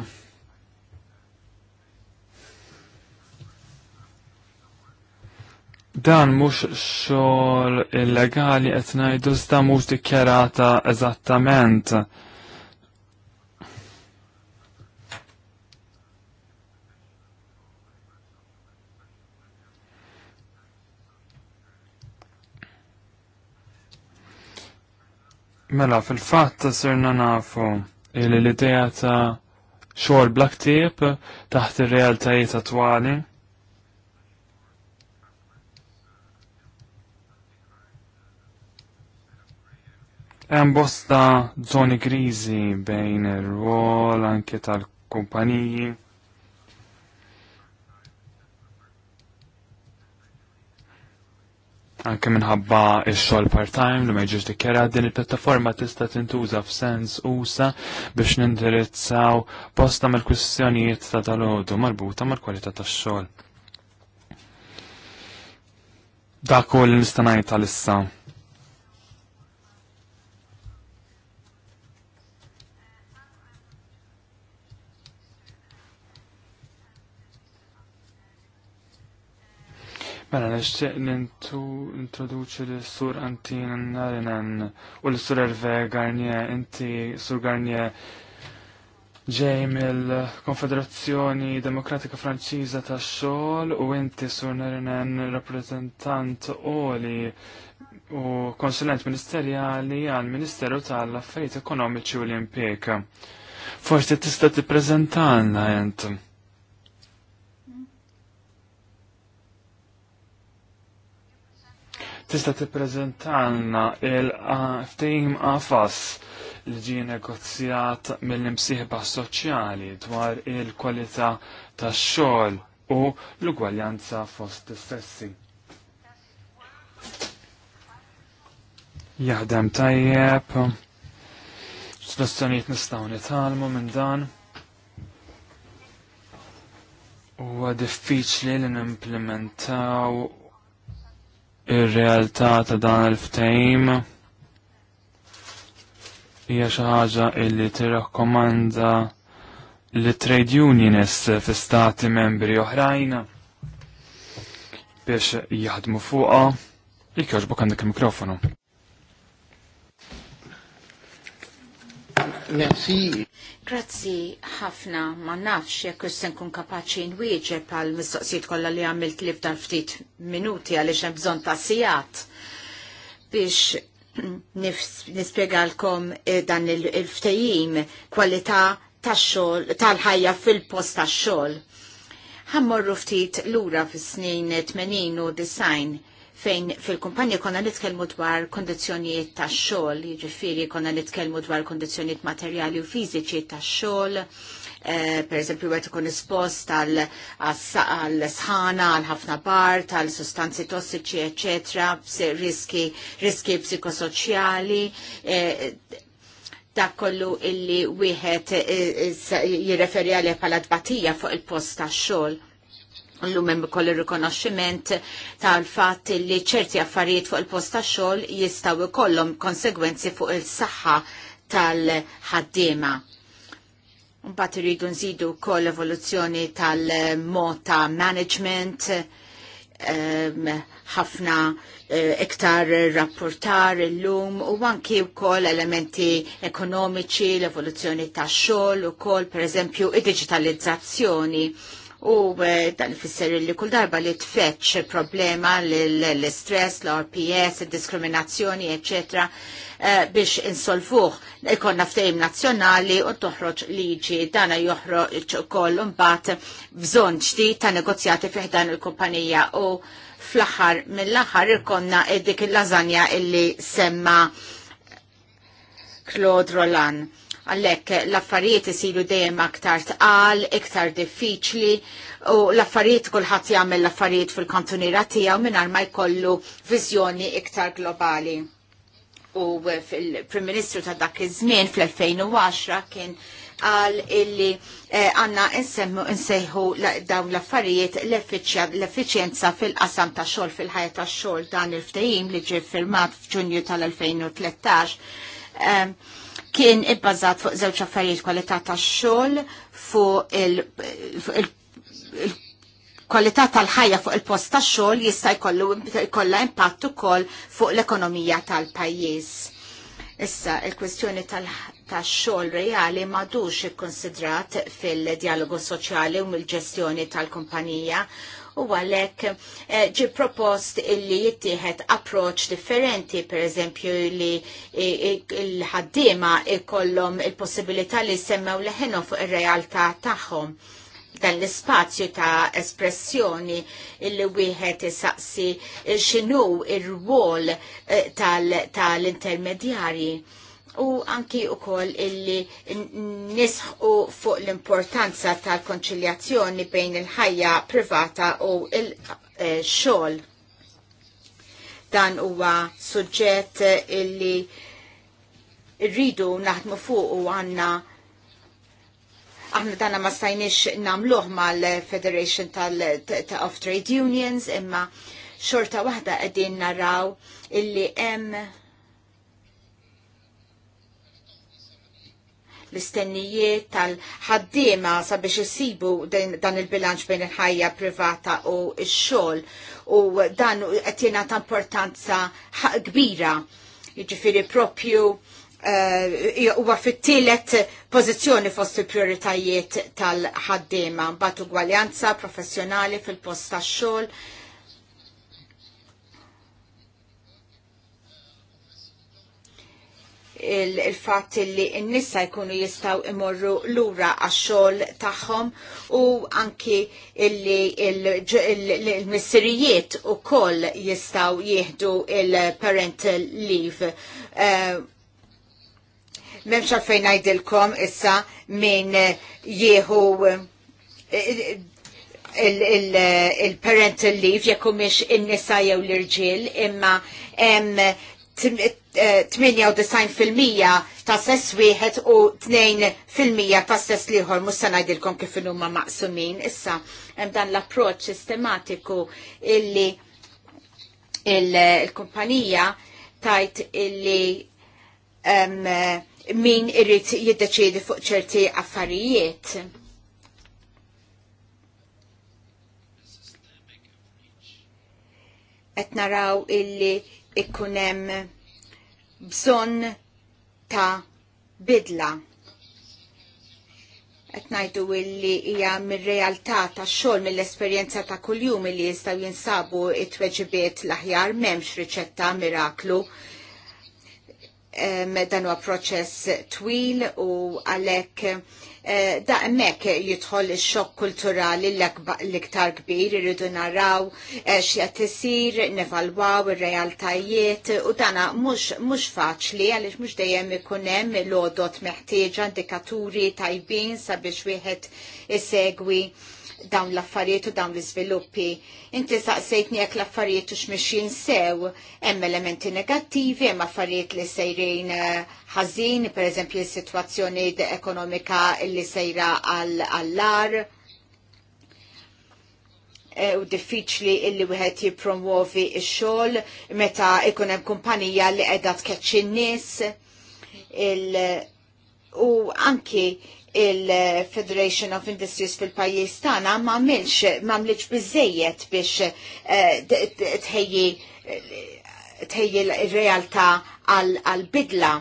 Dan mhux xogħol illegali qed ngħidu iżda mhux dikjarata eżattament. Mela, fil-fatt sirna nafu il-idea ta' xogħol blaktib taħt ir-realtajiet attwali. Hemm bosta żoni griżi bejn ir-rwol anke tal-kumpaniji. anke minħabba il-xol part-time li ma jġiġ dikjera din il-pjattaforma tista' tintuża f'sens usa biex nindirizzaw bosta mill-kwistjonijiet ta' dalodu marbuta mal-kwalità tax-xogħol. Dak huwa li nista' ngħid għalissa. issa Mela nixtieq nintroduċi l-sur Antin Narinen u l-sur Erve Garnier, inti sur Garnier ġej mill-Konfederazzjoni Demokratika Franċiża tax-xogħol u inti sur Narinen rappreżentant oli u konsulent ministerjali għal Ministeru tal-Affarijiet Ekonomiċi u l-Impjeg. Forsi tista' tippreżentanna ent tista' t-prezentanna il-ftehim għafas li ġie negozjat mill-imsieħba soċjali dwar il-kwalità tax-xogħol u l-ugwaljanza fost is-sessi. Jaħdem tajjeb, s-lessonijiet nistgħu nitalmu minn dan. Huwa diffiċli li nimplementaw ir-realtà ta' dan il-ftehim hija xi ħaġa illi tirrakkomanda li trade unionist fi stati membri oħrajn biex jaħdmu fuqha. Jekk jogħġbok għandek il-mikrofonu. Merci. Grazzi ħafna ma nafx jekk se nkun kapaċi nwieġeb għal mistoqsijiet kollha li għamilt li f'dan ftit minuti għaliex hemm bżonn ta' sigħat biex [CLEARS THROAT] nispjegalkom eh, dan il-ftejim kwalità tax-xogħol tal-ħajja fil-post tax-xogħol. Ħammorru ftit lura fis-snin 80 u design fejn fil-kumpanji konna nitkellmu dwar kondizjonijiet ta' xogħol, jiġifieri konna nitkellmu dwar kondizjonijiet materjali u fiżiċi ta' xogħol, eh, per eżempju għet ikun espost għal sħana, għal ħafna bar, tal sustanzi tossiċi, eccetera, riski, riski psikosoċjali, eh, dak kollu illi wieħed eh, eh, jirreferi għalih bħala tbatija fuq il-post tax xogħol. L-lum hemm ukoll ir-rikonoxximent tal-fatt li ċerti affarijiet fuq il-post tax-xogħol jistgħu jkollhom konsegwenzi fuq il-saħħa tal-ħaddiema. Mbagħad iridu nżidu wkoll evoluzzjoni tal-mod ta' management, ħafna eh, iktar rapportar rapportar illum u anki wkoll elementi ekonomiċi, l-evoluzzjoni tax-xogħol ukoll pereżempju id-diġitalizzazzjoni u eh, dan fisser li kull darba li tfetx problema l-stress, l-RPS, il-diskriminazzjoni, ecc. Eh, biex insolvuh ikon naftajim nazzjonali u toħroġ liġi dana joħroġ ukoll imbagħad bżonn ġdid ta' negozjati fih dan il-kumpanija u fl-aħħar mill-aħħar ikonna eddik il-lażanja illi semma Claude Roland Għallek l-affarijiet isiru dejjem aktar tqal, iktar diffiċli u l-affarijiet kulħadd jagħmel l-affarijiet fil-kantuniera tiegħu mingħajr ma jkollu viżjoni iktar globali. U fil-Prim Ministru ta' dak iż-żmien fl-2010 kien għal illi eh, għanna nsejħu dawn l-affarijiet l-effiċjenza fil-qasam ta' xol fil-ħajja ta' xol dan il-ftehim li ġie firmat f'Ġunju tal-2013 eh, kien ibbażat fuq żewġ affarijiet kwalità tax-xogħol fuq il- kwalità tal-ħajja fuq il-post tax-xogħol jista' jkollu jkollha impatt ukoll fuq l-ekonomija tal-pajjiż. Issa, il-kwestjoni tax-xogħol reali m'għadux ikkonsidrat fil-dialogu soċjali u mill-ġestjoni tal-kumpanija u għalhekk eh, ġi propost illi jittieħed approċ differenti, per eżempju li l-ħaddiema ikollom il-possibilità li semmew leħenhom fuq ir-realtà tagħhom dan l-ispazju ta' espressjoni illi wieħed isaqsi x'inhu ir-rwol tal-intermedjari. Eh, tal u anki u koll illi nisħu fuq l-importanza tal-konċiljazzjoni bejn il-ħajja privata u il-xol. Dan huwa suġġett illi rridu naħdmu fuq u għanna aħna dana ma stajniex namluħ mal-Federation of Trade Unions imma xorta waħda għedin naraw illi hemm l-istennijiet tal-ħaddiema sabiex isibu dan il-bilanċ bejn il-ħajja privata u x-xogħol u dan qed jingħata importanza kbira. Jiġifieri propju eh, huwa uh, fit-tielet pożizzjoni fost il-prioritajiet tal-ħaddiema, mbagħad ugwaljanza professjonali fil-post tax-xogħol, il-fat il li n-nissa jkunu jistaw imorru l-ura għax-xogħol tagħhom u anki il-missirijiet u koll jistaw jieħdu il-parental leave. Uh, eh, Memx għalfejn ngħidilkom issa minn jieħu eh, il-parental leave jekku miex in-nisa jew l-irġiel imma hemm 98% eh, ta' sess wieħed u 2% ta' sess liħor mus se ngħidilkom kif huma maqsumin. Issa hemm dan l-approċċ sistematiku illi il-kumpanija tajt illi min irrit jiddeċiedi fuq ċerti affarijiet. Et naraw illi ikkunem bżon ta' bidla. Etnajdu illi hija mir-realtà ta' xogħol mill-esperjenza ta' kuljum li jistgħu jinsabu it-tweġibiet l-aħjar m'hemmx riċetta miraklu. dan huwa proċess twil u għalhekk Eh, da emmek jidħol il-xok kulturali l-iktar kbir irridu naraw eh, t-sir, nevalwaw il-realtajiet u dana mux faċli għalix mux dejjem ikunem l-odot meħtieġa indikaturi tajbin sabiex wieħed isegwi dawn l-affarijiet u dawn l-iżviluppi. Inti saqsejtni jekk l-affarijiet u xmixin sew, hemm elementi negattivi, hemm affarijiet li sejrin eh, ħażin, per eżempju l-sitwazzjoni ekonomika li sejra għall-ar eh, u diffiċli illi wieħed jippromuovi x-xogħol meta ikun hemm kumpanija li qiegħda tkeċċi n-nies u anki il-Federation of Industries fil-pajjiż tagħna m'għamilx m'għamlitx bizzejiet biex eh, tħejji eh, il r-realtà għal-bidla.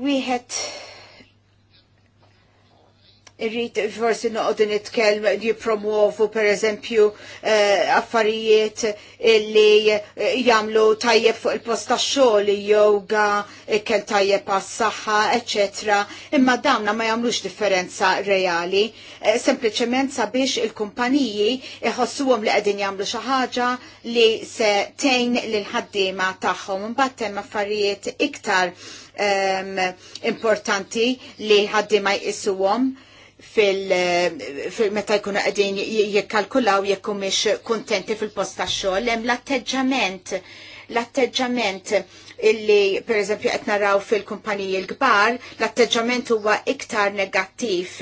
wieħed irrit forsi noqogħdu nitkellem jippromuovu pereżempju eżempju eh, affarijiet li eh, jagħmlu tajjeb fuq il-post tax-xogħol, yoga, ikel tajjeb għas-saħħa, eċetera. Imma dawna ma jagħmlux differenza reali, eh, sempliċement sabiex il-kumpaniji iħossuhom li qegħdin jagħmlu xi ħaġa li se tgħin lil ħaddiema tagħhom. Imbagħad hemm affarijiet iktar ehm, importanti li ħaddiema jqisuhom fil-meta jkunu għedin jikkalkulaw jekku miex kontenti fil-post ta' xogħol, hemm l-atteġġament l-atteġġament illi per eżempju qed naraw fil-kumpaniji l-kbar, l-atteġġament huwa iktar negattiv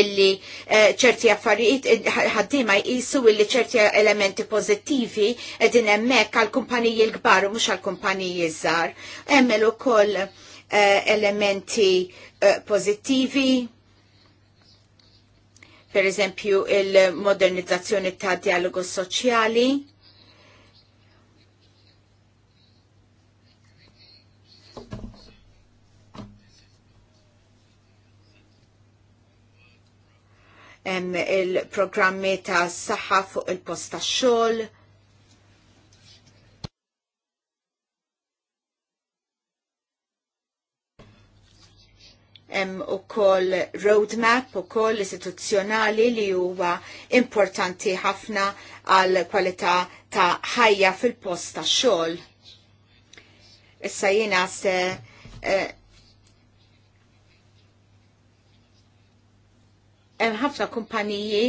illi eh, ċerti affarijiet eh, ħaddima jqisu illi ċerti elementi pożittivi qegħdin hemmhekk għall-kumpaniji l-kbar u mhux għall-kumpaniji żgħar. Hemm ukoll eh, elementi pożittivi per eżempju il-modernizzazzjoni ta' dialogu soċjali, il-programmi ta' saħħa fuq il posta xol. xogħol, hemm ukoll roadmap ukoll istituzzjonali li huwa importanti ħafna għal kwalità ta' ħajja fil-post ta' xogħol. Issa jiena se eh, hemm ħafna kumpaniji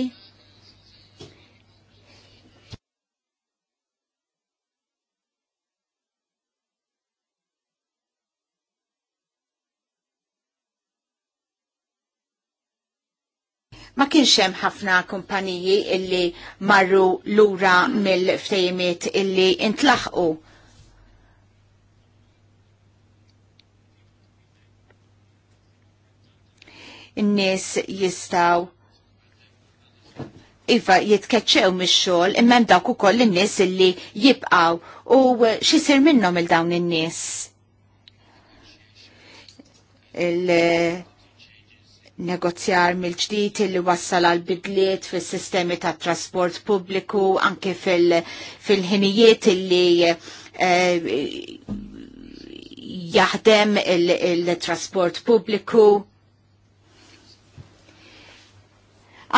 ma kienx hemm ħafna kumpaniji illi marru lura mill-ftejmiet illi intlaħqu. In-nies jistaw iva jitkeċċew mix-xogħol imma hemm dawk ukoll in-nies illi jibqgħu u x'isir minnhom il dawn in-nies negozjar mill-ġdid li wassal għal bidliet fis sistemi ta' trasport pubbliku anke fil-ħinijiet fil li eh, jaħdem il-trasport il pubbliku.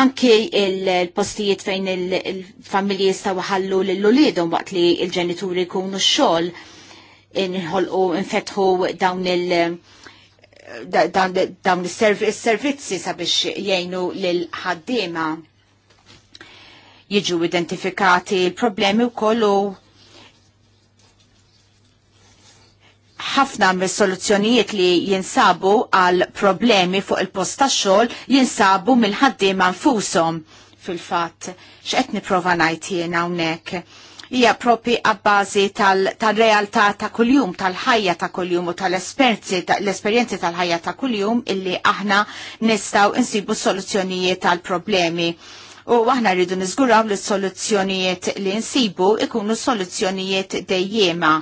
Anke il-postijiet fejn il-familji jistaw ħallu l lulidom waqt li l ġenituri jkunu x-xogħol inħolqu infetħu dawn il- dawn is-servizzi sabiex jgħinu l ħaddiema jiġu identifikati il-problemi wkoll kollu ħafna mis soluzzjonijiet li jinsabu għal problemi fuq il-post ta' xogħol jinsabu mill-ħaddiema nfushom fil-fatt. X'qed nipprova ngħid jien hawnhekk hija propi għabbażi tal-realtà ta' kuljum, tal-ħajja ta' kuljum u tal-esperjenzi tal-ħajja ta' kuljum illi aħna nistaw insibu soluzzjonijiet tal-problemi. U aħna rridu niżguraw li s soluzzjonijiet li nsibu ikunu soluzzjonijiet dejjema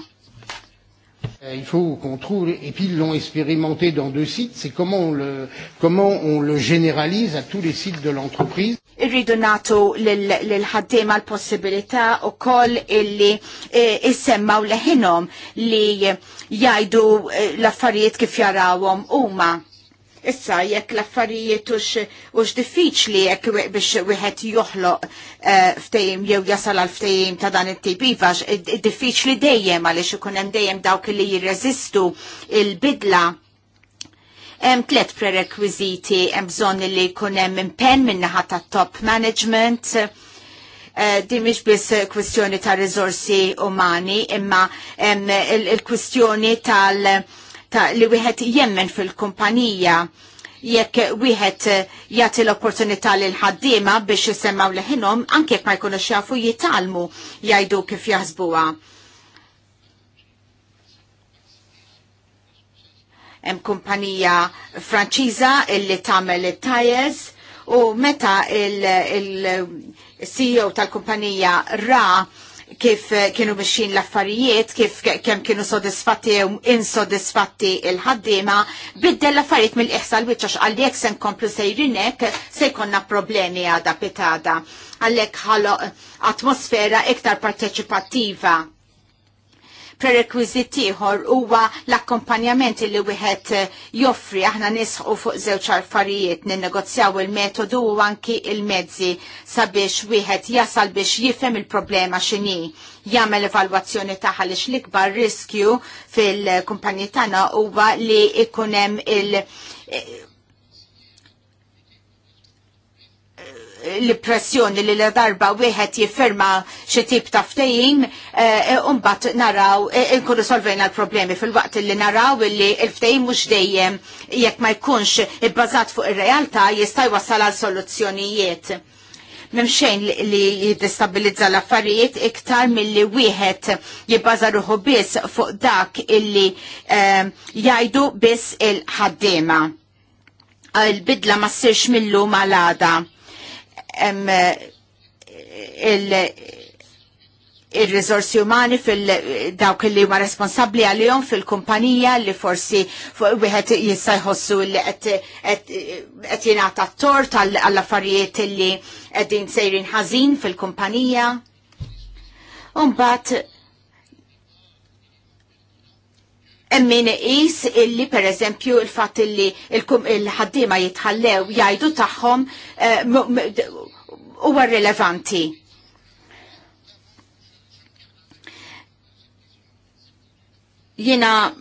Euh, il faut qu'on trouve, et puis ils l'ont expérimenté dans deux sites, c'est comment, comment on le généralise à tous les sites de l'entreprise. Irridu natu l-ħaddima l-possibilità u koll illi e, issemmaw leħinom li jajdu e, l-affarijiet kif jarawom u ma. Issa jekk l-affarijiet ux diffiċli jekk biex wieħed joħloq eh, ftejim jew jasal għal ftejim ta' dan it-tip ivax, diffiċli dejjem għaliex ikun hemm dejjem dawk li jirreżistu il-bidla Hemm tliet prerekwiżiti hemm bżonn li jkun hemm impenn min-naħa tat-top management. Uh, eh, di mhix biss kwestjoni ta' riżorsi umani, imma il-kwistjoni tal- ta' li wieħed jemmen fil-kumpanija jekk wieħed jagħti l-opportunità lil ħaddiema biex isemmaw leħinhom anke jekk ma jkunux jafu jitalmu jgħidu kif jaħsbuha. Hemm kumpanija Franċiża illi tagħmel it-tajers u meta il-CEO il, il ceo tal kumpanija ra kif eh, kienu mixin l-affarijiet, kif kem kienu sodisfatti u insodisfatti il-ħaddima, biddel l-affarijiet mill-iħsal għal għallek sen komplu sejrinek se problemi għada pitada. Għallek ħalo atmosfera iktar parteċipattiva prerequisit ieħor huwa l-akkompanjament li wieħed eh, joffri aħna nisħu fuq żewġ affarijiet ninnegozjaw il-metodu u anki il-mezzi sabiex wieħed jasal biex jifhem il-problema x'inhi jagħmel evalwazzjoni tagħha li l-ikbar riskju fil-kumpanji tagħna huwa li ikun hemm il- l-pressjoni li l-darba wieħed jifferma xi tip ta' ftehim mbagħad eh, eh, naraw inkunu eh, solvejna l-problemi fil-waqt li naraw li l-ftehim mhux dejjem jekk ma jkunx ibbażat fuq ir-realtà jista' jwassal għal soluzzjonijiet. Memxejn li jiddestabilizza l-affarijiet iktar mill-li wieħed jibbaża ruħu biss fuq dak illi jgħidu biss il-ħaddiema. Il-bidla ma ssirx millu għal għada hemm eh, il-rizorsi umani fil-dawk li huma responsabbli għalihom fil-kumpanija li forsi wieħed jista' jħossu li qed jingħata t-tort għall-affarijiet li qegħdin sejrin ħażin fil-kumpanija. hemm Emmin is illi per eżempju il-fat illi il-ħaddima jitħallew jajdu taħħom eh, huwa rilevanti. Jina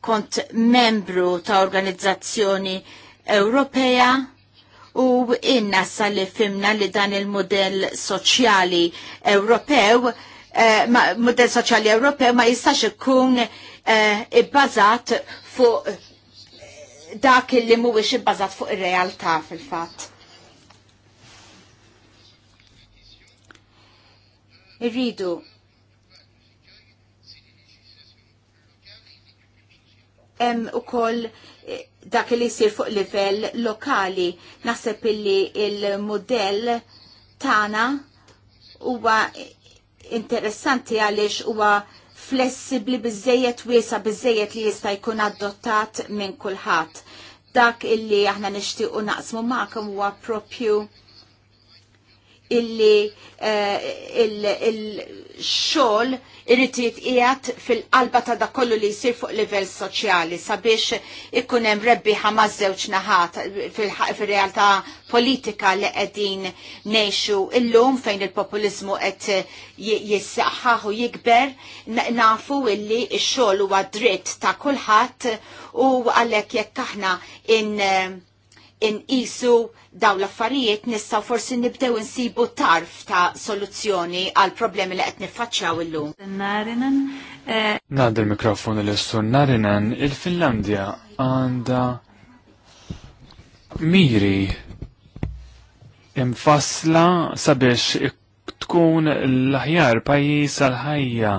kont membru ta' organizzazzjoni Ewropea u inna li fimna li dan il-modell soċjali Ewropew eh, modell soċjali Ewropew ma jistax ikun eh, ibbażat fuq dak li mhuwiex ibbażat fuq ir-realtà fil-fatt. irridu hemm ukoll eh, dak li jsir fuq livell lokali. Naħseb illi il-modell tagħna huwa interessanti għaliex huwa flessibli biżejjed wiesa biżejjed li jista' jkun adottat minn kulħadd. Dak illi aħna nixtiequ naqsmu magħkom huwa propju illi eh, il-xol irritiet ijat fil-qalba ta' da kollu li jisir fuq livell soċjali sabiex ikkunem rebbi mażewċ naħat fil-realtà politika li qegħdin nejxu illum fejn il-populizmu qed jissaħħu u jikber nafu illi x-xogħol huwa dritt ta' kulħadd u għalhekk jekk aħna in eh, inqisu daw l-affarijiet nistgħu forsi nibdew insibu tarf ta' soluzzjoni għal problemi li qed niffaċċaw illum. Nagħdi il mikrofon l sur Narinen, eh, il-Finlandja għandha miri imfasla sabiex tkun l-aħjar pajjiż għal-ħajja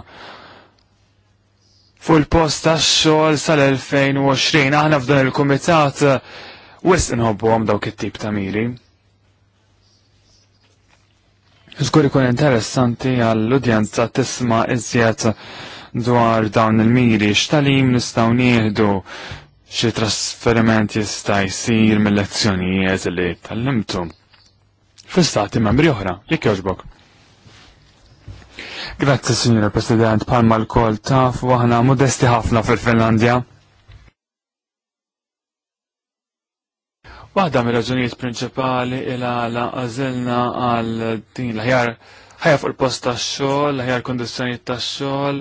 Fu l post tax-xogħol sal-2020 aħna f'dan il-kumitat Wis nħobbu għom dawk it-tip ta' miri. Żgur ikun interessanti għall-udjenza tisma' iżjed dwar dawn il-miri, x'talim nistgħu nieħdu xi trasferiment jista' jsir mill-lezzjonijiet li tallimtu fl-istati membri oħra, jekk jogħġbok. Grazzi, Signora President, palma l-kol taf, waħna modesti ħafna fil-Finlandja. Waħda mir raġunijiet prinċipali ila għala għazilna għal din l-ħjar ħajja fuq il-post ta' xogħol, l-ħjar kundizzjonijiet ta' xogħol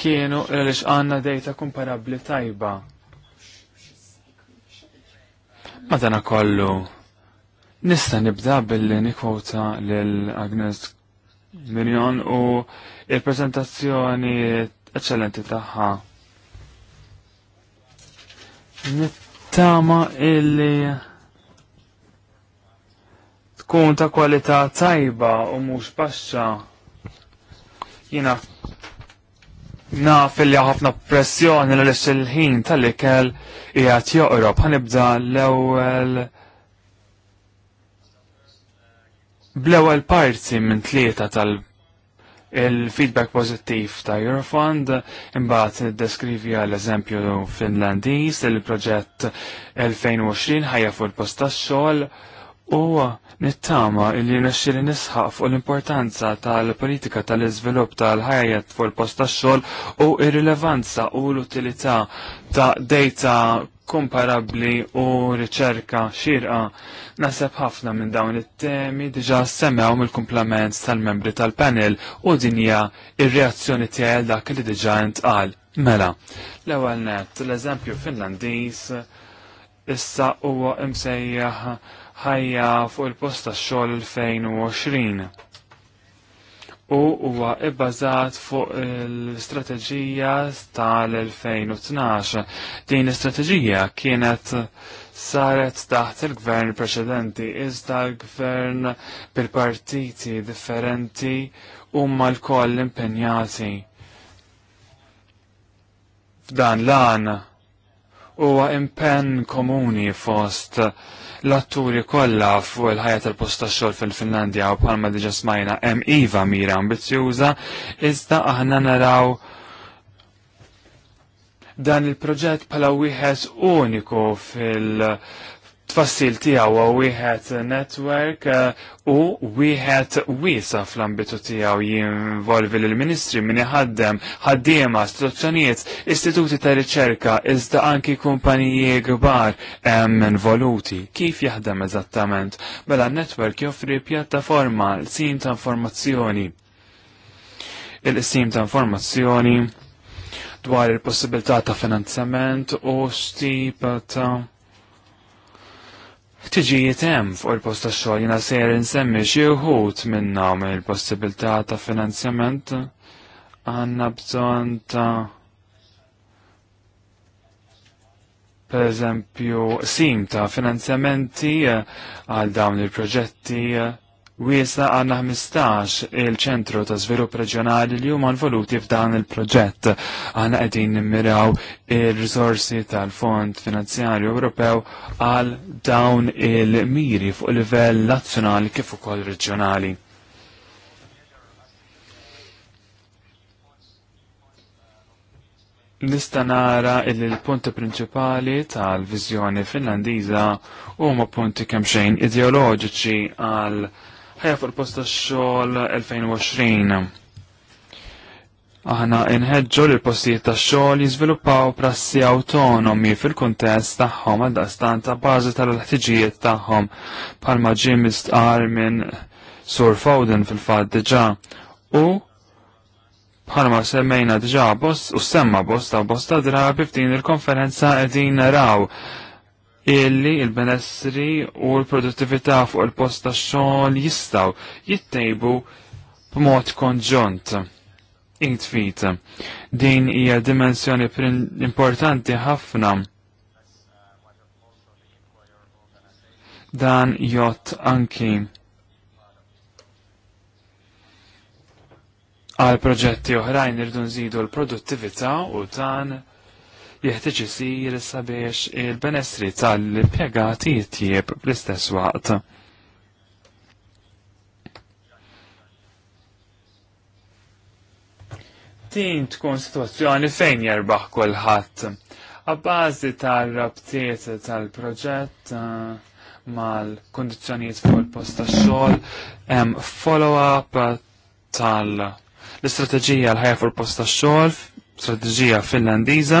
kienu għaliex għandna dejta komparabbli tajba. Madana kollu, nista' nibda billi nikwota lil Agnes Mirjon u il-prezentazzjoni eccellenti tagħha. Nittama illi tkun ta' kwalità tajba u mhux baxxa. Jiena naf li ħafna pressjoni l il-ħin tal-ikel qiegħed joqrob ħanibda l-ewwel bl-ewwel parti minn tlieta tal- il-feedback pozittiv ta' Eurofund imbagħad deskrivi għal eżempju Finlandiż il-proġett 2020 ħajja fuq il-post tax-xogħol Uwa, nittama li nesċili nisħaq fuq l-importanza tal-politika tal izvilup tal-ħajja fuq il-post tax-xogħol u ir-rilevanza u l-utilità ta' data komparabli u riċerka xirqa. Naseb ħafna minn dawn it-temi diġa semmew mill-kumplament tal-membri tal-panel u din hija ir-reazzjoni tiegħi dak li diġa intqal. Mela, l-ewwel nett l-eżempju Finlandiż issa huwa imsejjaħ ħajja fuq il-post ta' xogħol 2020 u huwa ibbażat fuq l-istrateġija tal-2012. Din l-istrateġija kienet saret taħt il-gvern preċedenti, iżda l-gvern bil-partiti differenti huma mal koll impenjati. F'dan l-għan huwa impenn komuni fost l-atturi kollha fuq il-ħajja tal posta xol xogħol fil-Finlandja u bħalma diġà smajna hemm iva mira ambizzjuża, iżda aħna naraw dan il-proġett bħala wieħed uniku fil- tfassil tiegħu wieħed network uh, u wieħed wiesa fl-ambitu tiegħu jinvolvi lill-Ministri min ħaddem ħaddiema istituzzjonijiet, istituti ta' riċerka iżda anki kumpaniji kbar hemm involuti. Kif jaħdem eżattament? Mela network joffri pjattaforma l-sim ta' informazzjoni. Il-sim ta' informazzjoni dwar il-possibilità ta' finanzjament u stipa ta' ħtiġijiet hemm fuq il-post tax-xogħol jiena sejjer insemmi xi wħud minnhom il-possibilità ta' finanzjament għandna bżonn ta' pereżempju sim ta' finanzjamenti eh, għal dawn il-proġetti eh, wiesa għanna 15 il-ċentru ta' svilupp reġjonali li huma l-voluti f'dan il-proġett. Għanna qegħdin nimmiraw il rizorsi tal-Fond Finanzjarju Ewropew għal dawn il-miri fuq livell nazzjonali kif ukoll reġjonali. Nista nara il l-punti prinċipali tal-vizjoni finlandiża huma punti kemm xejn ideoloġiċi għal ħajja fuq il-post tax-xogħol 2020. Aħna inħeġġu li l-postijiet tax-xogħol jiżviluppaw prassi awtonomi fil-kuntest tagħhom għal daqstan ta' bażi tal-ħtiġijiet tagħhom bħalma ġie mistqar minn Sur Foden fil-fatt diġà u bħalma semmejna diġà bost u semma bosta bosta drabi f'din il-konferenza qegħdin naraw illi il-benessri u l-produttività fuq il-post ta' xogħol jistgħu jittejbu b'mod konġunt. Intfit, Din hija dimensjoni importanti ħafna. Dan jott anki għal proġetti oħrajn irdu nżidu l-produttività u dan jeħtieġ isir sabiex il benestri tal-impjegati jitjieb bl-istess waqt. Din tkun situazzjoni fejn jerbaħ kulħadd. Abbażi tal-rabtiet tal-proġett eh, mal-kondizjonijiet fuq il-post tax-xogħol hemm follow-up tal l-istrateġija l-ħajja fuq il post tax xogħol hemm follow up tal tax-xogħol, strateġija finlandiża.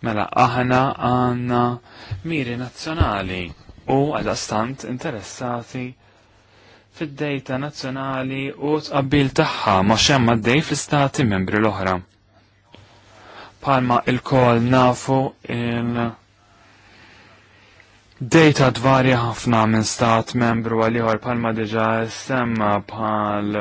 Mela aħna għanna miri nazzjonali u għal-astant interessati fid-dejta nazzjonali u tqabbil tagħha ma xemma d-dej fl-istati membri l-oħra. Palma il-kol nafu il- Data dvarja ħafna minn stat membru għal ieħor palma diġa semma bħal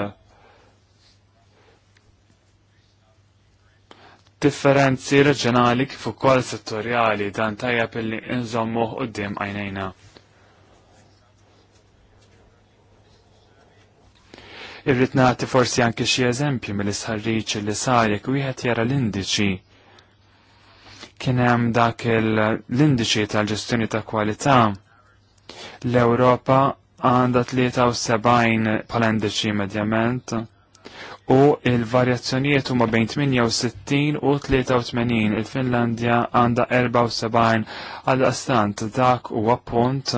differenzi reġjonali kif ukoll settorjali dan tajjeb illi nżommu qudiem għajnejna. Irrid nagħti forsi anke xi eżempju mill-isħarriċ li sar jekk wieħed jara l-indiċi kien hemm dak l-indiċi tal-ġestjoni ta' kwalità. L-Ewropa għandha 73 pal-indiċi medjament u il-varjazzjonijiet huma bejn 68 u 83 il-Finlandja għandha 74 għal astant dak huwa punt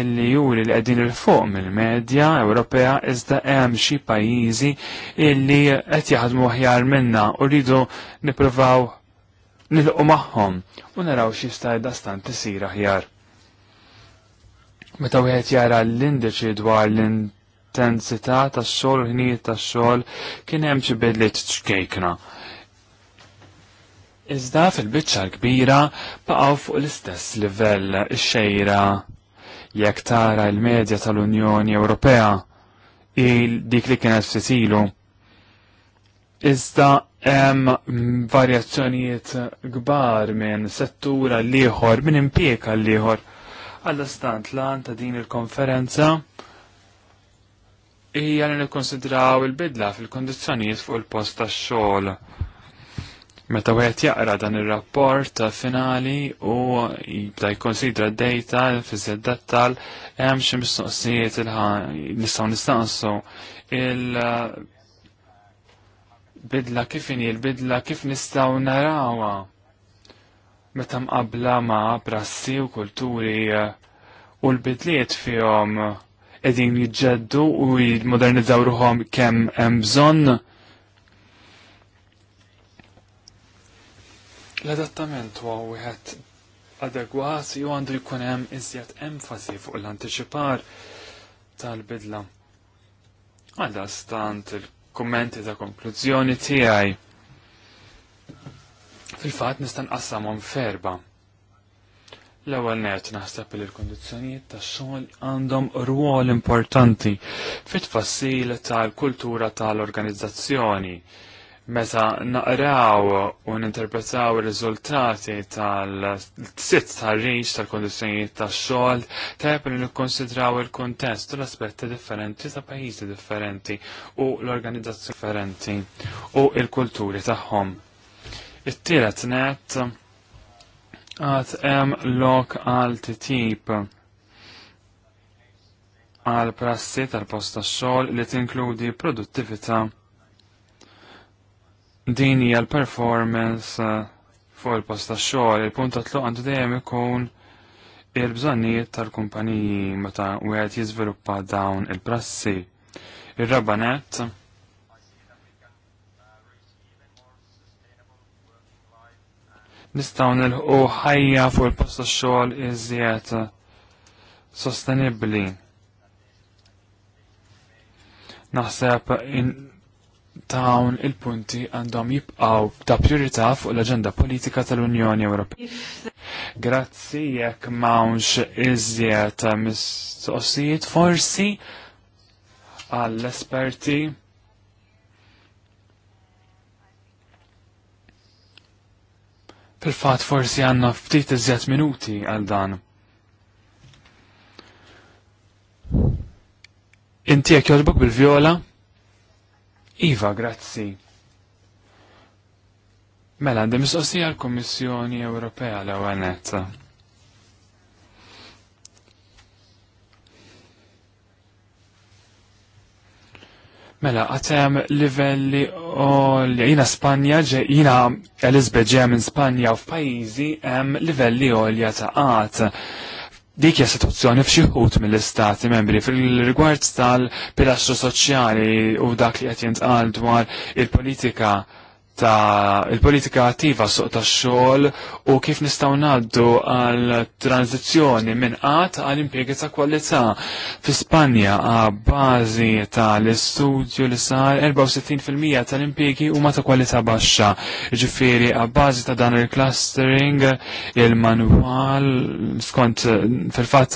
illi juri li qegħdin il fuq mill-medja Ewropea iżda hemm xi pajjiżi illi qed jaħdmu aħjar minna u rridu nippruvaw nilqu magħhom u naraw xi sta' stant isir aħjar. Meta wieħed jara l-indiċi dwar l-indiċi l-intensità tax-xogħol u ħnijiet tax-xogħol kien hemm xi bidliet ċkejkna. Iżda fil-biċċa kbira baqgħu fuq l-istess livell ix-xejra jekk tara l-medja tal-Unjoni Ewropea il dik li kienet ftit ilu. Iżda hemm varjazzjonijiet kbar minn settura l-ieħor, minn impjeka l-ieħor. Għalla stant lan ta' din il-konferenza hija li nikkonsidraw il-bidla fil-kondizzjonijiet fuq il-post tax-xogħol. Meta wieħed jaqra dan ir-rapport finali u jibda jkonsidra d-dejta fiż-żed dettal hemm xi mistoqsijiet nistgħu nistaqsu il bidla kif inhi bidla kif nistgħu narawha meta mqabbla ma' prassi u kulturi u l-bidliet fihom edin jġeddu u jmodernizzaw ruħom kem bżon. L-adattament huwa wieħed adegwat ju għandu jkun hemm iżjed enfasi fuq l-antiċipar tal-bidla. Għadda stant il-kummenti ta' konklużjoni tiegħi. Fil-fatt nista' nqassamhom ferba' L-ewwel nett naħseb li l-kondizzjonijiet tax-xogħol għandhom rwol importanti fit-tfassil tal-kultura tal-organizzazzjoni. Meta naqraw u ninterpretaw ir-riżultati tal-sitt tar-riġ tal-kondizzjonijiet tax-xogħol, tajjeb li nikkonsidraw il-kuntest u l-aspetti differenti ta' pajjiżi differenti u l-organizzazzjoni differenti u l-kulturi tagħhom. It-tielet nett għat em lok għal tip għal prassi tal posta xol xogħol li tinkludi produttività. Din hija l-performance eh, fuq il posta xogħol il-punt ta' tluq għandu dejjem ikun il-bżonnijiet tal-kumpaniji meta wieħed jiżviluppa dawn il-prassi. Ir-rabanet il nistaw nilħu ħajja fuq il-posta xogħol iżjed sostenibbli. Naħseb in dawn il-punti għandhom jibqaw ta' priorità fuq l-aġenda politika tal-Unjoni Ewropea. Grazzi jekk m'hawnx iżjed mistoqsijiet forsi għall-esperti Fil-fat forsi għanna ftit iżjed minuti għal dan. Inti jekk jogħġbok bil-vjola? Iva, grazzi. Mela, għandi mistoqsija l kummissjoni Ewropea l-ewwel Mela, għatem livelli o li jina Spanja, jina Elizabeth ġeja minn Spanja u f'pajizi hemm livelli olja ta' għat. dikja hija situazzjoni fxieħut mill-istati membri fil-rigward tal-pilastru soċjali u dak li qed jintqal dwar il-politika ta' il-politika attiva suq ta' xogħol u kif nistgħu ngħaddu għal tranzizzjoni minn qatt għal impjegi ta' kwalità. Fi Spanja bażi tal-istudju li sar 64% tal-impjegi huma ta' kwalità baxxa. Ġifieri bażi ta' dan il-clustering il-manwal skont fil-fatt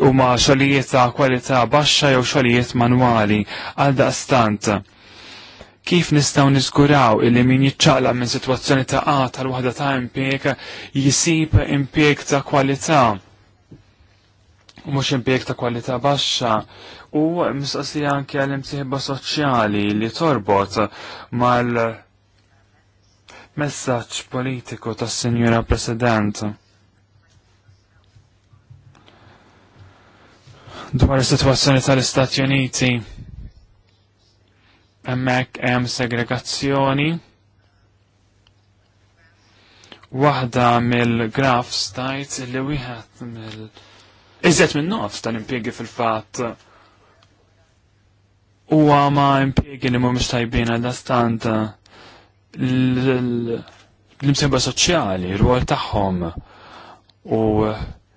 huma xogħlijiet ta' kwalità baxxa jew xogħlijiet manwali għal daqstant kif nistaw niżguraw illi min jiċċaqla minn sitwazzjoni ta' qata tal waħda ta' impjeg jisib impjeg ta' kwalità u mhux impjeg ta' kwalità baxxa u mistoqsija anke għal imsieħba soċjali li torbot mal messaġġ politiku tas-Sinjura President. dwar is-sitwazzjoni tal-Istati Uniti Hemmhekk hemm segregazzjoni. Waħda mill-grafs tajt li wieħed mill- Iżjed minn nofs tal impiegi fil-fatt huwa ma impiegi li mhumiex tajbin għal stant l-imsebba soċjali, r wol tagħhom u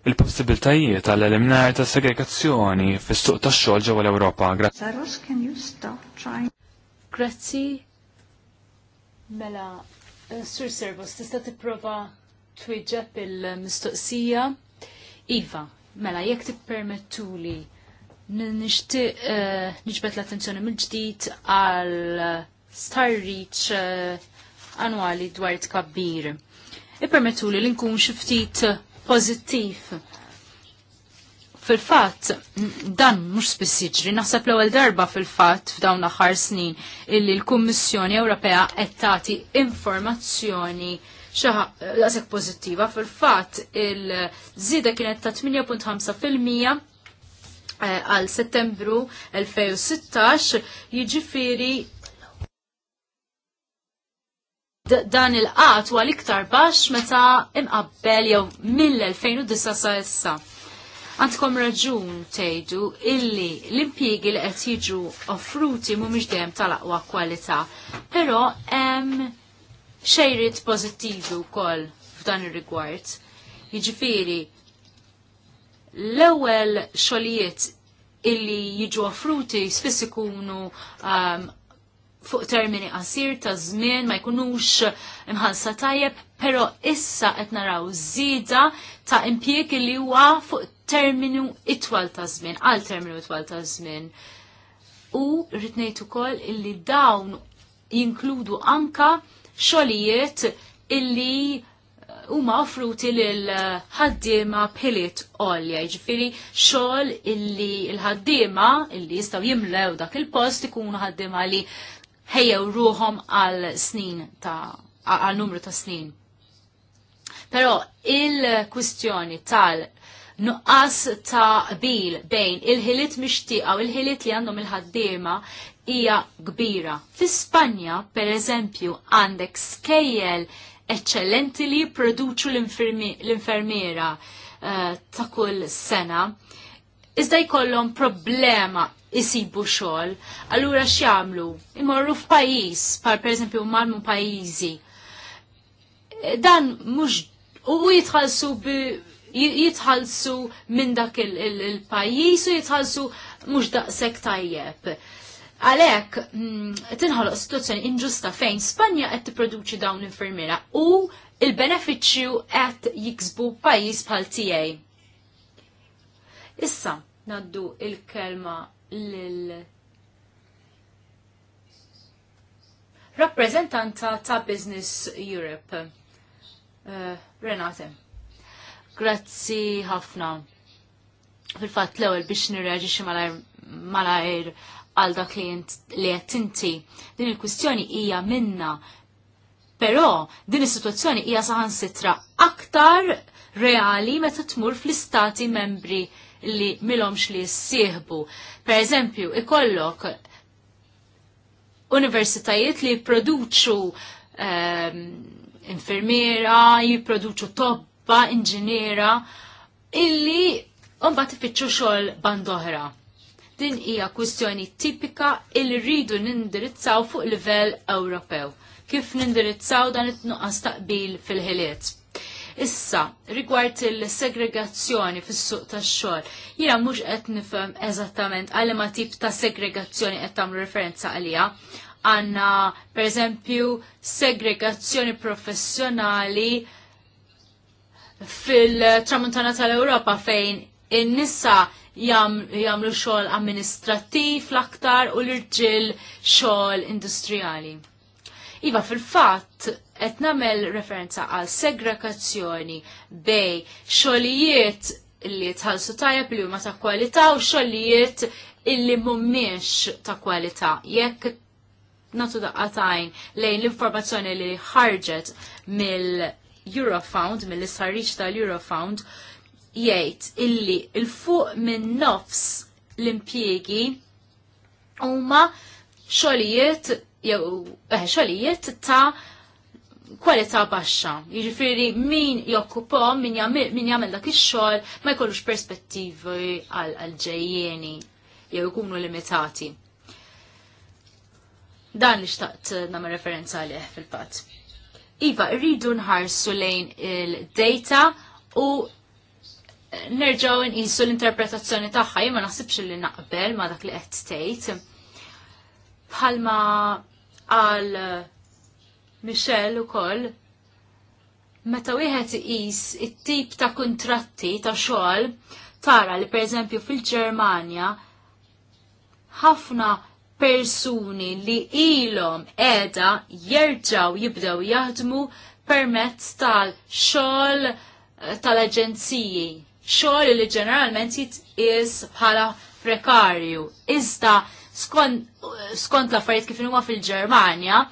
il-possibiltajiet għal eliminar ta' segregazzjoni fis-suq tax-xogħol ġewwa l-Ewropa. Grazzi. Mela, eh, Sur Servos, tista' tipprova twieġeb il-mistoqsija? Iva, mela, jekk tippermettuli nixtieq uh, l-attenzjoni mill-ġdid għal Star Reach uh, annwali dwar tkabbir. Ippermettuli li l-inkun ftit pożittiv Fil-fatt, dan mhux spiss jiġri, naħseb l-ewwel darba fil-fatt f'dawn l-aħħar snin illi l-Kummissjoni Ewropea qed tagħti informazzjoni daqshekk pozittiva Fil-fatt il żida kienet ta' 8.5% eh, għal settembru 2016 jiġifieri dan il-qat għal iktar baxx meta imqabbel jew mill-2009 sa issa. Għandkom raġun tgħidu illi l-impjiegi li qed jiġu offruti mhumiex dejjem tal-aqwa kwalità, però hemm xejrid pożittivi wkoll f'dan ir-rigward. Jiġifieri l-ewwel xogħlijiet illi jiġu offruti spiss ikunu um, fuq termini qasir ta' żmien ma jkunux imħalsa tajjeb, però issa qed naraw żieda ta' impjieg li huwa fuq terminu itwal ta' żmien, għal terminu itwal ta' żmien. U rrid ngħid ukoll illi dawn jinkludu anka xogħlijiet illi uh, huma offruti lil uh, ħaddiema pilit għolja, jiġifieri xogħol illi l-ħaddiema illi jistgħu jimlew dak il-post ikunu ħaddiema li ħejjew ruhom għal snin ta' għal numru ta' snin. Però il-kwistjoni tal- nuqqas ta' bil bejn il-ħiliet mixtieqa u il-ħiliet li għandhom il-ħaddiema hija kbira. Fi Spanja, per eżempju, għandek skejjel eccellenti li jipproduċu l-infermiera uh, ta' kull sena. Iżda jkollhom problema jisibu xogħol, allura xiamlu, Imorru f'pajjiż, par pereżempju marmu pajjiżi. Dan mhux u jitħallsu bi jitħalsu minn dak il-pajjiż u jitħallsu mhux daqshekk tajjeb. Għalek, mm, tinħoloq situazzjoni inġusta fejn Spanja qed tipproduċi dawn l-infermiera u il-benefiċċju qed jiksbu pajjiż bħal tiegħi. Issa, naddu il-kelma lil rappresentanta ta' Business Europe. Uh, Renate, grazzi ħafna. Fil-fatt l-ewwel biex nirreaġixxi malajr għal dak li qed inti. Din il-kwistjoni hija minna Però din is-sitwazzjoni hija saħansitra aktar reali meta tmur fl-istati membri li milomx li jissieħbu. Per eżempju, ikollok universitajiet li produċu um, ehm, infermiera, jiproduċu toppa, inġiniera, illi unbat ifittxu xol bandohra. Din hija kwistjoni tipika illi rridu nindirizzaw fuq livell Ewropew. Kif nindirizzaw dan it-nuqqas taqbil fil-ħiliet? Issa, rigward il-segregazzjoni fis-suq tax-xogħol, jiena mhux qed nifhem eżattament għal ma tip ta' segregazzjoni qed tagħmlu referenza għalija. Għanna, per eżempju, segregazzjoni professjonali fil-tramuntana tal-Ewropa fejn in-nisa jagħmlu xogħol amministrattiv l-aktar u l-irġiel xogħol industrijali. Iva fil-fatt qed nagħmel referenza għal segregazzjoni bej xogħlijiet li tħallsu tajjeb li huma ta' kwalità u xogħlijiet illi mhumiex ta' kwalità. Jekk natu daqqatajn lejn l-informazzjoni li ħarġet mill-Eurofound, mill-istarriċ tal-Eurofound, jgħid illi il-fuq minn nofs l impjiegi huma xogħlijiet jew eh, xogħlijiet ta' kwalità baxxa. Jiġifieri min jokkupom, min jagħmel dak ix-xogħol ma jkollux perspettivi għal ġejjieni jew ikunu limitati. Dan li xtaqt nagħmel referenza għalih fil-fatt. Iva, rridu nħarsu lejn il-data u nerġaw nqisu l-interpretazzjoni tagħha jien ma naħsibx li naqbel ma dak li qed tgħid. Bħalma għal Michel ukoll meta wieħed iqis it-tip ta' kuntratti ta' xogħol tara li pereżempju fil-Ġermanja ħafna persuni li ilhom qiegħda jerġgħu jibdew jaħdmu permezz tal-xogħol eh, tal-aġenziji, xogħol li ġeneralment jitqies bħala prekarju. Iżda skont, eh, skont l-affarijiet kif huwa fil-Ġermanja,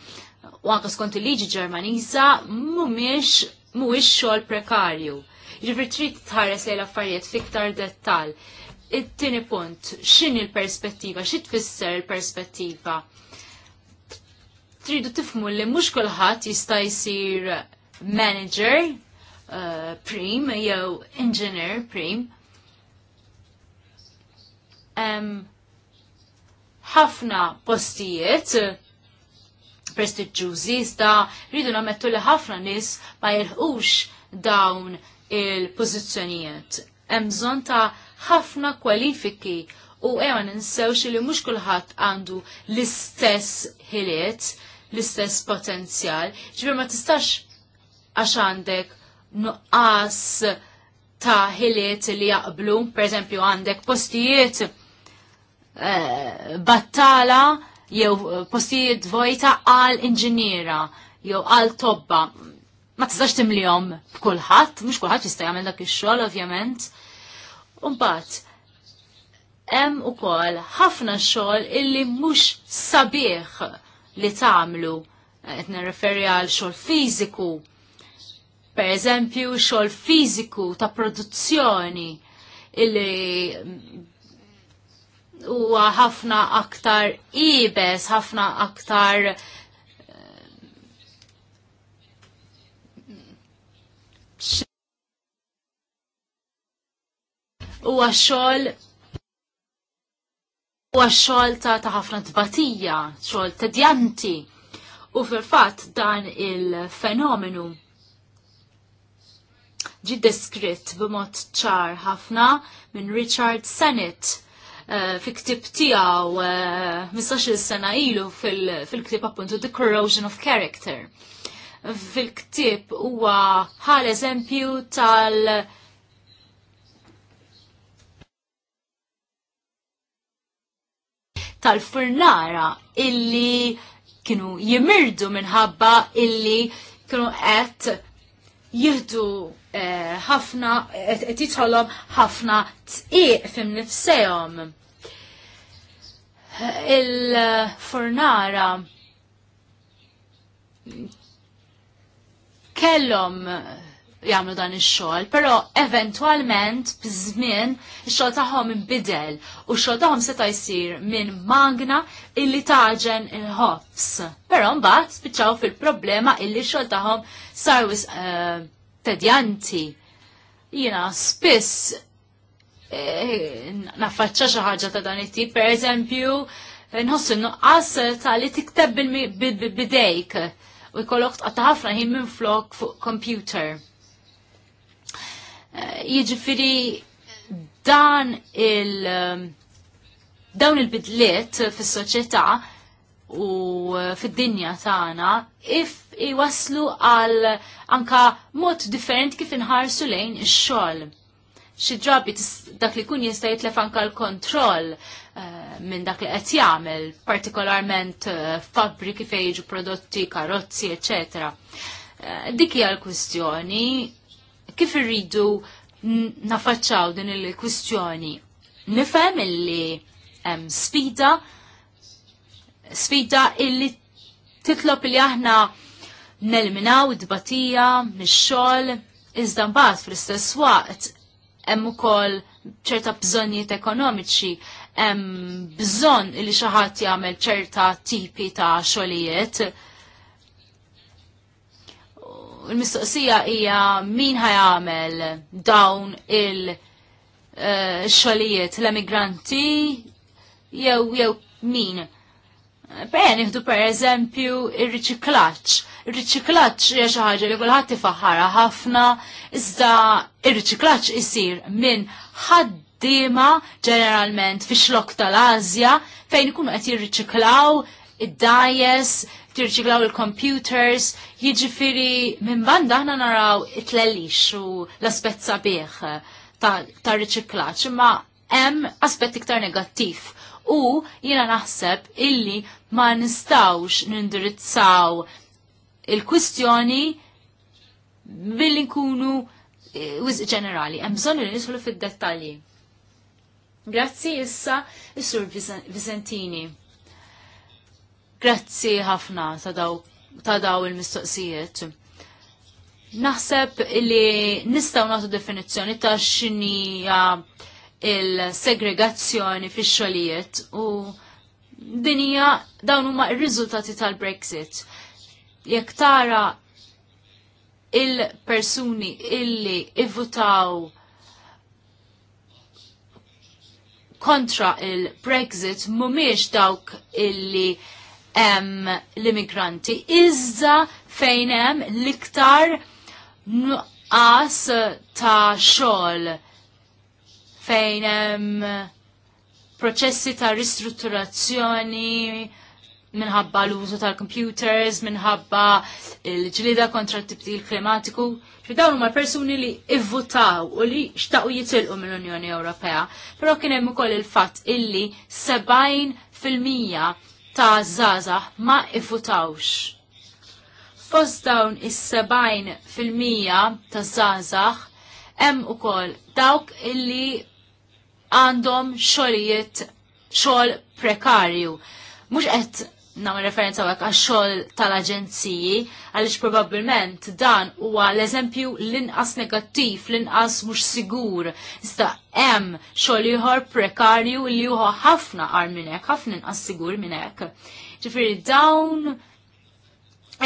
u anke skont il-liġi Ġermaniża mhumiex mhuwiex xogħol prekarju. Ġifri trid tħares lejn affarijiet fiktar dettal. It-tieni punt, x'inhi l-perspettiva, xi tfisser l-perspettiva? Tridu tifmu li mhux kulħadd jista' jsir manager uh, prim jew engineer prim. Um, ħafna postijiet prestiġjużi iżda rridu nammettu li ħafna nies ma jirħux dawn il-pożizzjonijiet. Hemm bżonn ta' ħafna kwalifiki u ewa ninsewx li mhux kulħadd għandu l-istess ħiliet, l-istess potenzjal, ġibir ma tistax għax għandek nuqqas ta' ħiliet li jaqblu, per esempio għandek postijiet eh, battala jew eh, postijiet vojta għal inġiniera jew għal tobba. Ma tistax timlihom b'kulħadd, mhux kulħadd jista' jagħmel dak ix-xogħol ovvjament. mbagħad hemm ukoll ħafna xogħol illi mhux sabiħ li tagħmlu eh, qed nirreferi għal xogħol fiżiku. Per eżempju, xogħol fiżiku ta' produzzjoni illi huwa ħafna aktar ibes, ħafna aktar eh, huwa xogħol huwa xogħol ta' ta' ħafna tbatija, xogħol tedjanti. U fil-fatt dan il-fenomenu ġi deskritt b'mod ċar ħafna minn Richard Sennett Eh, fi ktib tiegħu 15-il eh, sena ilu fil-ktib appuntu The Corrosion of Character. Fil-ktib huwa ħal eżempju tal- tal-furnara illi kienu jimirdu minħabba illi kienu qed jihdu eh, ħafna, qed eh, jitħolhom eh, ħafna iq fim nifsejom. Il-furnara kellhom jagħmlu dan ix-xogħol, però eventwalment b'żmien ix-xogħol tagħhom inbidel u x-xogħol tagħhom seta' jsir minn magna illi taġen il-ħobs. Però mbagħad spiċċaw fil-problema illi x-xogħol tagħhom sar uh, tedjanti. Jiena spiss eh, naffaċċa xi ħaġa ta' dan it-tip, pereżempju, nħossu nuqqas ta' li tikteb bidejk u jkollok tqatta' ħafna ħin minn flok fuq computer jiġifieri dan il- um, dawn il-bidliet fis-soċjetà u fid-dinja tagħna if iwaslu għal anka mod differenti kif inħarsu lejn ix-xogħol. Xi drabi dak li kun jista' jitlef anka l-kontroll uh, minn dak li qed jagħmel, partikolarment uh, fabbriki fejn jiġu prodotti, karozzi, eċetera. Uh, dik hija l-kwistjoni kif irridu nafaċċaw din il-kwistjoni. Nifhem illi hemm sfida sfida illi titlob li aħna neliminaw id-batija mix-xogħol iżda mbagħad fl-istess waqt hemm ukoll ċerta bżonnijiet ekonomiċi, hemm bżonn li xi ħadd jagħmel ċerta tipi ta' xogħlijiet il-mistoqsija hija min ħajamel dawn il-xolijiet eh, l-emigranti jew jew min. Bejn nieħdu per eżempju il riċiklaġġ Ir-riċiklaġġ hija xi ħaġa li kulħadd tifaħħara ħafna, iżda ir-riċiklaġġ isir minn ħaddiema ġeneralment fix-xlok tal-Asja fejn ikunu qed jirriċiklaw id-dajes, tirċiklaw il-computers, jiġifieri minn banda aħna naraw it lellix u l-aspett sabiħ ta' riċiklaġġ, imma hemm aspett iktar negattiv u jiena naħseb illi ma nistawx nindirizzaw il kustjoni billi nkunu eh, wiz ġenerali, hemm bżonn li nislu fid-dettalji. Grazzi issa is-Sur Vicentini. Grazzi ħafna ta' daw, il-mistoqsijiet. Naħseb li nistaw nagħtu definizzjoni ta' xinija il-segregazzjoni fix-xogħlijiet u dinija dawn huma r-riżultati tal-Brexit. Jekk tara il-persuni illi ivvutaw kontra il-Brexit mumiex dawk illi hemm l-immigranti. Iżda fejn hemm l-iktar nuqqas ta' xogħol fejn hemm proċessi ta' ristrutturazzjoni minħabba l-użu tal-computers, minħabba l-ġlida kontra t-tibdil klimatiku. Dawn huma persuni li ivvutaw u li xtaqu jitilqu mill-Unjoni Ewropea. Però kien hemm ukoll il-fatt illi 70 fil-mija ta' zazah ma ifutawx. Fost dawn is-70 fil-mija ta' em hemm ukoll dawk illi għandhom xogħlijiet xogħol prekarju. Mux għet nam referenza għak għaxxol tal-aġenziji, għalix probabilment dan huwa l-eżempju l-inqas negattiv, l-inqas mux sigur, sta em xol juħor prekarju li juħor ħafna għar minnek, ħafna inqas sigur minnek. Ġifiri, dawn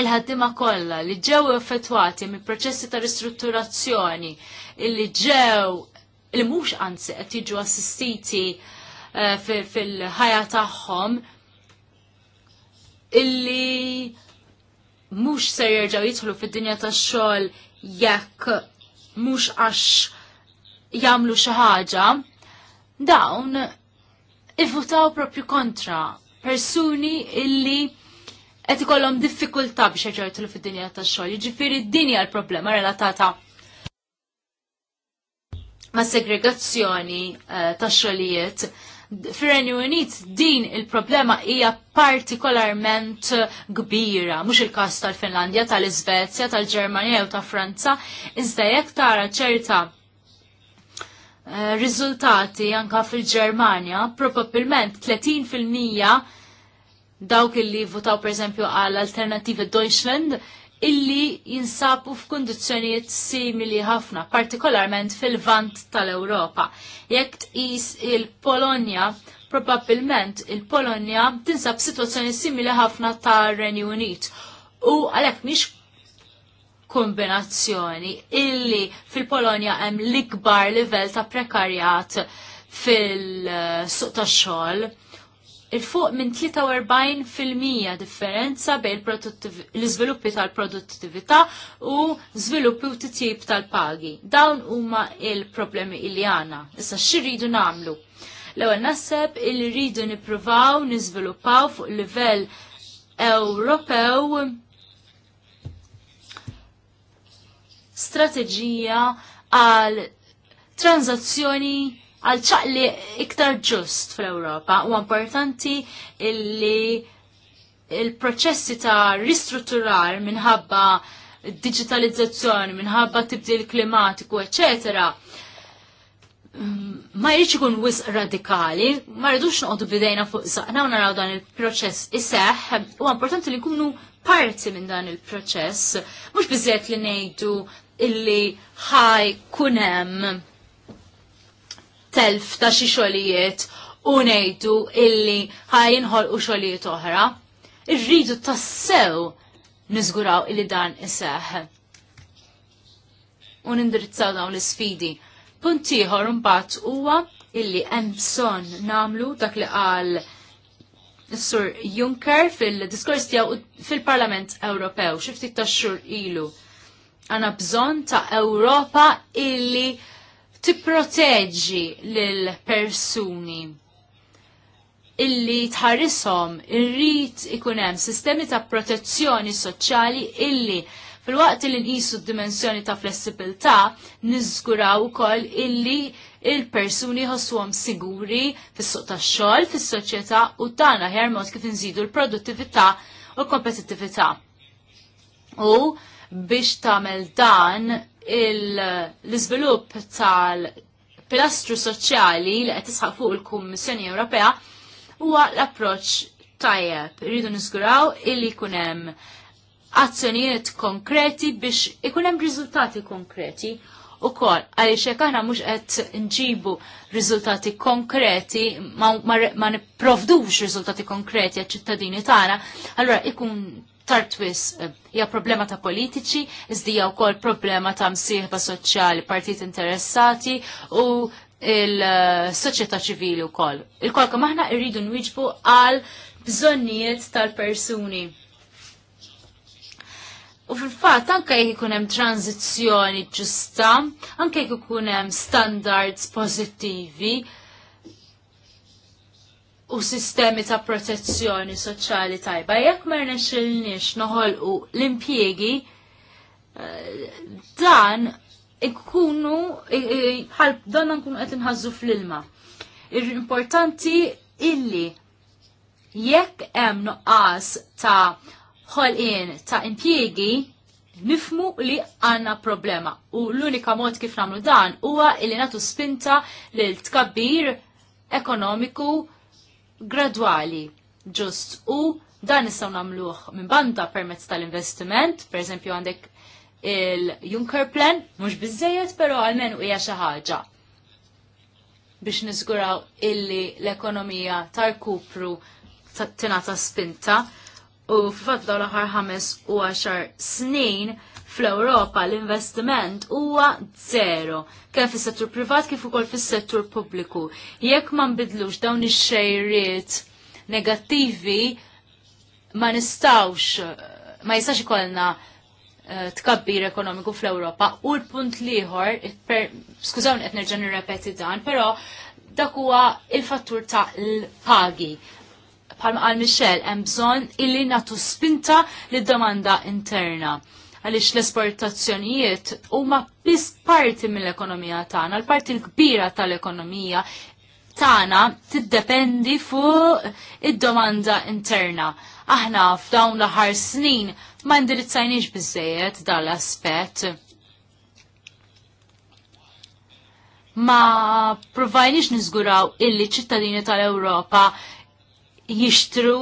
il-ħaddima kolla li ġew effettwati mi proċessi ta' ristrutturazzjoni, illi ġew, il-mux għanzi għet jiġu assistiti eh, fil-ħajja tagħhom illi mhux se jerġgħu jidħlu fid-dinja tax-xogħol jekk mhux għax jagħmlu xi ħaġa, dawn ivvutaw propju kontra persuni illi qed ikollhom diffikultà biex jerġgħu jidħlu fid-dinja tax-xogħol. Jiġifieri d-dinja l-problema relatata ma' segregazzjoni eh, tax xogħlijiet fir-Renju Unit din il-problema hija partikolarment kbira, mhux il-każ tal-Finlandja, tal-Iżvezja, tal-Ġermanja jew ta' Franza, iżda jekk tara ċerta eh, riżultati anka fil-Ġermanja, probabbilment 30% fil-mija dawk li votaw per eżempju għall Alternative Deutschland illi jinsabu f'kundizzjonijiet simili ħafna, partikolarment fil-vant tal-Ewropa. Jekk tqis il-Polonja, probabbilment il-Polonja tinsab situazzjoni simili ħafna tar-Renju Unit. U għalhekk mhix kombinazzjoni illi fil-Polonja hemm l-ikbar livell ta' prekarjat fil-suq tax-xogħol il-fuq minn 43% differenza bejn l-iżviluppi tal-produttività u zviluppi u titjib tal-pagi. Dawn huma il-problemi li għana. Issa xirridu namlu? L-ewwel naħseb li rridu nippruvaw niżviluppaw fuq livell Ewropew strateġija għal tranzazzjoni għal ċaqli iktar ġust fl-Ewropa u importanti illi il-proċessi ta' ristrutturar minħabba digitalizzazzjoni, minħabba tibdil klimatiku, eccetera, ma jridx ikun wisq radikali, ma rridux noqogħdu bidejna fuq zaqna u naraw dan il-proċess iseħħ, u importanti li nkunu parti minn dan il-proċess, mhux biżiet li ngħidu illi ħaj kunem telf ta' xi xogħlijiet u ngħidu illi ħajinħolqu xogħlijiet oħra. Irridu tassew niżguraw illi dan iseħħ. U nindirizzaw dawn l-isfidi. Punt ieħor imbagħad huwa illi hemm bżonn nagħmlu dak li qal Sur Juncker fil-diskors tiegħu fil-Parlament Ewropew xi ftit tax-xhur ilu. Għandna bżonn ta' Ewropa illi tipproteġi l persuni illi tħarrisom irrid ikun hemm sistemi ta' protezzjoni soċjali illi fil-waqt li nqisu d-dimensjoni ta' flessibilità niżguraw ukoll illi il-persuni ħossuhom siguri fis-suq tax-xogħol, fis-soċjetà u dan aħjar mod kif inżidu l-produttività u l-kompetittività. U biex tagħmel dan l-iżvilupp tal-pilastru soċjali li qed tisħaq fuq il-Kummissjoni Ewropea huwa l-approċċ tajjeb. Irridu niżguraw illi jkun hemm azzjonijiet konkreti biex ikun hemm riżultati konkreti u kol, għalix aħna mhux qed nġibu riżultati konkreti, ma, ma, ma riżultati konkreti għal ċittadini tagħna, allura ikun tartwis hija problema ta' politiċi, iżdija wkoll problema ta' msieħba soċjali, partit interessati u il-soċjetà ċivili wkoll. Il-kol kemm aħna rridu nwiġbu għal bżonnijiet tal-persuni. U fil-fatt anke jekk ikun hemm ġusta, anke jekk ikun hemm standards pożittivi, u sistemi ta' protezzjoni soċjali tajba. Jekk ma rnexxilniex noħolqu l-impjiegi eh, dan ikkunu bħal dan nkunu qed inħazzu fl-ilma. Importanti illi jekk hemm nuqqas ta' ħolqien ta' impjiegi nifmu li għanna problema u l-unika mod kif namlu dan huwa illi natu spinta lil tkabbir ekonomiku gradwali ġust u dan nistgħu nagħmluh minn banda permezz tal-investiment, pereżempju għandek il junker Plan, mhux biżejjed però għalmen hija xi ħaġa biex niżguraw illi l-ekonomija tal-kupru tingħata spinta u fil-fatt dawn l-aħħar ħames u għaxar snin fl-Ewropa l-investiment huwa zero, kemm fis-settur privat kif ukoll fis-settur pubbliku. Jekk ma nbidlux dawn ix-xejriet negattivi ma nistawx ma jistax ikollna eh, tkabbir ekonomiku fl-Ewropa u l-punt liħor, skużawni qed nerġa' nirrepeti dan, però dak huwa il-fattur ta' l-pagi. Palma għal Michel, hemm bżonn illi natu spinta lid domanda interna għaliex l-esportazzjonijiet huma biss parti mill-ekonomija tagħna, l-parti l-kbira tal-ekonomija tagħna tiddependi fuq id-domanda interna. Aħna f'dawn l-aħħar snin ma indirizzajniex bizzejet dal-aspett. Ma provajniex niżguraw illi ċittadini tal-Ewropa jixtru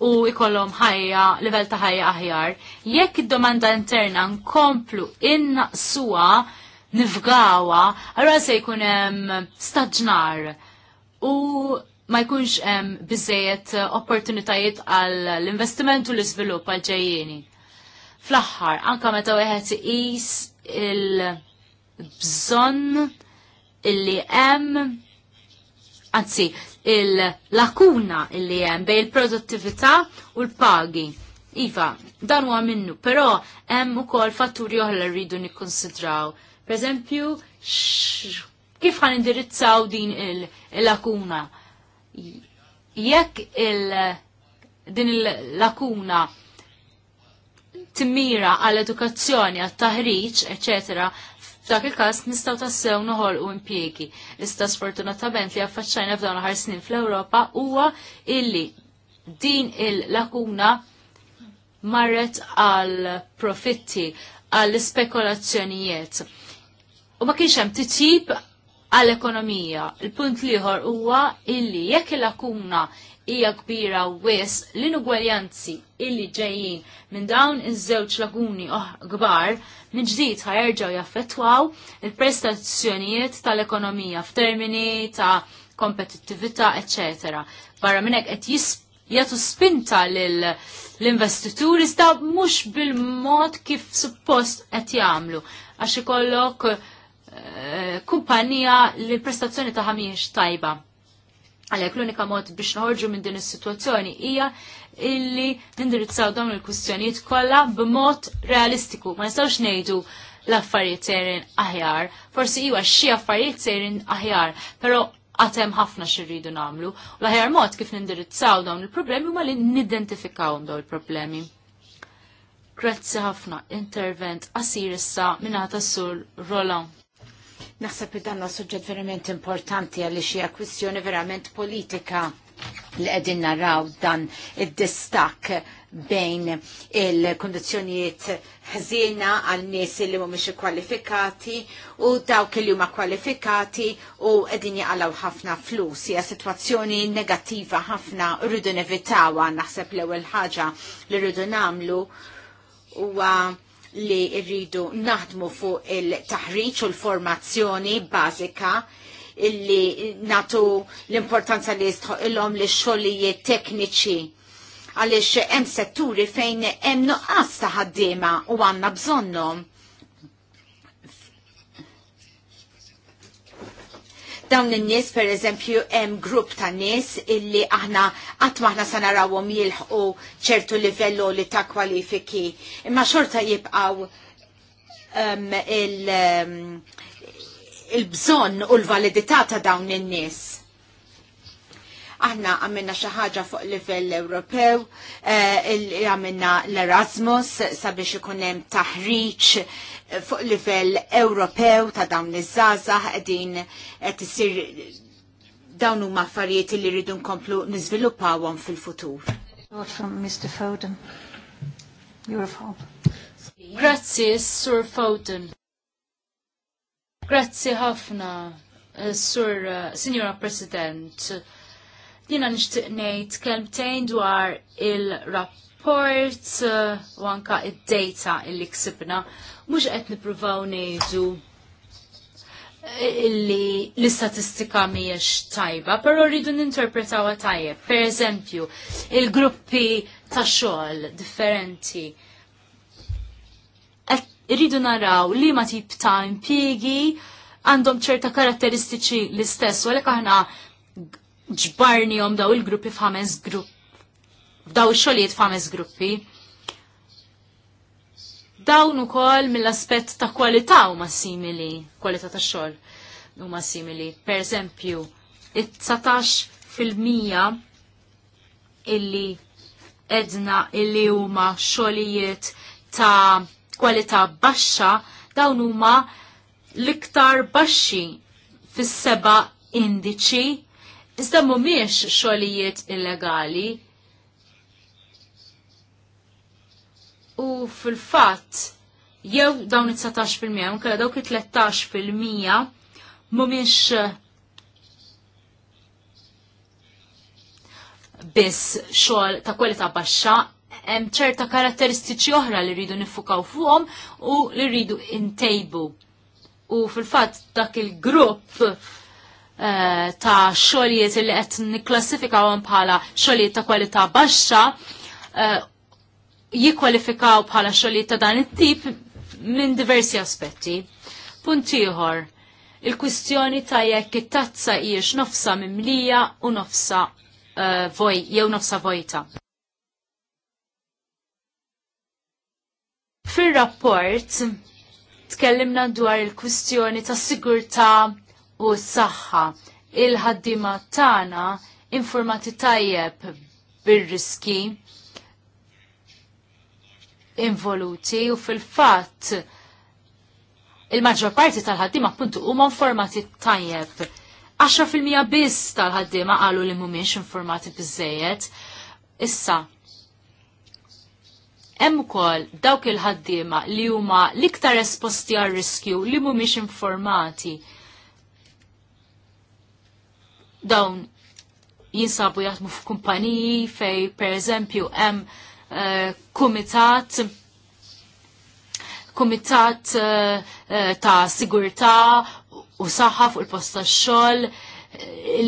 u ikollhom ħajja livell ta' ħajja aħjar. Jekk id-domanda interna nkomplu innaqsuha nifgawa, għarra se jkun hemm staġnar u ma jkunx hemm biżejjed opportunitajiet għall investiment u l-iżvilupp għal ġejjieni. Fl-aħħar, anke meta wieħed iqis il-bżonn illi hemm Anzi, il-lakuna illi hemm bejn il-produttività u l-pagi. Iva, dan huwa minnu, però hemm ukoll fatturi oħra li rridu nikkonsidraw. Per eżempju, kif ħan indirizzaw din il-lakuna? Jekk il din il-lakuna timmira għall edukazzjoni għal taħriġ, eccetera, F'dak il-każ nistaw tassew noħolqu impjiegi. Iżda sfortunatament li affaċċajna f'dawn l snin fl-Ewropa huwa illi din il-lakuna marret għal profitti għall spekulazzjonijiet U ma kienx hemm titjib għall ekonomija. Il-punt liħor huwa illi jekk il-lakuna hija kbira wis l-inugwaljanzi illi ġejjin minn dawn iż-żewġ laguni kbar minn ġdid ħajerġgħu jaffettwaw il-prestazzjonijiet tal-ekonomija f'termini ta' kompetittività, eċetera. Barra minn hekk qed jagħtu spinta l-investituri iżda mhux bil-mod kif suppost qed jagħmlu għax ikollok eh, kumpanija li l-prestazzjoni ta' ħamiex tajba Għalhekk l-unika mod biex naħorġu minn din is-sitwazzjoni hija illi nindirizzaw dawn il-kwistjonijiet kollha b'mod realistiku. Ma nistgħux ngħidu l-affarijiet serin aħjar, forsi iwa xi affarijiet serin aħjar, però għatem ħafna xirridu namlu. U l-aħjar mod kif nindirizzaw dawn il-problemi ma li nidentifikaw dawn il-problemi. Grazzi ħafna intervent qasir issa minn sur Roland. Naħseb li dan suġġett verament importanti għalli xija kwistjoni verament politika li qegħdin naraw dan id-distak bejn il-kondizjonijiet ħżiena għal nies li mhumiex kwalifikati u dawk li huma kwalifikati u qegħdin jaqalgħu ħafna flus. Hija sitwazzjoni negattiva ħafna rridu nevitawha naħseb l-ewwel ħaġa li rridu nagħmlu huwa uh, li rridu naħdmu fuq il-taħriċ u l-formazzjoni bażika illi natu l-importanza li jistħoqilhom li xogħlijiet tekniċi għaliex hemm setturi fejn hemm nuqqas ta' ħaddiema u għandna bżonnhom Dawn in-nies pereżempju hemm grupp ta' nies illi aħna qatt sanarawom sa narawhom jilħqu ċertu livellu li ta' kwalifiki. Imma xorta jibqgħu um, ehm, il- um, il-bżonn u l-validità ta' dawn in-nies Aħna għamilna xi ħaġa fuq livell Ewropew, eh, għamilna l-Erasmus sabiex ikun hemm taħriġ eh, fuq livell Ewropew ta' dawn iż-żgħażagħ qegħdin qed isir dawn huma affarijiet li rridu nkomplu niżviluppawhom fil-futur. Mr. Foden. Grazzi, Sur Foden. Grazzi ħafna, eh, Sur Signora President. Jina nixtieq ngħid kelmtejn dwar il-rapport uh, u anka id-data illi ksibna mhux qed nippruvaw ngħidu illi l-istatistika miex tajba, pero rridu ninterpretawa tajjeb. Per eżempju, il-gruppi ta' xogħol differenti. Rridu naraw li ma tip ta' impjegi għandhom ċerta karatteristiċi l-istess, u għalek aħna ġbarni jom daw il-gruppi f'ħames grupp, daw xoliet f'ħames gruppi. Dawn ukoll mill-aspett ta' kwalità huma simili, kwalità ta' xogħol huma simili. Per eżempju, it-19 fil-mija illi edna illi huma xogħlijiet ta' kwalità baxxa dawn huma l-iktar baxxi fis-seba' indiċi Iżda mhumiex xogħlijiet illegali. U fil-fatt jew dawn it-19 fil-mija, unkella dawk it-13 fil-mija mhumiex eh, biss xogħol ta' kwalità baxxa, hemm ċerta karatteristiċi oħra li rridu nifukaw fuqhom u li rridu intejbu. U fil-fatt dak il-grupp Eh, ta' xogħlijiet li qed nikklassifikawhom bħala xogħlijiet ta' kwalità baxxa eh, jikkwalifikaw bħala xogħlijiet ta' dan it-tip minn diversi aspetti. Punt ieħor, il-kwistjoni ta' jekk it-tazza hijiex nofsa mimlija u nofsa eh, voj, jew nofsa vojta. Fil-rapport, tkellimna dwar il-kwistjoni ta' sigurta' u s-saħħa il-ħaddima tagħna informati tajjeb bir-riski involuti u fil-fatt il-maġġor parti tal-ħaddima appuntu huma informati tajjeb. 10% biss tal-ħaddima qalu li mhumiex informati biżejjed. Issa, hemm ukoll dawk il-ħaddiema li huma l-iktar esposti għar riskju li mhumiex informati dawn jinsabu jaħdmu f'kumpaniji fej per eżempju hemm eh, kumitat kumitat eh, eh, ta' sigurtà u saħħa fuq il-post tax-xogħol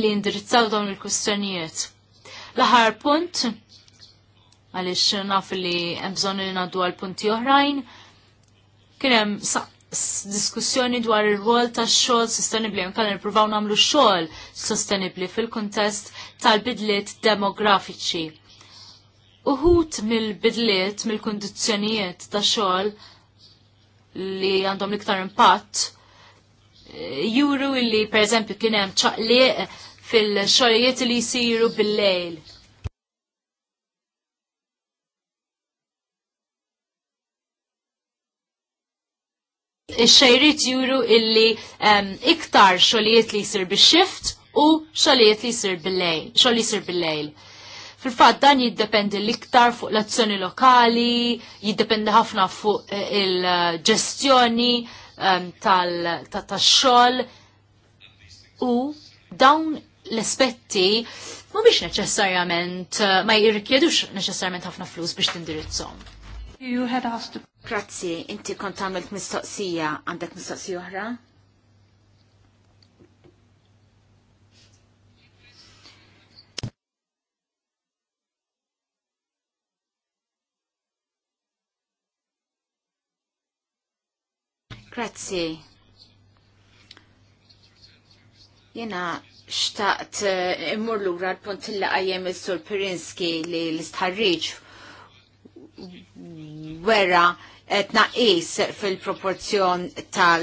li indirizzaw dawn il kwistjonijiet L-aħħar punt għaliex naf li hemm bżonn li ngħaddu għal punti oħrajn kien hemm diskussjoni dwar ir-rol tax-xogħol sostenibbli anke nippruvaw nagħmlu xogħol sostenibbli fil-kuntest tal-bidliet demografiċi. Uħut mill-bidliet mill-kundizzjonijiet tax-xogħol li għandhom l-iktar impatt eh, juru illi pereżempju kien hemm ċaqliq fil-xogħlijiet li jsiru bil-lejl xejrit juru illi iktar xogħlijiet li jsir bix-xift u xogħlijiet li jsir bil-lejl, xogħol li jsir bil-lejl. Fil-fatt dan jiddependi l-iktar fuq l-azzjoni lokali, jiddependi ħafna fuq eh, il-ġestjoni tal-xogħol u dawn l-aspetti mhumiex neċessarjament eh, ma jirrikjedux neċessarjament ħafna flus biex tindirizzom. You had asked. Grazzi, inti kont għamilt mistoqsija, għandek mistoqsija oħra? Grazzi. Jena xtaqt eh, immur lura l-punt l-għajem il-Sur Pirinski li l-istħarriġ wera is fil-proporzjon tal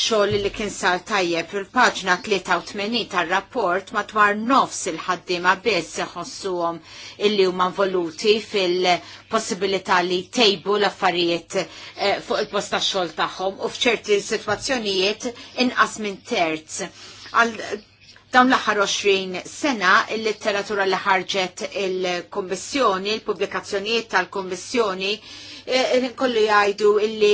xoll li kien sar tajjeb fil-paġna 83 tar-rapport madwar nofs il-ħaddiema biss iħossuhom illi huma involuti fil-possibilità li tejbu l-affarijiet eh, fuq il posta tax-xogħol tagħhom u f'ċerti sitwazzjonijiet inqas minn terz Dawn l-aħħar 20 sena il-litteratura li ħarġet il-Kommissjoni, il-pubblikazzjonijiet tal-Kommissjoni il Eh, kollu jgħidu illi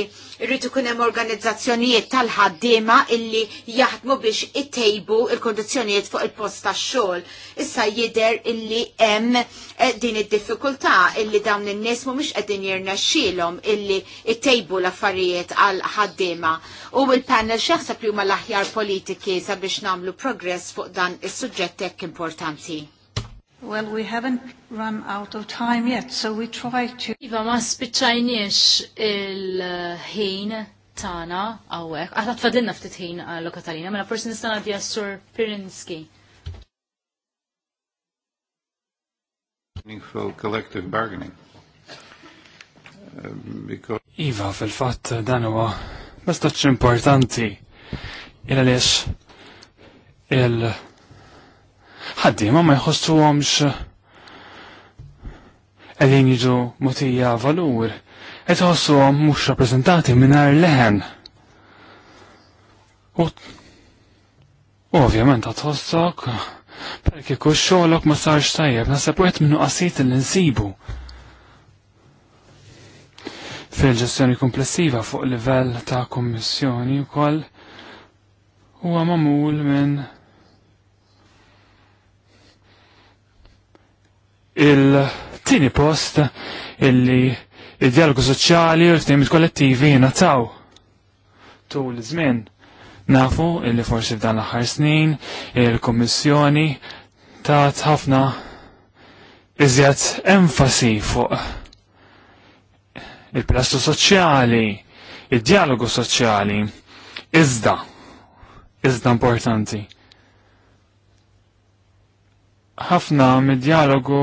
rritu kunem organizzazzjonijiet tal-ħaddima illi jaħdmu biex ittejbu il-kondizjonijiet fuq il-post tax-xogħol. Issa jider illi hemm eh, din id-diffikultà illi dawn in-nies mhumiex qegħdin xilom illi ittejbu l-affarijiet għal ħaddiema. U l-panel x'jaħseb li huma l-aħjar politiki sabiex nagħmlu progress fuq dan is sujġettek hekk importanti. Well, we haven't run out of time yet, so we try to... Iva, ma spiċajniex il-ħin tana għawek. Aħna tfadlinna ftit ħin għal uh, katalina mela forsi nistana di għassur Pirinski. For collective bargaining. Um, iva, fil-fat dan huwa bastaċ importanti. il għalix il-, -għalix, ħaddiema ma għomx. qegħdin jiġu mutija valur qed ħossuhom mhux rappreżentati mingħajr leħen. U ovvjament għat tħossok per kieku xogħolok ma sarx tajjeb naħseb wieħed minn għasit li nsibu fil-ġestjoni komplessiva fuq livell ta' kommissjoni wkoll u għamamul minn il-tini post illi id-dialogu soċjali u l-ftehimiet kollettivi nataw. Tul żmien nafu illi forsi f'dan l-aħħar snin il-Kommissjoni tat ħafna iżjed enfasi fuq il-plastu soċjali, id-dialogu soċjali, iżda, iżda importanti ħafna mid-dialogu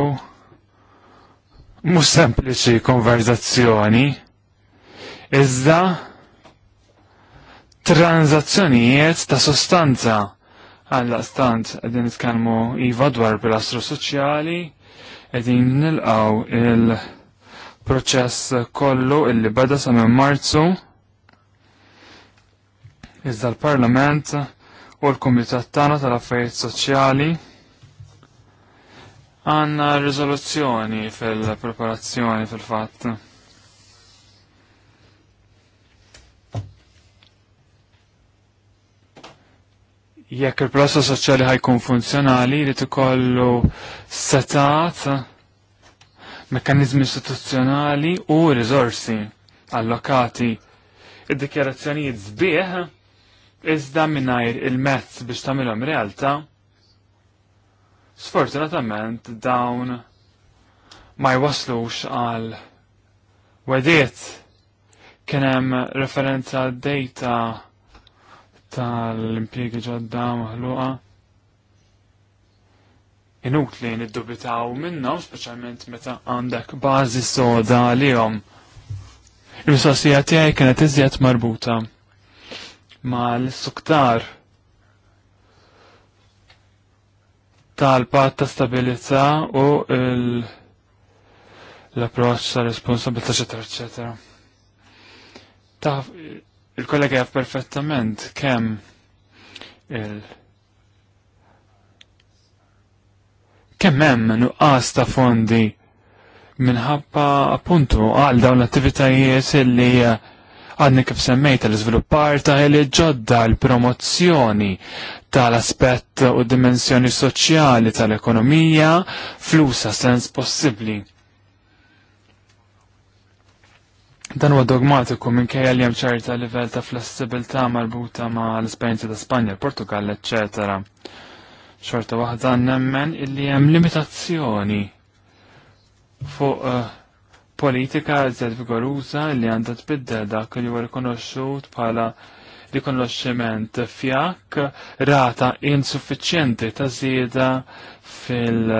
mhux sempliċi konverzazzjoni, iżda tranzazzjonijiet ta' sostanza għalla stant għedin nitkellmu iva dwar pilastru soċjali, għedin nilqaw il-proċess kollu illi bada sa' minn marzu, iżda l-Parlament u l-Komitat tagħna tal-Affarijiet Soċjali għanna rizoluzzjoni fil-preparazzjoni fil-fatt. Jekk il-prosa soċjali ħajkun funzjonali li tikollu setat, mekkanizmi istituzzjonali u rizorsi allokati id-dikjarazzjonijiet sbieħ iżda mingħajr il-mezz biex tamilom realtà. Sfortunatament dawn ma jwaslux għal wediet kien hemm referenza data tal impiegi ġodda maħluqa. Inutli niddubitaw minnhom speċjalment meta għandek bażi soda għalihom. Il-mistoqsija tiegħi kienet iżjed marbuta mal-suktar tal-pat ta' stabilità u l-approċ ta' responsabilità ċetra ċetra. Ta' il-kollega jaf perfettament kemm il- kemm hemm nuqqas ta' fondi minħabba appuntu għal dawn l-attivitajiet li għadni kif semmejt l-izviluppar ta' li ġodda l-promozzjoni tal-aspett u dimensjoni soċjali tal-ekonomija flusa sens possibli. Dan huwa dogmatiku minkejja li hemm ċerta livell ta' flessibilità marbuta ma' l-esperjenza ta' Spanja, Portugal, eċċetera. Xorta waħda nemmen illi hemm limitazzjoni fuq uh, politika iżjed vigoruża li għandha tbiddel dak li huwa rikonoxxut bħala rikonoxximent fjak rata insuffiċjenti ta' żieda fil-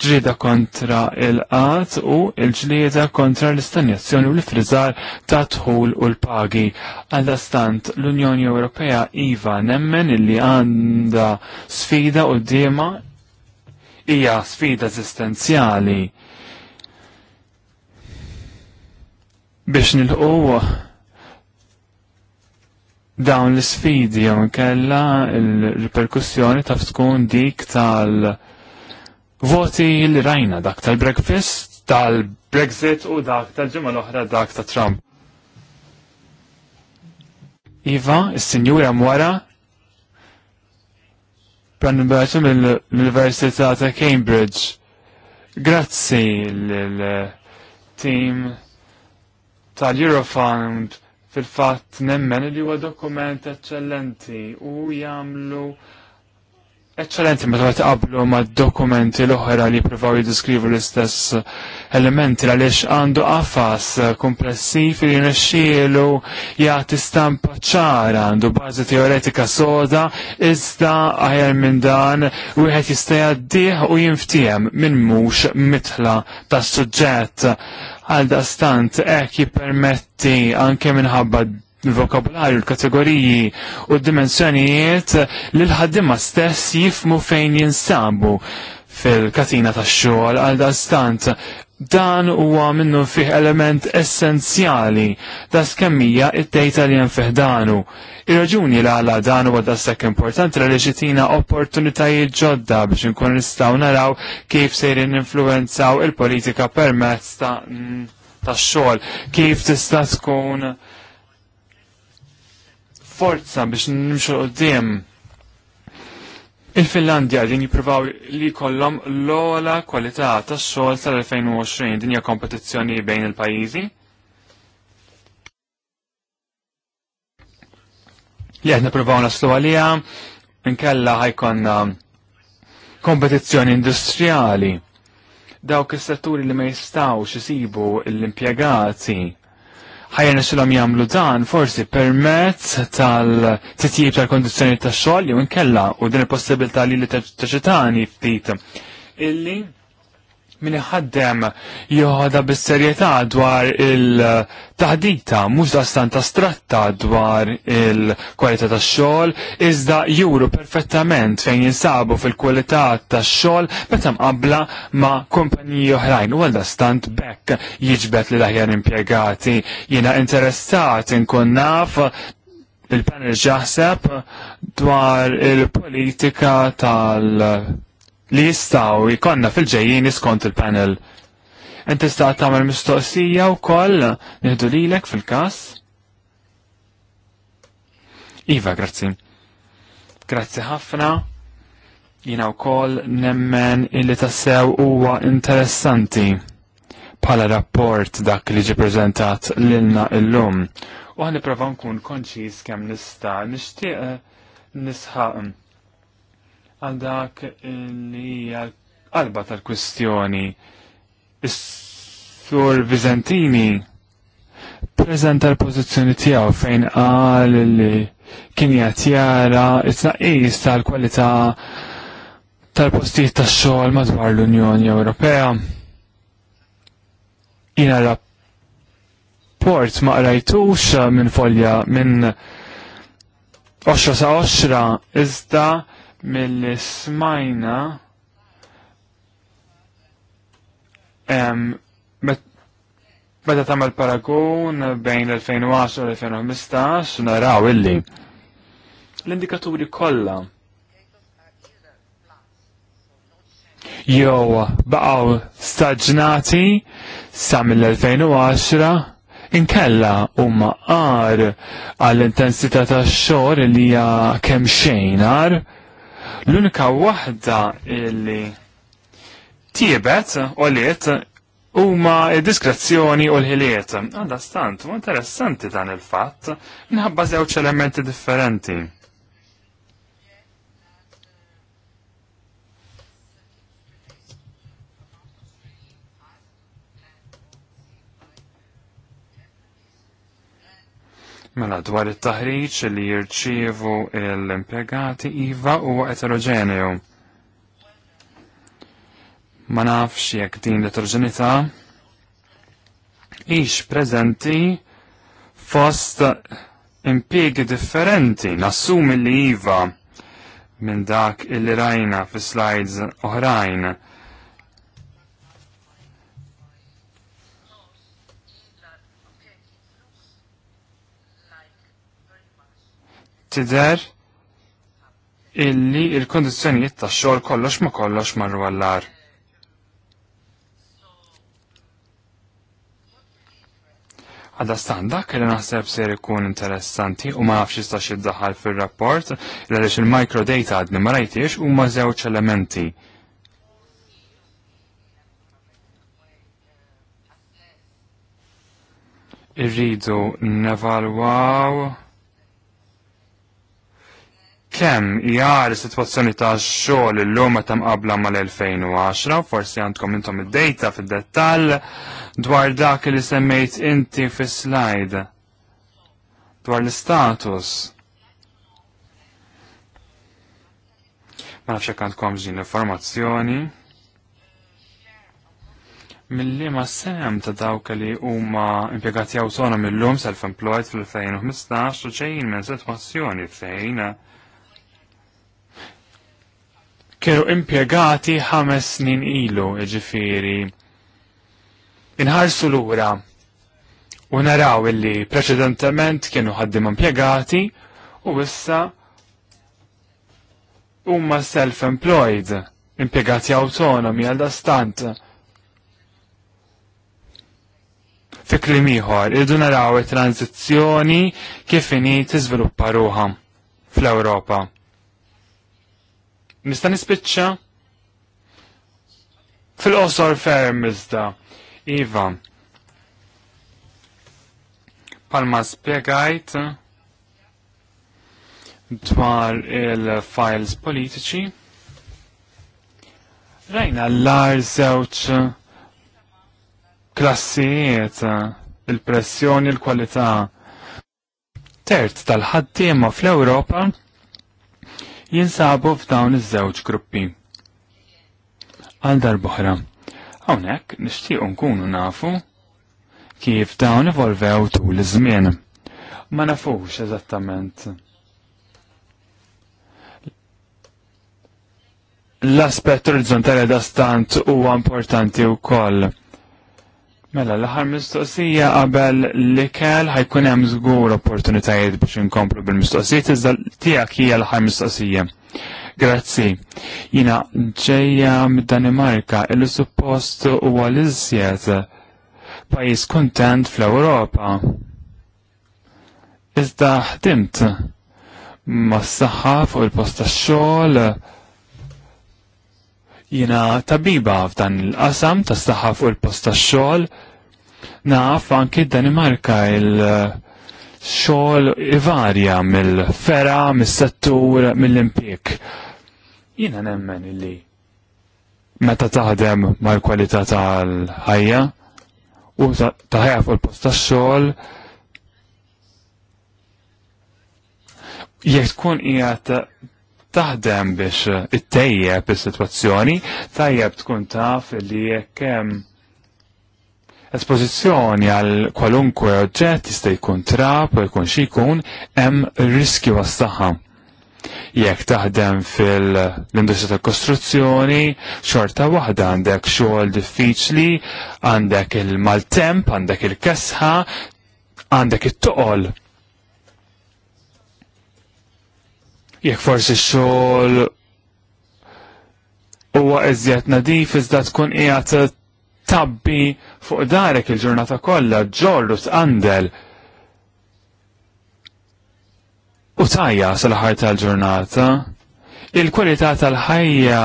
ġlieda kontra il-qat u il-ġlieda kontra l-istanjazzjoni u l-frizar ta' tħul u l-pagi. Għaldastant l-Unjoni Ewropea iva nemmen illi għanda sfida u d-dima hija sfida esistenzjali biex nilqu dawn l-sfidi jew kella l-reperkussjoni taf tkun dik tal-voti li rajna dak tal-breakfast tal-Brexit u dak tal-ġimgħa l-oħra dak ta' Trump. Iva, s sinjura mwara Brandenburg mill-Università ta' Cambridge. Grazzi l-team tal-Eurofund fil-fatt nemmen li huwa dokument eċċellenti u jagħmlu eċċellenti meta taqablu ma' dokumenti l-oħra li jippruvaw jiddiskrivu l-istess elementi għaliex għandu qafas komplessiv li nexxielu jagħti stampa ċara għandu bażi teoretika soda iżda aħjar minn dan wieħed jista' jgħaddih u jinftiehem minn mhux mitla tas-suġġett Għal dastant ek jippermetti anke minħabba il-vokabularju, l-kategoriji u d-dimensjonijiet li l-ħaddima stess jifmu fejn jinsabu fil-katina tax xogħol għal dastant Dan huwa minnu fih element essenzjali ta' skemmija id tejta li jenfih danu. Ir-raġuni li għala dan huwa da' sekk importanti li ġitina opportunitajiet ġodda biex nkun nistgħu naraw kif sejrin influenzaw il-politika permezz ta' tax-xogħol, kif tista' tkun forza biex nimxu qudiem Il-Finlandja din jipruvaw li kollom l-ola kwalità ta' xogħol tal-2020 din hija kompetizzjoni bejn il-pajjiżi. Li qed nippruvaw naslu għaliha inkella ħajkonna kompetizzjoni industrijali dawk is-setturi li ma jistgħux isibu l-impjegati ħajja nisilhom jagħmlu dan forsi permezz tal-titjib tal-kondizzjoni tax-xogħol jew inkella u din il-possibilità li li taċitani ftit illi min iħaddem joħda bis-serjetà dwar il-taħdita mhux dastan ta' stratta dwar il-kwalità tax-xogħol iżda juru perfettament fejn jinsabu fil-kwalità tax-xogħol meta mqabbla ma' kumpaniji oħrajn u għal stant bekk jiġbed li l-aħjar impjegati jiena interessat inkun naf il-panel ġaħseb dwar il-politika tal- li jistaw jikonna fil-ġejjien skont il-panel. Inti tista' tagħmel mistoqsija wkoll nieħdu lilek fil-każ? Iva, grazzi. Grazzi ħafna. Jina wkoll nemmen illi tassew huwa interessanti bħala rapport dak li ġi preżentat lilna illum. U ħan nipprova nkun konċis kemm nista' nixtieq eh, nisħaq għal dak li għalba tal-kwistjoni. Is-Sur Vizentini prezenta l-pożizzjoni tiegħu fejn qal li kien qed jara it-tnaqqis tal-kwalità tal-postijiet tax-xogħol madwar l-Unjoni Ewropea. Jiena rapport ma qrajtux minn folja minn 10 sa 10 iżda mill smajna meta tagħmel paragun bejn l-2010 u l-2015 naraw illi l-indikaturi kollha jew baqgħu staġnati sa mill-2010 inkella huma qar għall-intensità tax-xogħol li hija kemm xejn għar. L-unika waħda illi tiebet u liet huma diskrezzjoni u l-ħiliet. Għanda stant, u interessanti dan il-fatt, minħabba żewġ elementi differenti. Mela dwar it-taħriġ li jirċievu l-impjegati iva huwa eterogeneju. Ma nafx jekk din l-eterogenità ix preżenti fost impjegi differenti, nassumi li iva minn dak il-rajna fi slides oħrajn tidher illi il-kondizjonijiet tax-xogħol kollox ma kollox marru għall-ar. Għadda standa, li naħseb ser ikun interessanti u ma nafx jistax iddaħħal fil-rapport l għaliex il-microdata għadni ma rajtiex u ma żewġ elementi. Irridu nevalwaw kemm jgħar is-sitwazzjoni ta' xogħol illum meta mqabbla mal-2010, forsi għandkom intom id-dejta fid-dettall dwar dak li semmejt inti fis-slide dwar l-istatus. Ma nafx hekk għandkom ġin informazzjoni. Mill-li ma sem ta' dawk li huma impjegati autonomi l-lum self-employed fil-2015 u ġejjin minn sitwazzjoni fejn kienu impiegati ħames snin ilu, ġifiri. Inħarsu lura u naraw illi preċedentement kienu ħaddim impiegati u issa huma self-employed, impiegati autonomi għal dastant. Fikri miħor, irdu naraw it-tranzizzjoni kif inhi tiżviluppa ruħam fl-Ewropa nista' nispiċċa fil-qosor ferm iżda. Iva, palma spiegajt dwar il-files politiċi. Rajna l-ar żewġ klassijiet, il-pressjoni, l kwalità Tert tal-ħaddiema fl-Europa jinsabu f'dawn iż-żewġ gruppi. Għal darbohra, hawnhekk nixtiequ nkunu nafu kif dawn evolvew tul iż-żmien. Ma nafux eżattament. L-aspett orizzontali da stant huwa importanti wkoll Mela, l-ħar mistoqsija qabel li kell ħajkun hemm żgur opportunitajiet biex inkomplu bil-mistoqsijiet iżda tiegħek hija l-ħar mistoqsija. Grazzi. Jina ġejja mid-Danimarka illi suppost huwa l-iżjed pajjiż kuntent fl-Ewropa. Iżda ħdimt ma s-saħħa fuq il-post tax-xogħol Jina tabiba f'dan il-qasam ta' saħħa fuq il-post tax-xogħol. Naf anki Danimarka il-xogħol ivarja mill-fera, mis-settur, mill-impjek. Jina nemmen illi meta taħdem mal-kwalità tal-ħajja u taħja fuq il-post tax-xogħol jekk tkun qiegħed taħdem biex eh, it-tejjeb is-sitwazzjoni, tajjeb tkun taf li jekkem hemm espożizzjoni għal kwalunkwe oġġett jista' jkun trap u jkun xi jkun hemm riskju għas-saħħa. Jekk taħdem fil-industrija tal-kostruzzjoni, xorta waħda għandek xogħol diffiċli, għandek il-maltemp, għandek il-kesħa, għandek it-toqol. il maltemp għandek il kesħa għandek it toqol jekk forsi xogħol huwa iżjed nadif iżda tkun qiegħed tabbi fuq darek il-ġurnata kollha ġorru tqandel u tajja sal-ħar tal-ġurnata. Il-kwalità tal-ħajja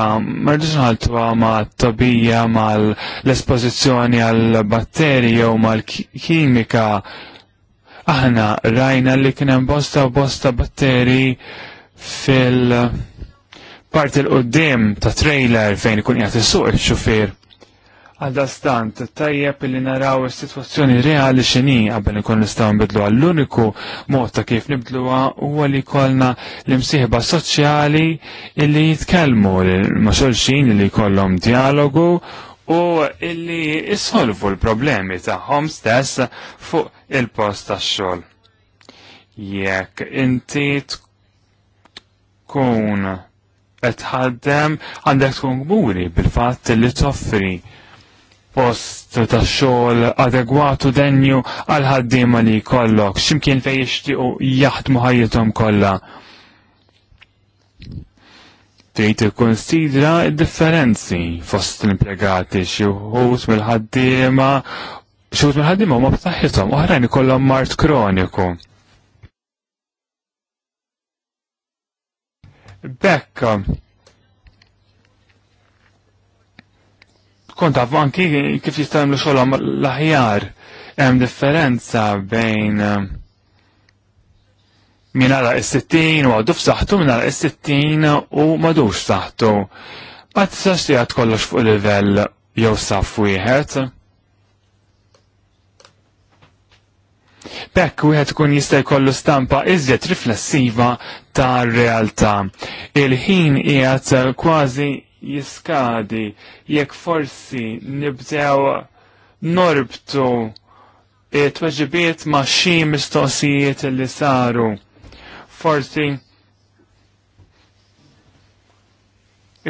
marġiġ nħaltuha ma' tobija mal espożizzjoni għal batterija u mal-kimika. Aħna rajna li kien hemm bosta bosta batteri fil-parti l-qoddim ta' trailer fejn ikun jgħat il-suq il-xufir. stant tajjeb li naraw is-sitwazzjoni reali xini qabel ikun nistgħu nbidlu għall-uniku mod ta' kif nibdluha huwa li jkollna l-imsieħba soċjali illi jitkellmu ma' xulxin li jkollhom dialogu u illi jisolvu l-problemi tagħhom stess fuq il-post tax-xogħol jekk inti tkun qed tħaddem għandek tkun gburi bil-fatt li toffri post ta' xogħol adegwatu denju għal ħaddiema li jkollok x'imkien fejn jixtiequ jaħdmu ħajjithom kollha. Trid ikkunsidra d-differenzi fost l-impjegati xi wħud mill-ħaddiema xi wħud mill-ħaddiema huma b'saħħithom oħrajn ikollhom mart kroniku. Bekk kont anki kif jista' li xogħolhom l-aħjar hemm differenza bejn eh, min għala s 60 u għadu f'saħħtu min għala s 60 u madux saħtu. Ma tistax li kollox fuq livell jew saf wieħed. Bekk wieħed ikun jista' jkollu stampa iżjed riflessiva tar-realtà. Il-ħin jgħat kważi jiskadi jekk forsi nibdew norbtu it-tweġibiet ma' xi mistoqsijiet li saru. Forsi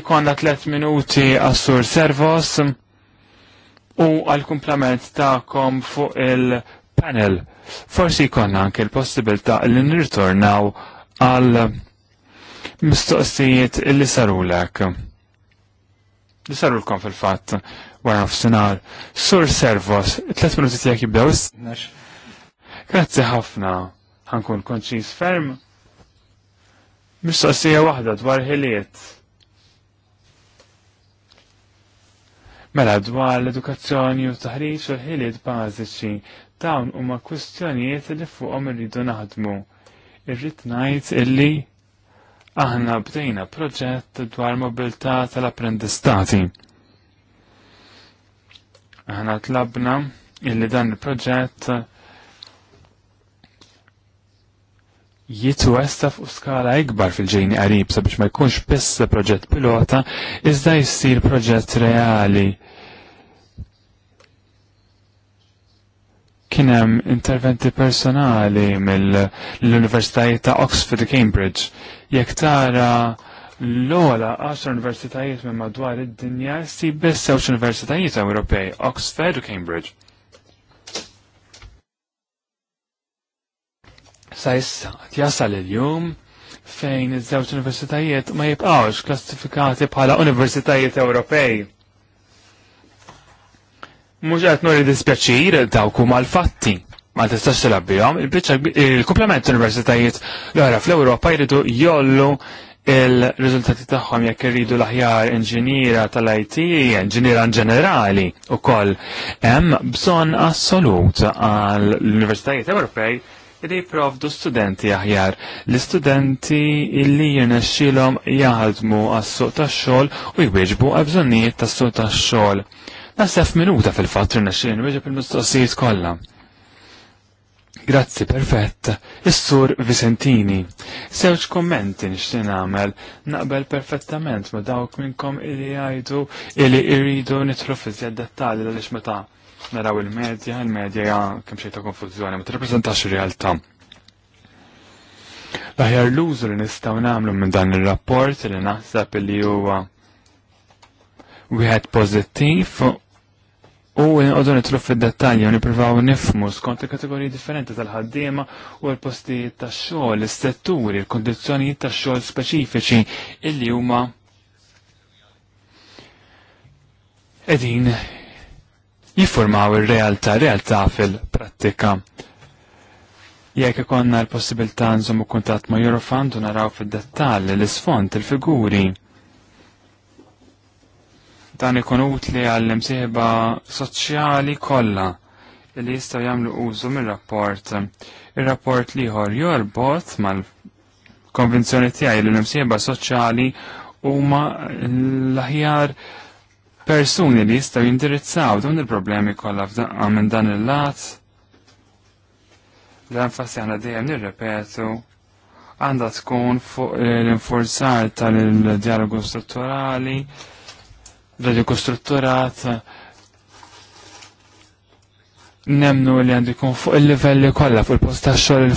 ikonna tlet minuti għassur servos u għal-komplement ta'kom fuq il-panel forsi jkollna anke l-possibilità li nirtornaw għal mistoqsijiet li sarulek. Li sarulkom fil-fatt wara nofsinhar. Sur Servos, tliet minuti tiegħek jibdew Grazzi ħafna. Ħankun konċis ferm. Mistoqsija waħda dwar ħiliet. Mela dwar l-edukazzjoni u taħriġ u ħiliet bażiċi Dawn huma kwistjonijiet li fuqhom irridu naħdmu. Irrid ngħid illi aħna bdejna proġett dwar mobilità tal-apprendistati. Aħna tlabna illi dan il-proġett jitwesta fuq skala ikbar fil-ġejni qarib sabiex ma jkunx biss proġett pilota iżda jsir proġett reali kien hemm interventi personali mill-Universitajiet ta' Oxford u Cambridge. Jekk tara l-ola għaxar universitajiet minn madwar id-dinja si biss sewx universitajiet Ewropej, Oxford u Cambridge. Sa jasal il-jum fejn iż-żewġ universitajiet ma jibqgħux klassifikati bħala universitajiet Ewropej. Mux nori dispjaċir dawku mal-fatti. Ma tistax tilabbihom, il-komplement universitajiet l-għara fl-Europa jridu jollu il-rizultati tagħhom jekk irridu l-aħjar inġiniera tal-IT, inġiniera ġenerali u koll hemm bżonn assolut għal l-Universitajiet Ewropej li jiprovdu studenti aħjar. L-studenti illi jirnexxilhom jaħdmu għas-suq tax-xogħol u jwieġbu għal bżonnijiet tas-suq tax-xogħol. Nasef minuta fil-fatt rinaxin weġa il-mistoqsijiet kollha. Grazzi, perfett. Is-sur Vicentini. Sewġ kommenti nixtin għamel, naqbel perfettament ma dawk minnkom illi għajdu illi irridu nitru fizja dettali l meta naraw il-medja, il-medja kemm xejn ta' konfużjoni, ma tirrappreżentax reprezentax realtà L-aħjar l-użu li nistgħu nagħmlu minn dan ir-rapport li naħseb li huwa wieħed pożittiv U għadu nitlu fid-dettalji u nippruvaw nifmu skont il-kategoriji differenti tal-ħaddiema u l-postijiet tax-xogħol, l setturi l kondizjoni tax-xogħol speċifiċi illi huma qegħdin jiffurmaw ir-realtà, realtà fil-prattika. Jekk ikonna l-possibilità nżommu kuntatt ma' Eurofund u naraw fid-dettalji l-isfond, il-figuri. il figuri Dan ikun utli għall-imsieħba soċjali kollha li jistgħu jagħmlu użu mir-rapport. Ir-rapport liħor jorbot mal-konvenzjoni tiegħi li l-imsieħba soċjali huma l-aħjar persuni li jistaw jindirizzaw dawn il-problemi kollha minn dan il-lat. L-enfasi għana dejjem nirrepetu għandha tkun fuq l-infurzar tal-dialogu strutturali, dal ikun strutturat nemnu li għandu jkun fuq il-livelli kollha fuq il-post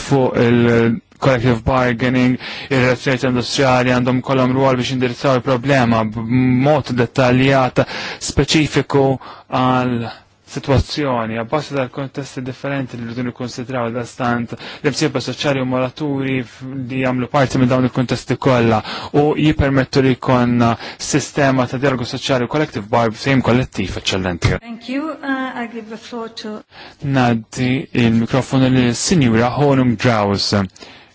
fuq il-collective bargaining, ir-relazzjonijiet industriali għandhom kollhom rwol biex indirizzaw il-problema b'mod dettaljat speċifiku għal situazzjoni, għabbasi dal kontesti differenti li rridu nikkonsidraw da stant li msiba soċċari u moraturi li għamlu parti minn dawn il-kontesti kollha u jipermettu li jkollna sistema ta' dialogu soċjali kollektiv barb sejm kollettiv eccellenti. Thank you, uh, I give the floor to Naddi il-mikrofonu li sinjura Honum Draws.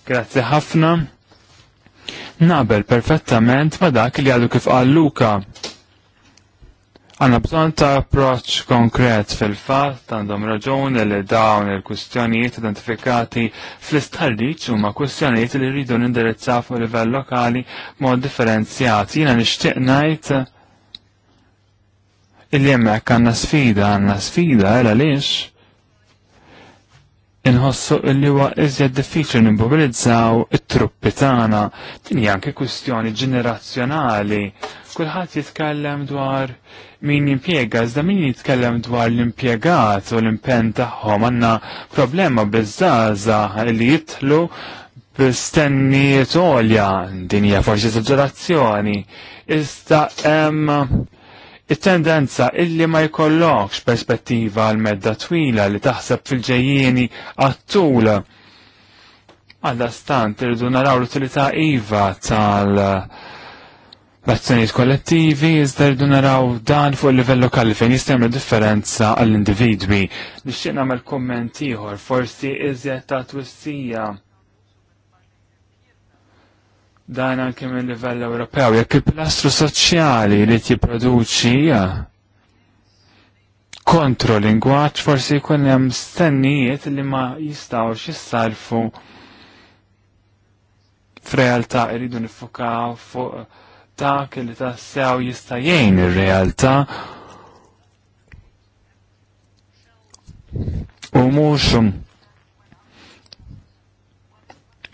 Grazzi ħafna. Nabel perfettament ma dak li għadu kif qal Luka Għanna bżon ta' approċ konkret fil-fat għandhom raġun li dawn il-kustjonijiet identifikati fl-istarriċ u ma' kustjonijiet li rridu nindirizzaw fuq livell lokali mod differenzjat. Jina nishtiq najt illi jemmek għanna sfida, għanna sfida, għela lix inħossu illi huwa iżjed diffiċli nimmobilizzaw it-truppi tagħna. Din hija anke kwistjoni ġenerazzjonali. Kulħadd jitkellem dwar min jimpiega, iżda min jitkellem dwar l-impiegat u l-impen tagħhom għandna problema biż-żaża li jitlu b'istenni tolja din hija forsi eżagġerazzjoni. Iżda hemm it-tendenza illi ma jkollokx perspettiva għal medda twila li taħseb fil-ġejjieni għat-tul. Għalla stant irridu naraw l-utilità iva tal- uh, l-azzjonijiet kollettivi iżda rridu naraw dan fuq il-livell lokali fejn jistgħu differenza għall-individwi. Nixtieq nagħmel kumment ieħor forsi iżjed ta' twissija dan anke minn livell Ewropew jekk il-pilastru soċjali li jipproduċi kontro lingwaġġ forsi jkun hemm stennijiet li ma jistgħux jissarfu f'realtà jridu nifukaw fuq dak li tassew jista' jgħin ir-realtà u mhux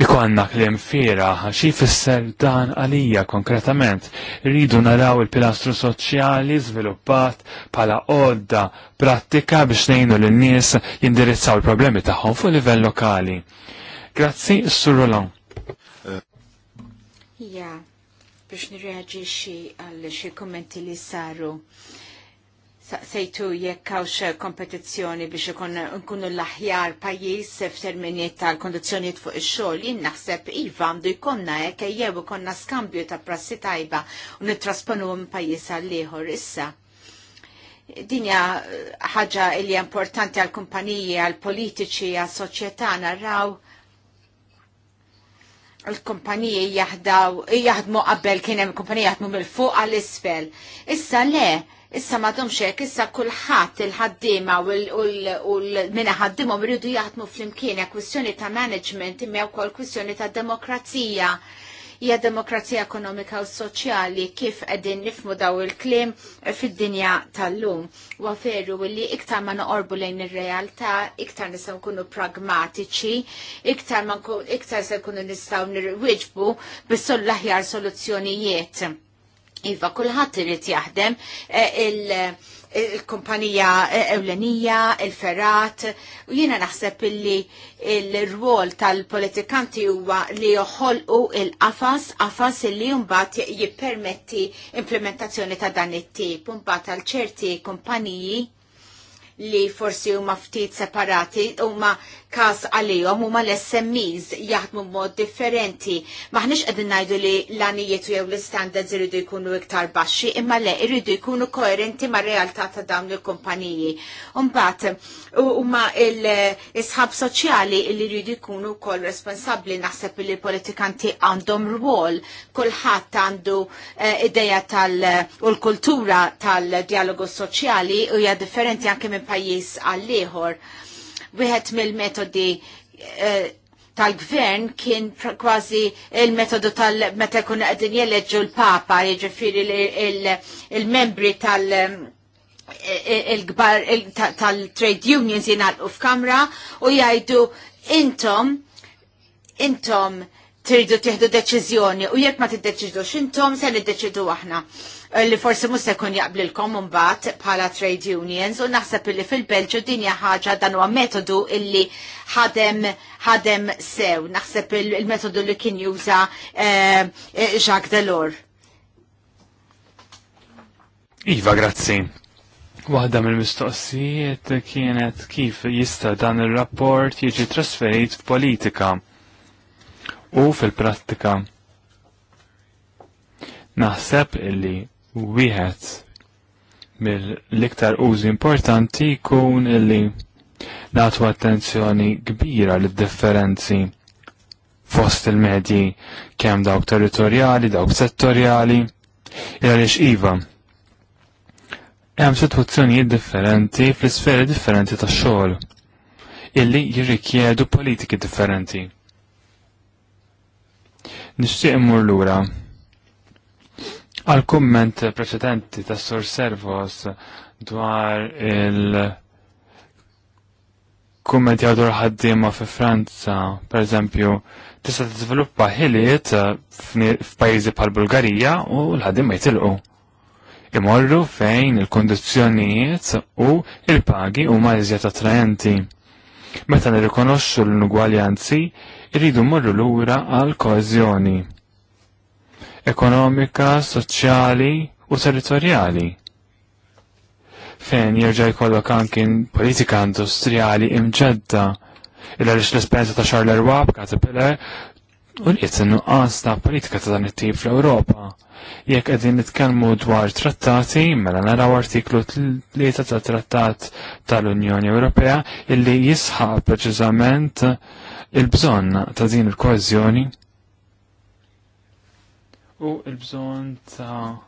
ikonna kliem fira xi fisser dan għalija konkretament. Rridu naraw il-pilastru soċjali żviluppat bħala għodda prattika biex ngħinu lin-nies jindirizzaw il-problemi tagħhom fuq livell lokali. Grazzi, Sur Roland. Yeah biex nirreagġiċi għal xi kommenti li saru. Saqsejtu jekk għawx kompetizzjoni biex nkunu l-aħjar pajis f'terminiet tal-kondizjoniet fuq ix-xogħol, jien naħseb iva għandu jkollna hekk jew ikonna skambju ta' prassi tajba u nittrasponu minn pajjiż għal ieħor issa. Dinja ħaġa li importanti għal kumpaniji, għal politiċi, għal soċjetà naraw l-kumpaniji jahdaw, jahdmu qabel kien hemm kumpaniji jaħdmu mill-fuq għall-isfel. Issa le, issa m'għadhomx hekk, issa kulħadd il-ħaddiema u l-mina ħaddimhom iridu jaħdmu flimkien hekk kwistjoni ta' management imma wkoll kwistjoni ta' demokrazija hija demokrazija ekonomika u soċjali kif qegħdin nifmu daw il-klim fid-dinja tal-lum. Waferu veru li iktar ma noqorbu lejn ir-realtà, iktar nistgħu nkunu pragmatiċi, iktar ma iktar se nkunu nistgħu nirwiġbu bis-sol l-aħjar soluzzjonijiet Iva, kullħat irrit jaħdem eh, eh, il-kumpanija eh, ewlenija, il-ferrat, u jiena naħseb illi il-rwol tal-politikanti huwa li joħolqu il-qafas, qafas illi mbagħad jippermetti implementazzjoni ta' dan it-tip, mbagħad għal ċerti kumpaniji li forsi huma ftit separati huma kas għalihom huma l-SMEs jaħdmu mod differenti. Maħniex qegħdin ngħidu li l-għanijiet jew l-istandards iridu jkunu iktar baxxi, imma le jridu jkunu koerenti ma' realtà ta' dawn il-kumpaniji. u huma l-isħab soċjali li jridu jkunu wkoll responsabbli naħseb li l-politikanti għandhom rwol, kulħadd għandu eh, ideja tal- kultura tal-dialogu soċjali u hija differenti anke minn pajjiż għalliħor. ieħor Wieħed mill-metodi eh, tal-gvern kien kważi il-metodu tal-meta kun għedin jeleġu l-papa, jġifiri il-membri tal- eh, il-gbar tal-trade unions jingħalqu f'kamra u jgħidu intom intom tridu tieħdu deċiżjoni u jekk ma tiddeċidux intom se niddeċidu aħna. Eh, li forsi mhux se jkun jaqblilkom mbagħad bħala trade unions u naħseb illi fil-Belġu din hija ħaġa dan huwa metodu illi ħadem ħadem sew. Naħseb il-metodu li kien juża eh, eh, Jacques Delors. Iva, grazzi. Waħda mill-mistoqsijiet kienet kif jista' dan ir-rapport jiġi trasferit f'politika u fil-prattika. Naħseb illi wieħed mill-iktar użi importanti jkun illi natu attenzjoni kbira lid differenzi fost il-medji kemm dawk territorjali, dawk settorjali, għaliex iva. Hemm sitwazzjonijiet differenti fl-isferi differenti tax-xogħol illi jirrikjedu politiki differenti. Nixtieq immur lura Għal komment preċedenti ta' Sur Servos dwar il- kumment jgħadur ħaddiema fi Franza, per eżempju, tista' tiżviluppa ħiliet f'pajjiżi bħal Bulgarija u l ma jitilqu. Imorru fejn il-kondizzjonijiet u il-pagi huma iżjed attrajenti. Meta nirrikonoxxu l-ugwaljanzi, irridu morru lura għal koeżjoni ekonomika, soċjali u territorjali fejn jirġa' jkollok anki politika industrijali imġedda illa lix l espenza ta' Charles Schwab, Caterpillar, u li nuqqas ta' politika ta' dan it-tip fl-Ewropa. Jekk qegħdin nitkellmu dwar trattati, mela naraw artiklu 3 ta' trattat tal-Unjoni Ewropea illi jisħaq preċiżament il-bżonn ta' din il-koeżjoni u il-bżon ta'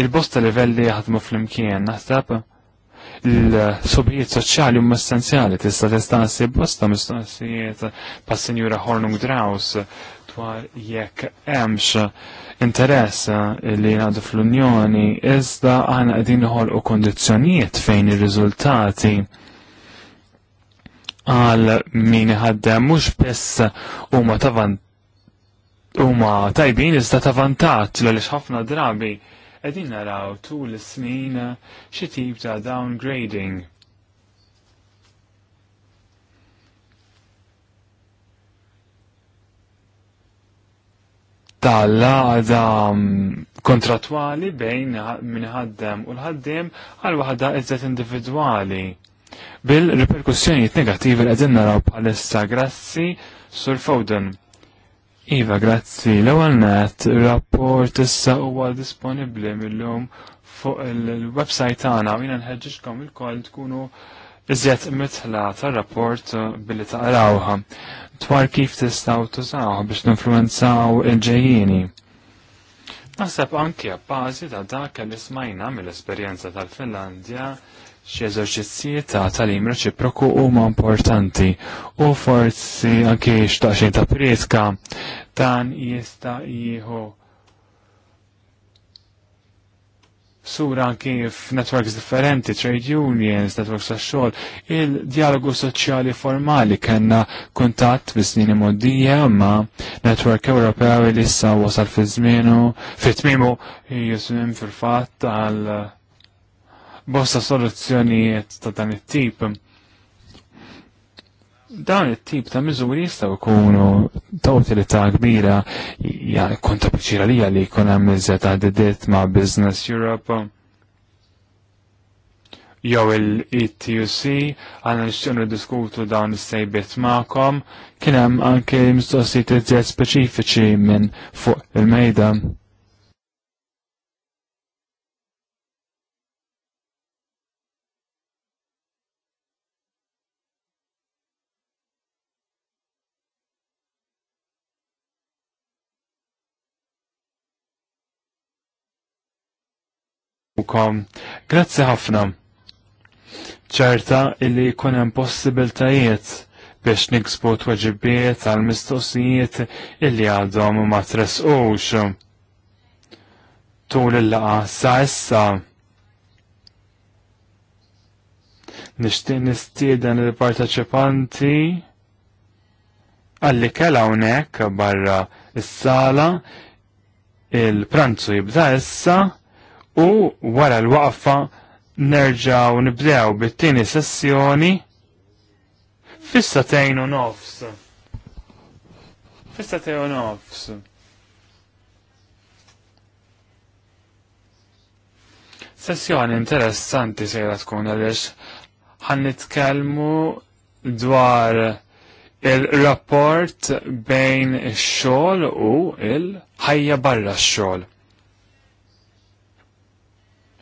il-bosta livelli jaħdmu fl-imkien, naħseb l subijiet soċjali huma essenzjali tista' testansi bosta mistoqsijiet pa' Sinjura Hornung Draus dwar jekk hemmx interess li jingħadu fl-Unjoni iżda għana qegħdin u kondizzjonijiet fejn ir-riżultati għal min ħaddem mhux biss huma ta' Uma, tajbin iżda ta' vantaġġ għaliex ħafna drabi qegħdin naraw tul l snin xi tip ta' downgrading. tal-għada mm, kontratwali bejn minħaddem u l-ħaddem għal waħda iżet individwali. bil reperkussjoni negattivi li għedin naraw bħalissa grazzi sur Foden. Iva, grazzi. L-ewwel net, rapport issa huwa disponibbli mill-lum fuq il-website tagħna u jiena nħeġġixkom ilkoll tkunu iżjed mitla tar-rapport billi taqrawha dwar kif tistgħu tużawha biex tinfluwenzaw il ġejjini Naħseb anke bażi ta' dak li smajna mill-esperjenza tal-Finlandja xi eżerċizzji ta' talim reċiproku huma importanti u forsi anke xtaqxejn ta' preska dan jista' jieħu sura anki f'networks differenti, trade unions, networks ta' xogħol, il-dialogu soċjali formali kellna kuntatt bi snin imgħoddija ma' network Ewropew li issa wasal fi żmienu, fit tmimu jismim fil-fatt għal bosta soluzzjonijiet ta' dan it-tip. Dan it-tip ta' miżuri jistgħu jkunu ta' utilità kbira ja konta ta' li li jkun hemm d għaddiet ma' Business Europe jew il-ETUC għanna nixtiqnu diskutu dawn is-sejbiet ma'kom, kien hemm anke mistoqsijiet tiet speċifiċi minn fuq il-mejda. kom. Grazzi ħafna. ċerta illi jkun hemm possibiltajiet biex niksbu tweġibiet għal mistoqsijiet illi għadhom ma tresqux. Tul il-laqa sa issa. Nixtieq nistieden il-parteċipanti għalli kella hawnhekk barra is-sala il-pranzu jibda issa u wara l-waqfa nerġaw nibdew bit-tieni sessjoni fis-satejn u nofs. Fis-satejn u nofs. Sessjoni interessanti sejra tkun għaliex ħannitkellmu dwar il-rapport bejn ix-xogħol u il-ħajja barra x-xogħol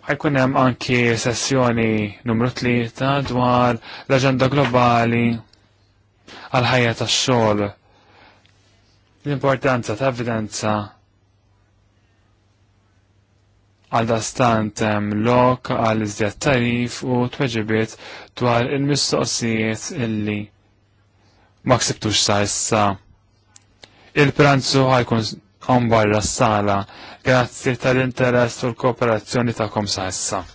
ħajkun hemm anki sessjoni numru tlieta dwar l-aġenda globali għal ħajja tax-xogħol. L-importanza ta' evidenza għal dastant hemm lok għal iżjed tarif u tweġibiet dwar il-mistoqsijiet illi ma ksibtux sa issa. Il-pranzu ħajkun kom barra s-sala. Grazzi tal-interess u l-kooperazzjoni ta' kom sa' issa.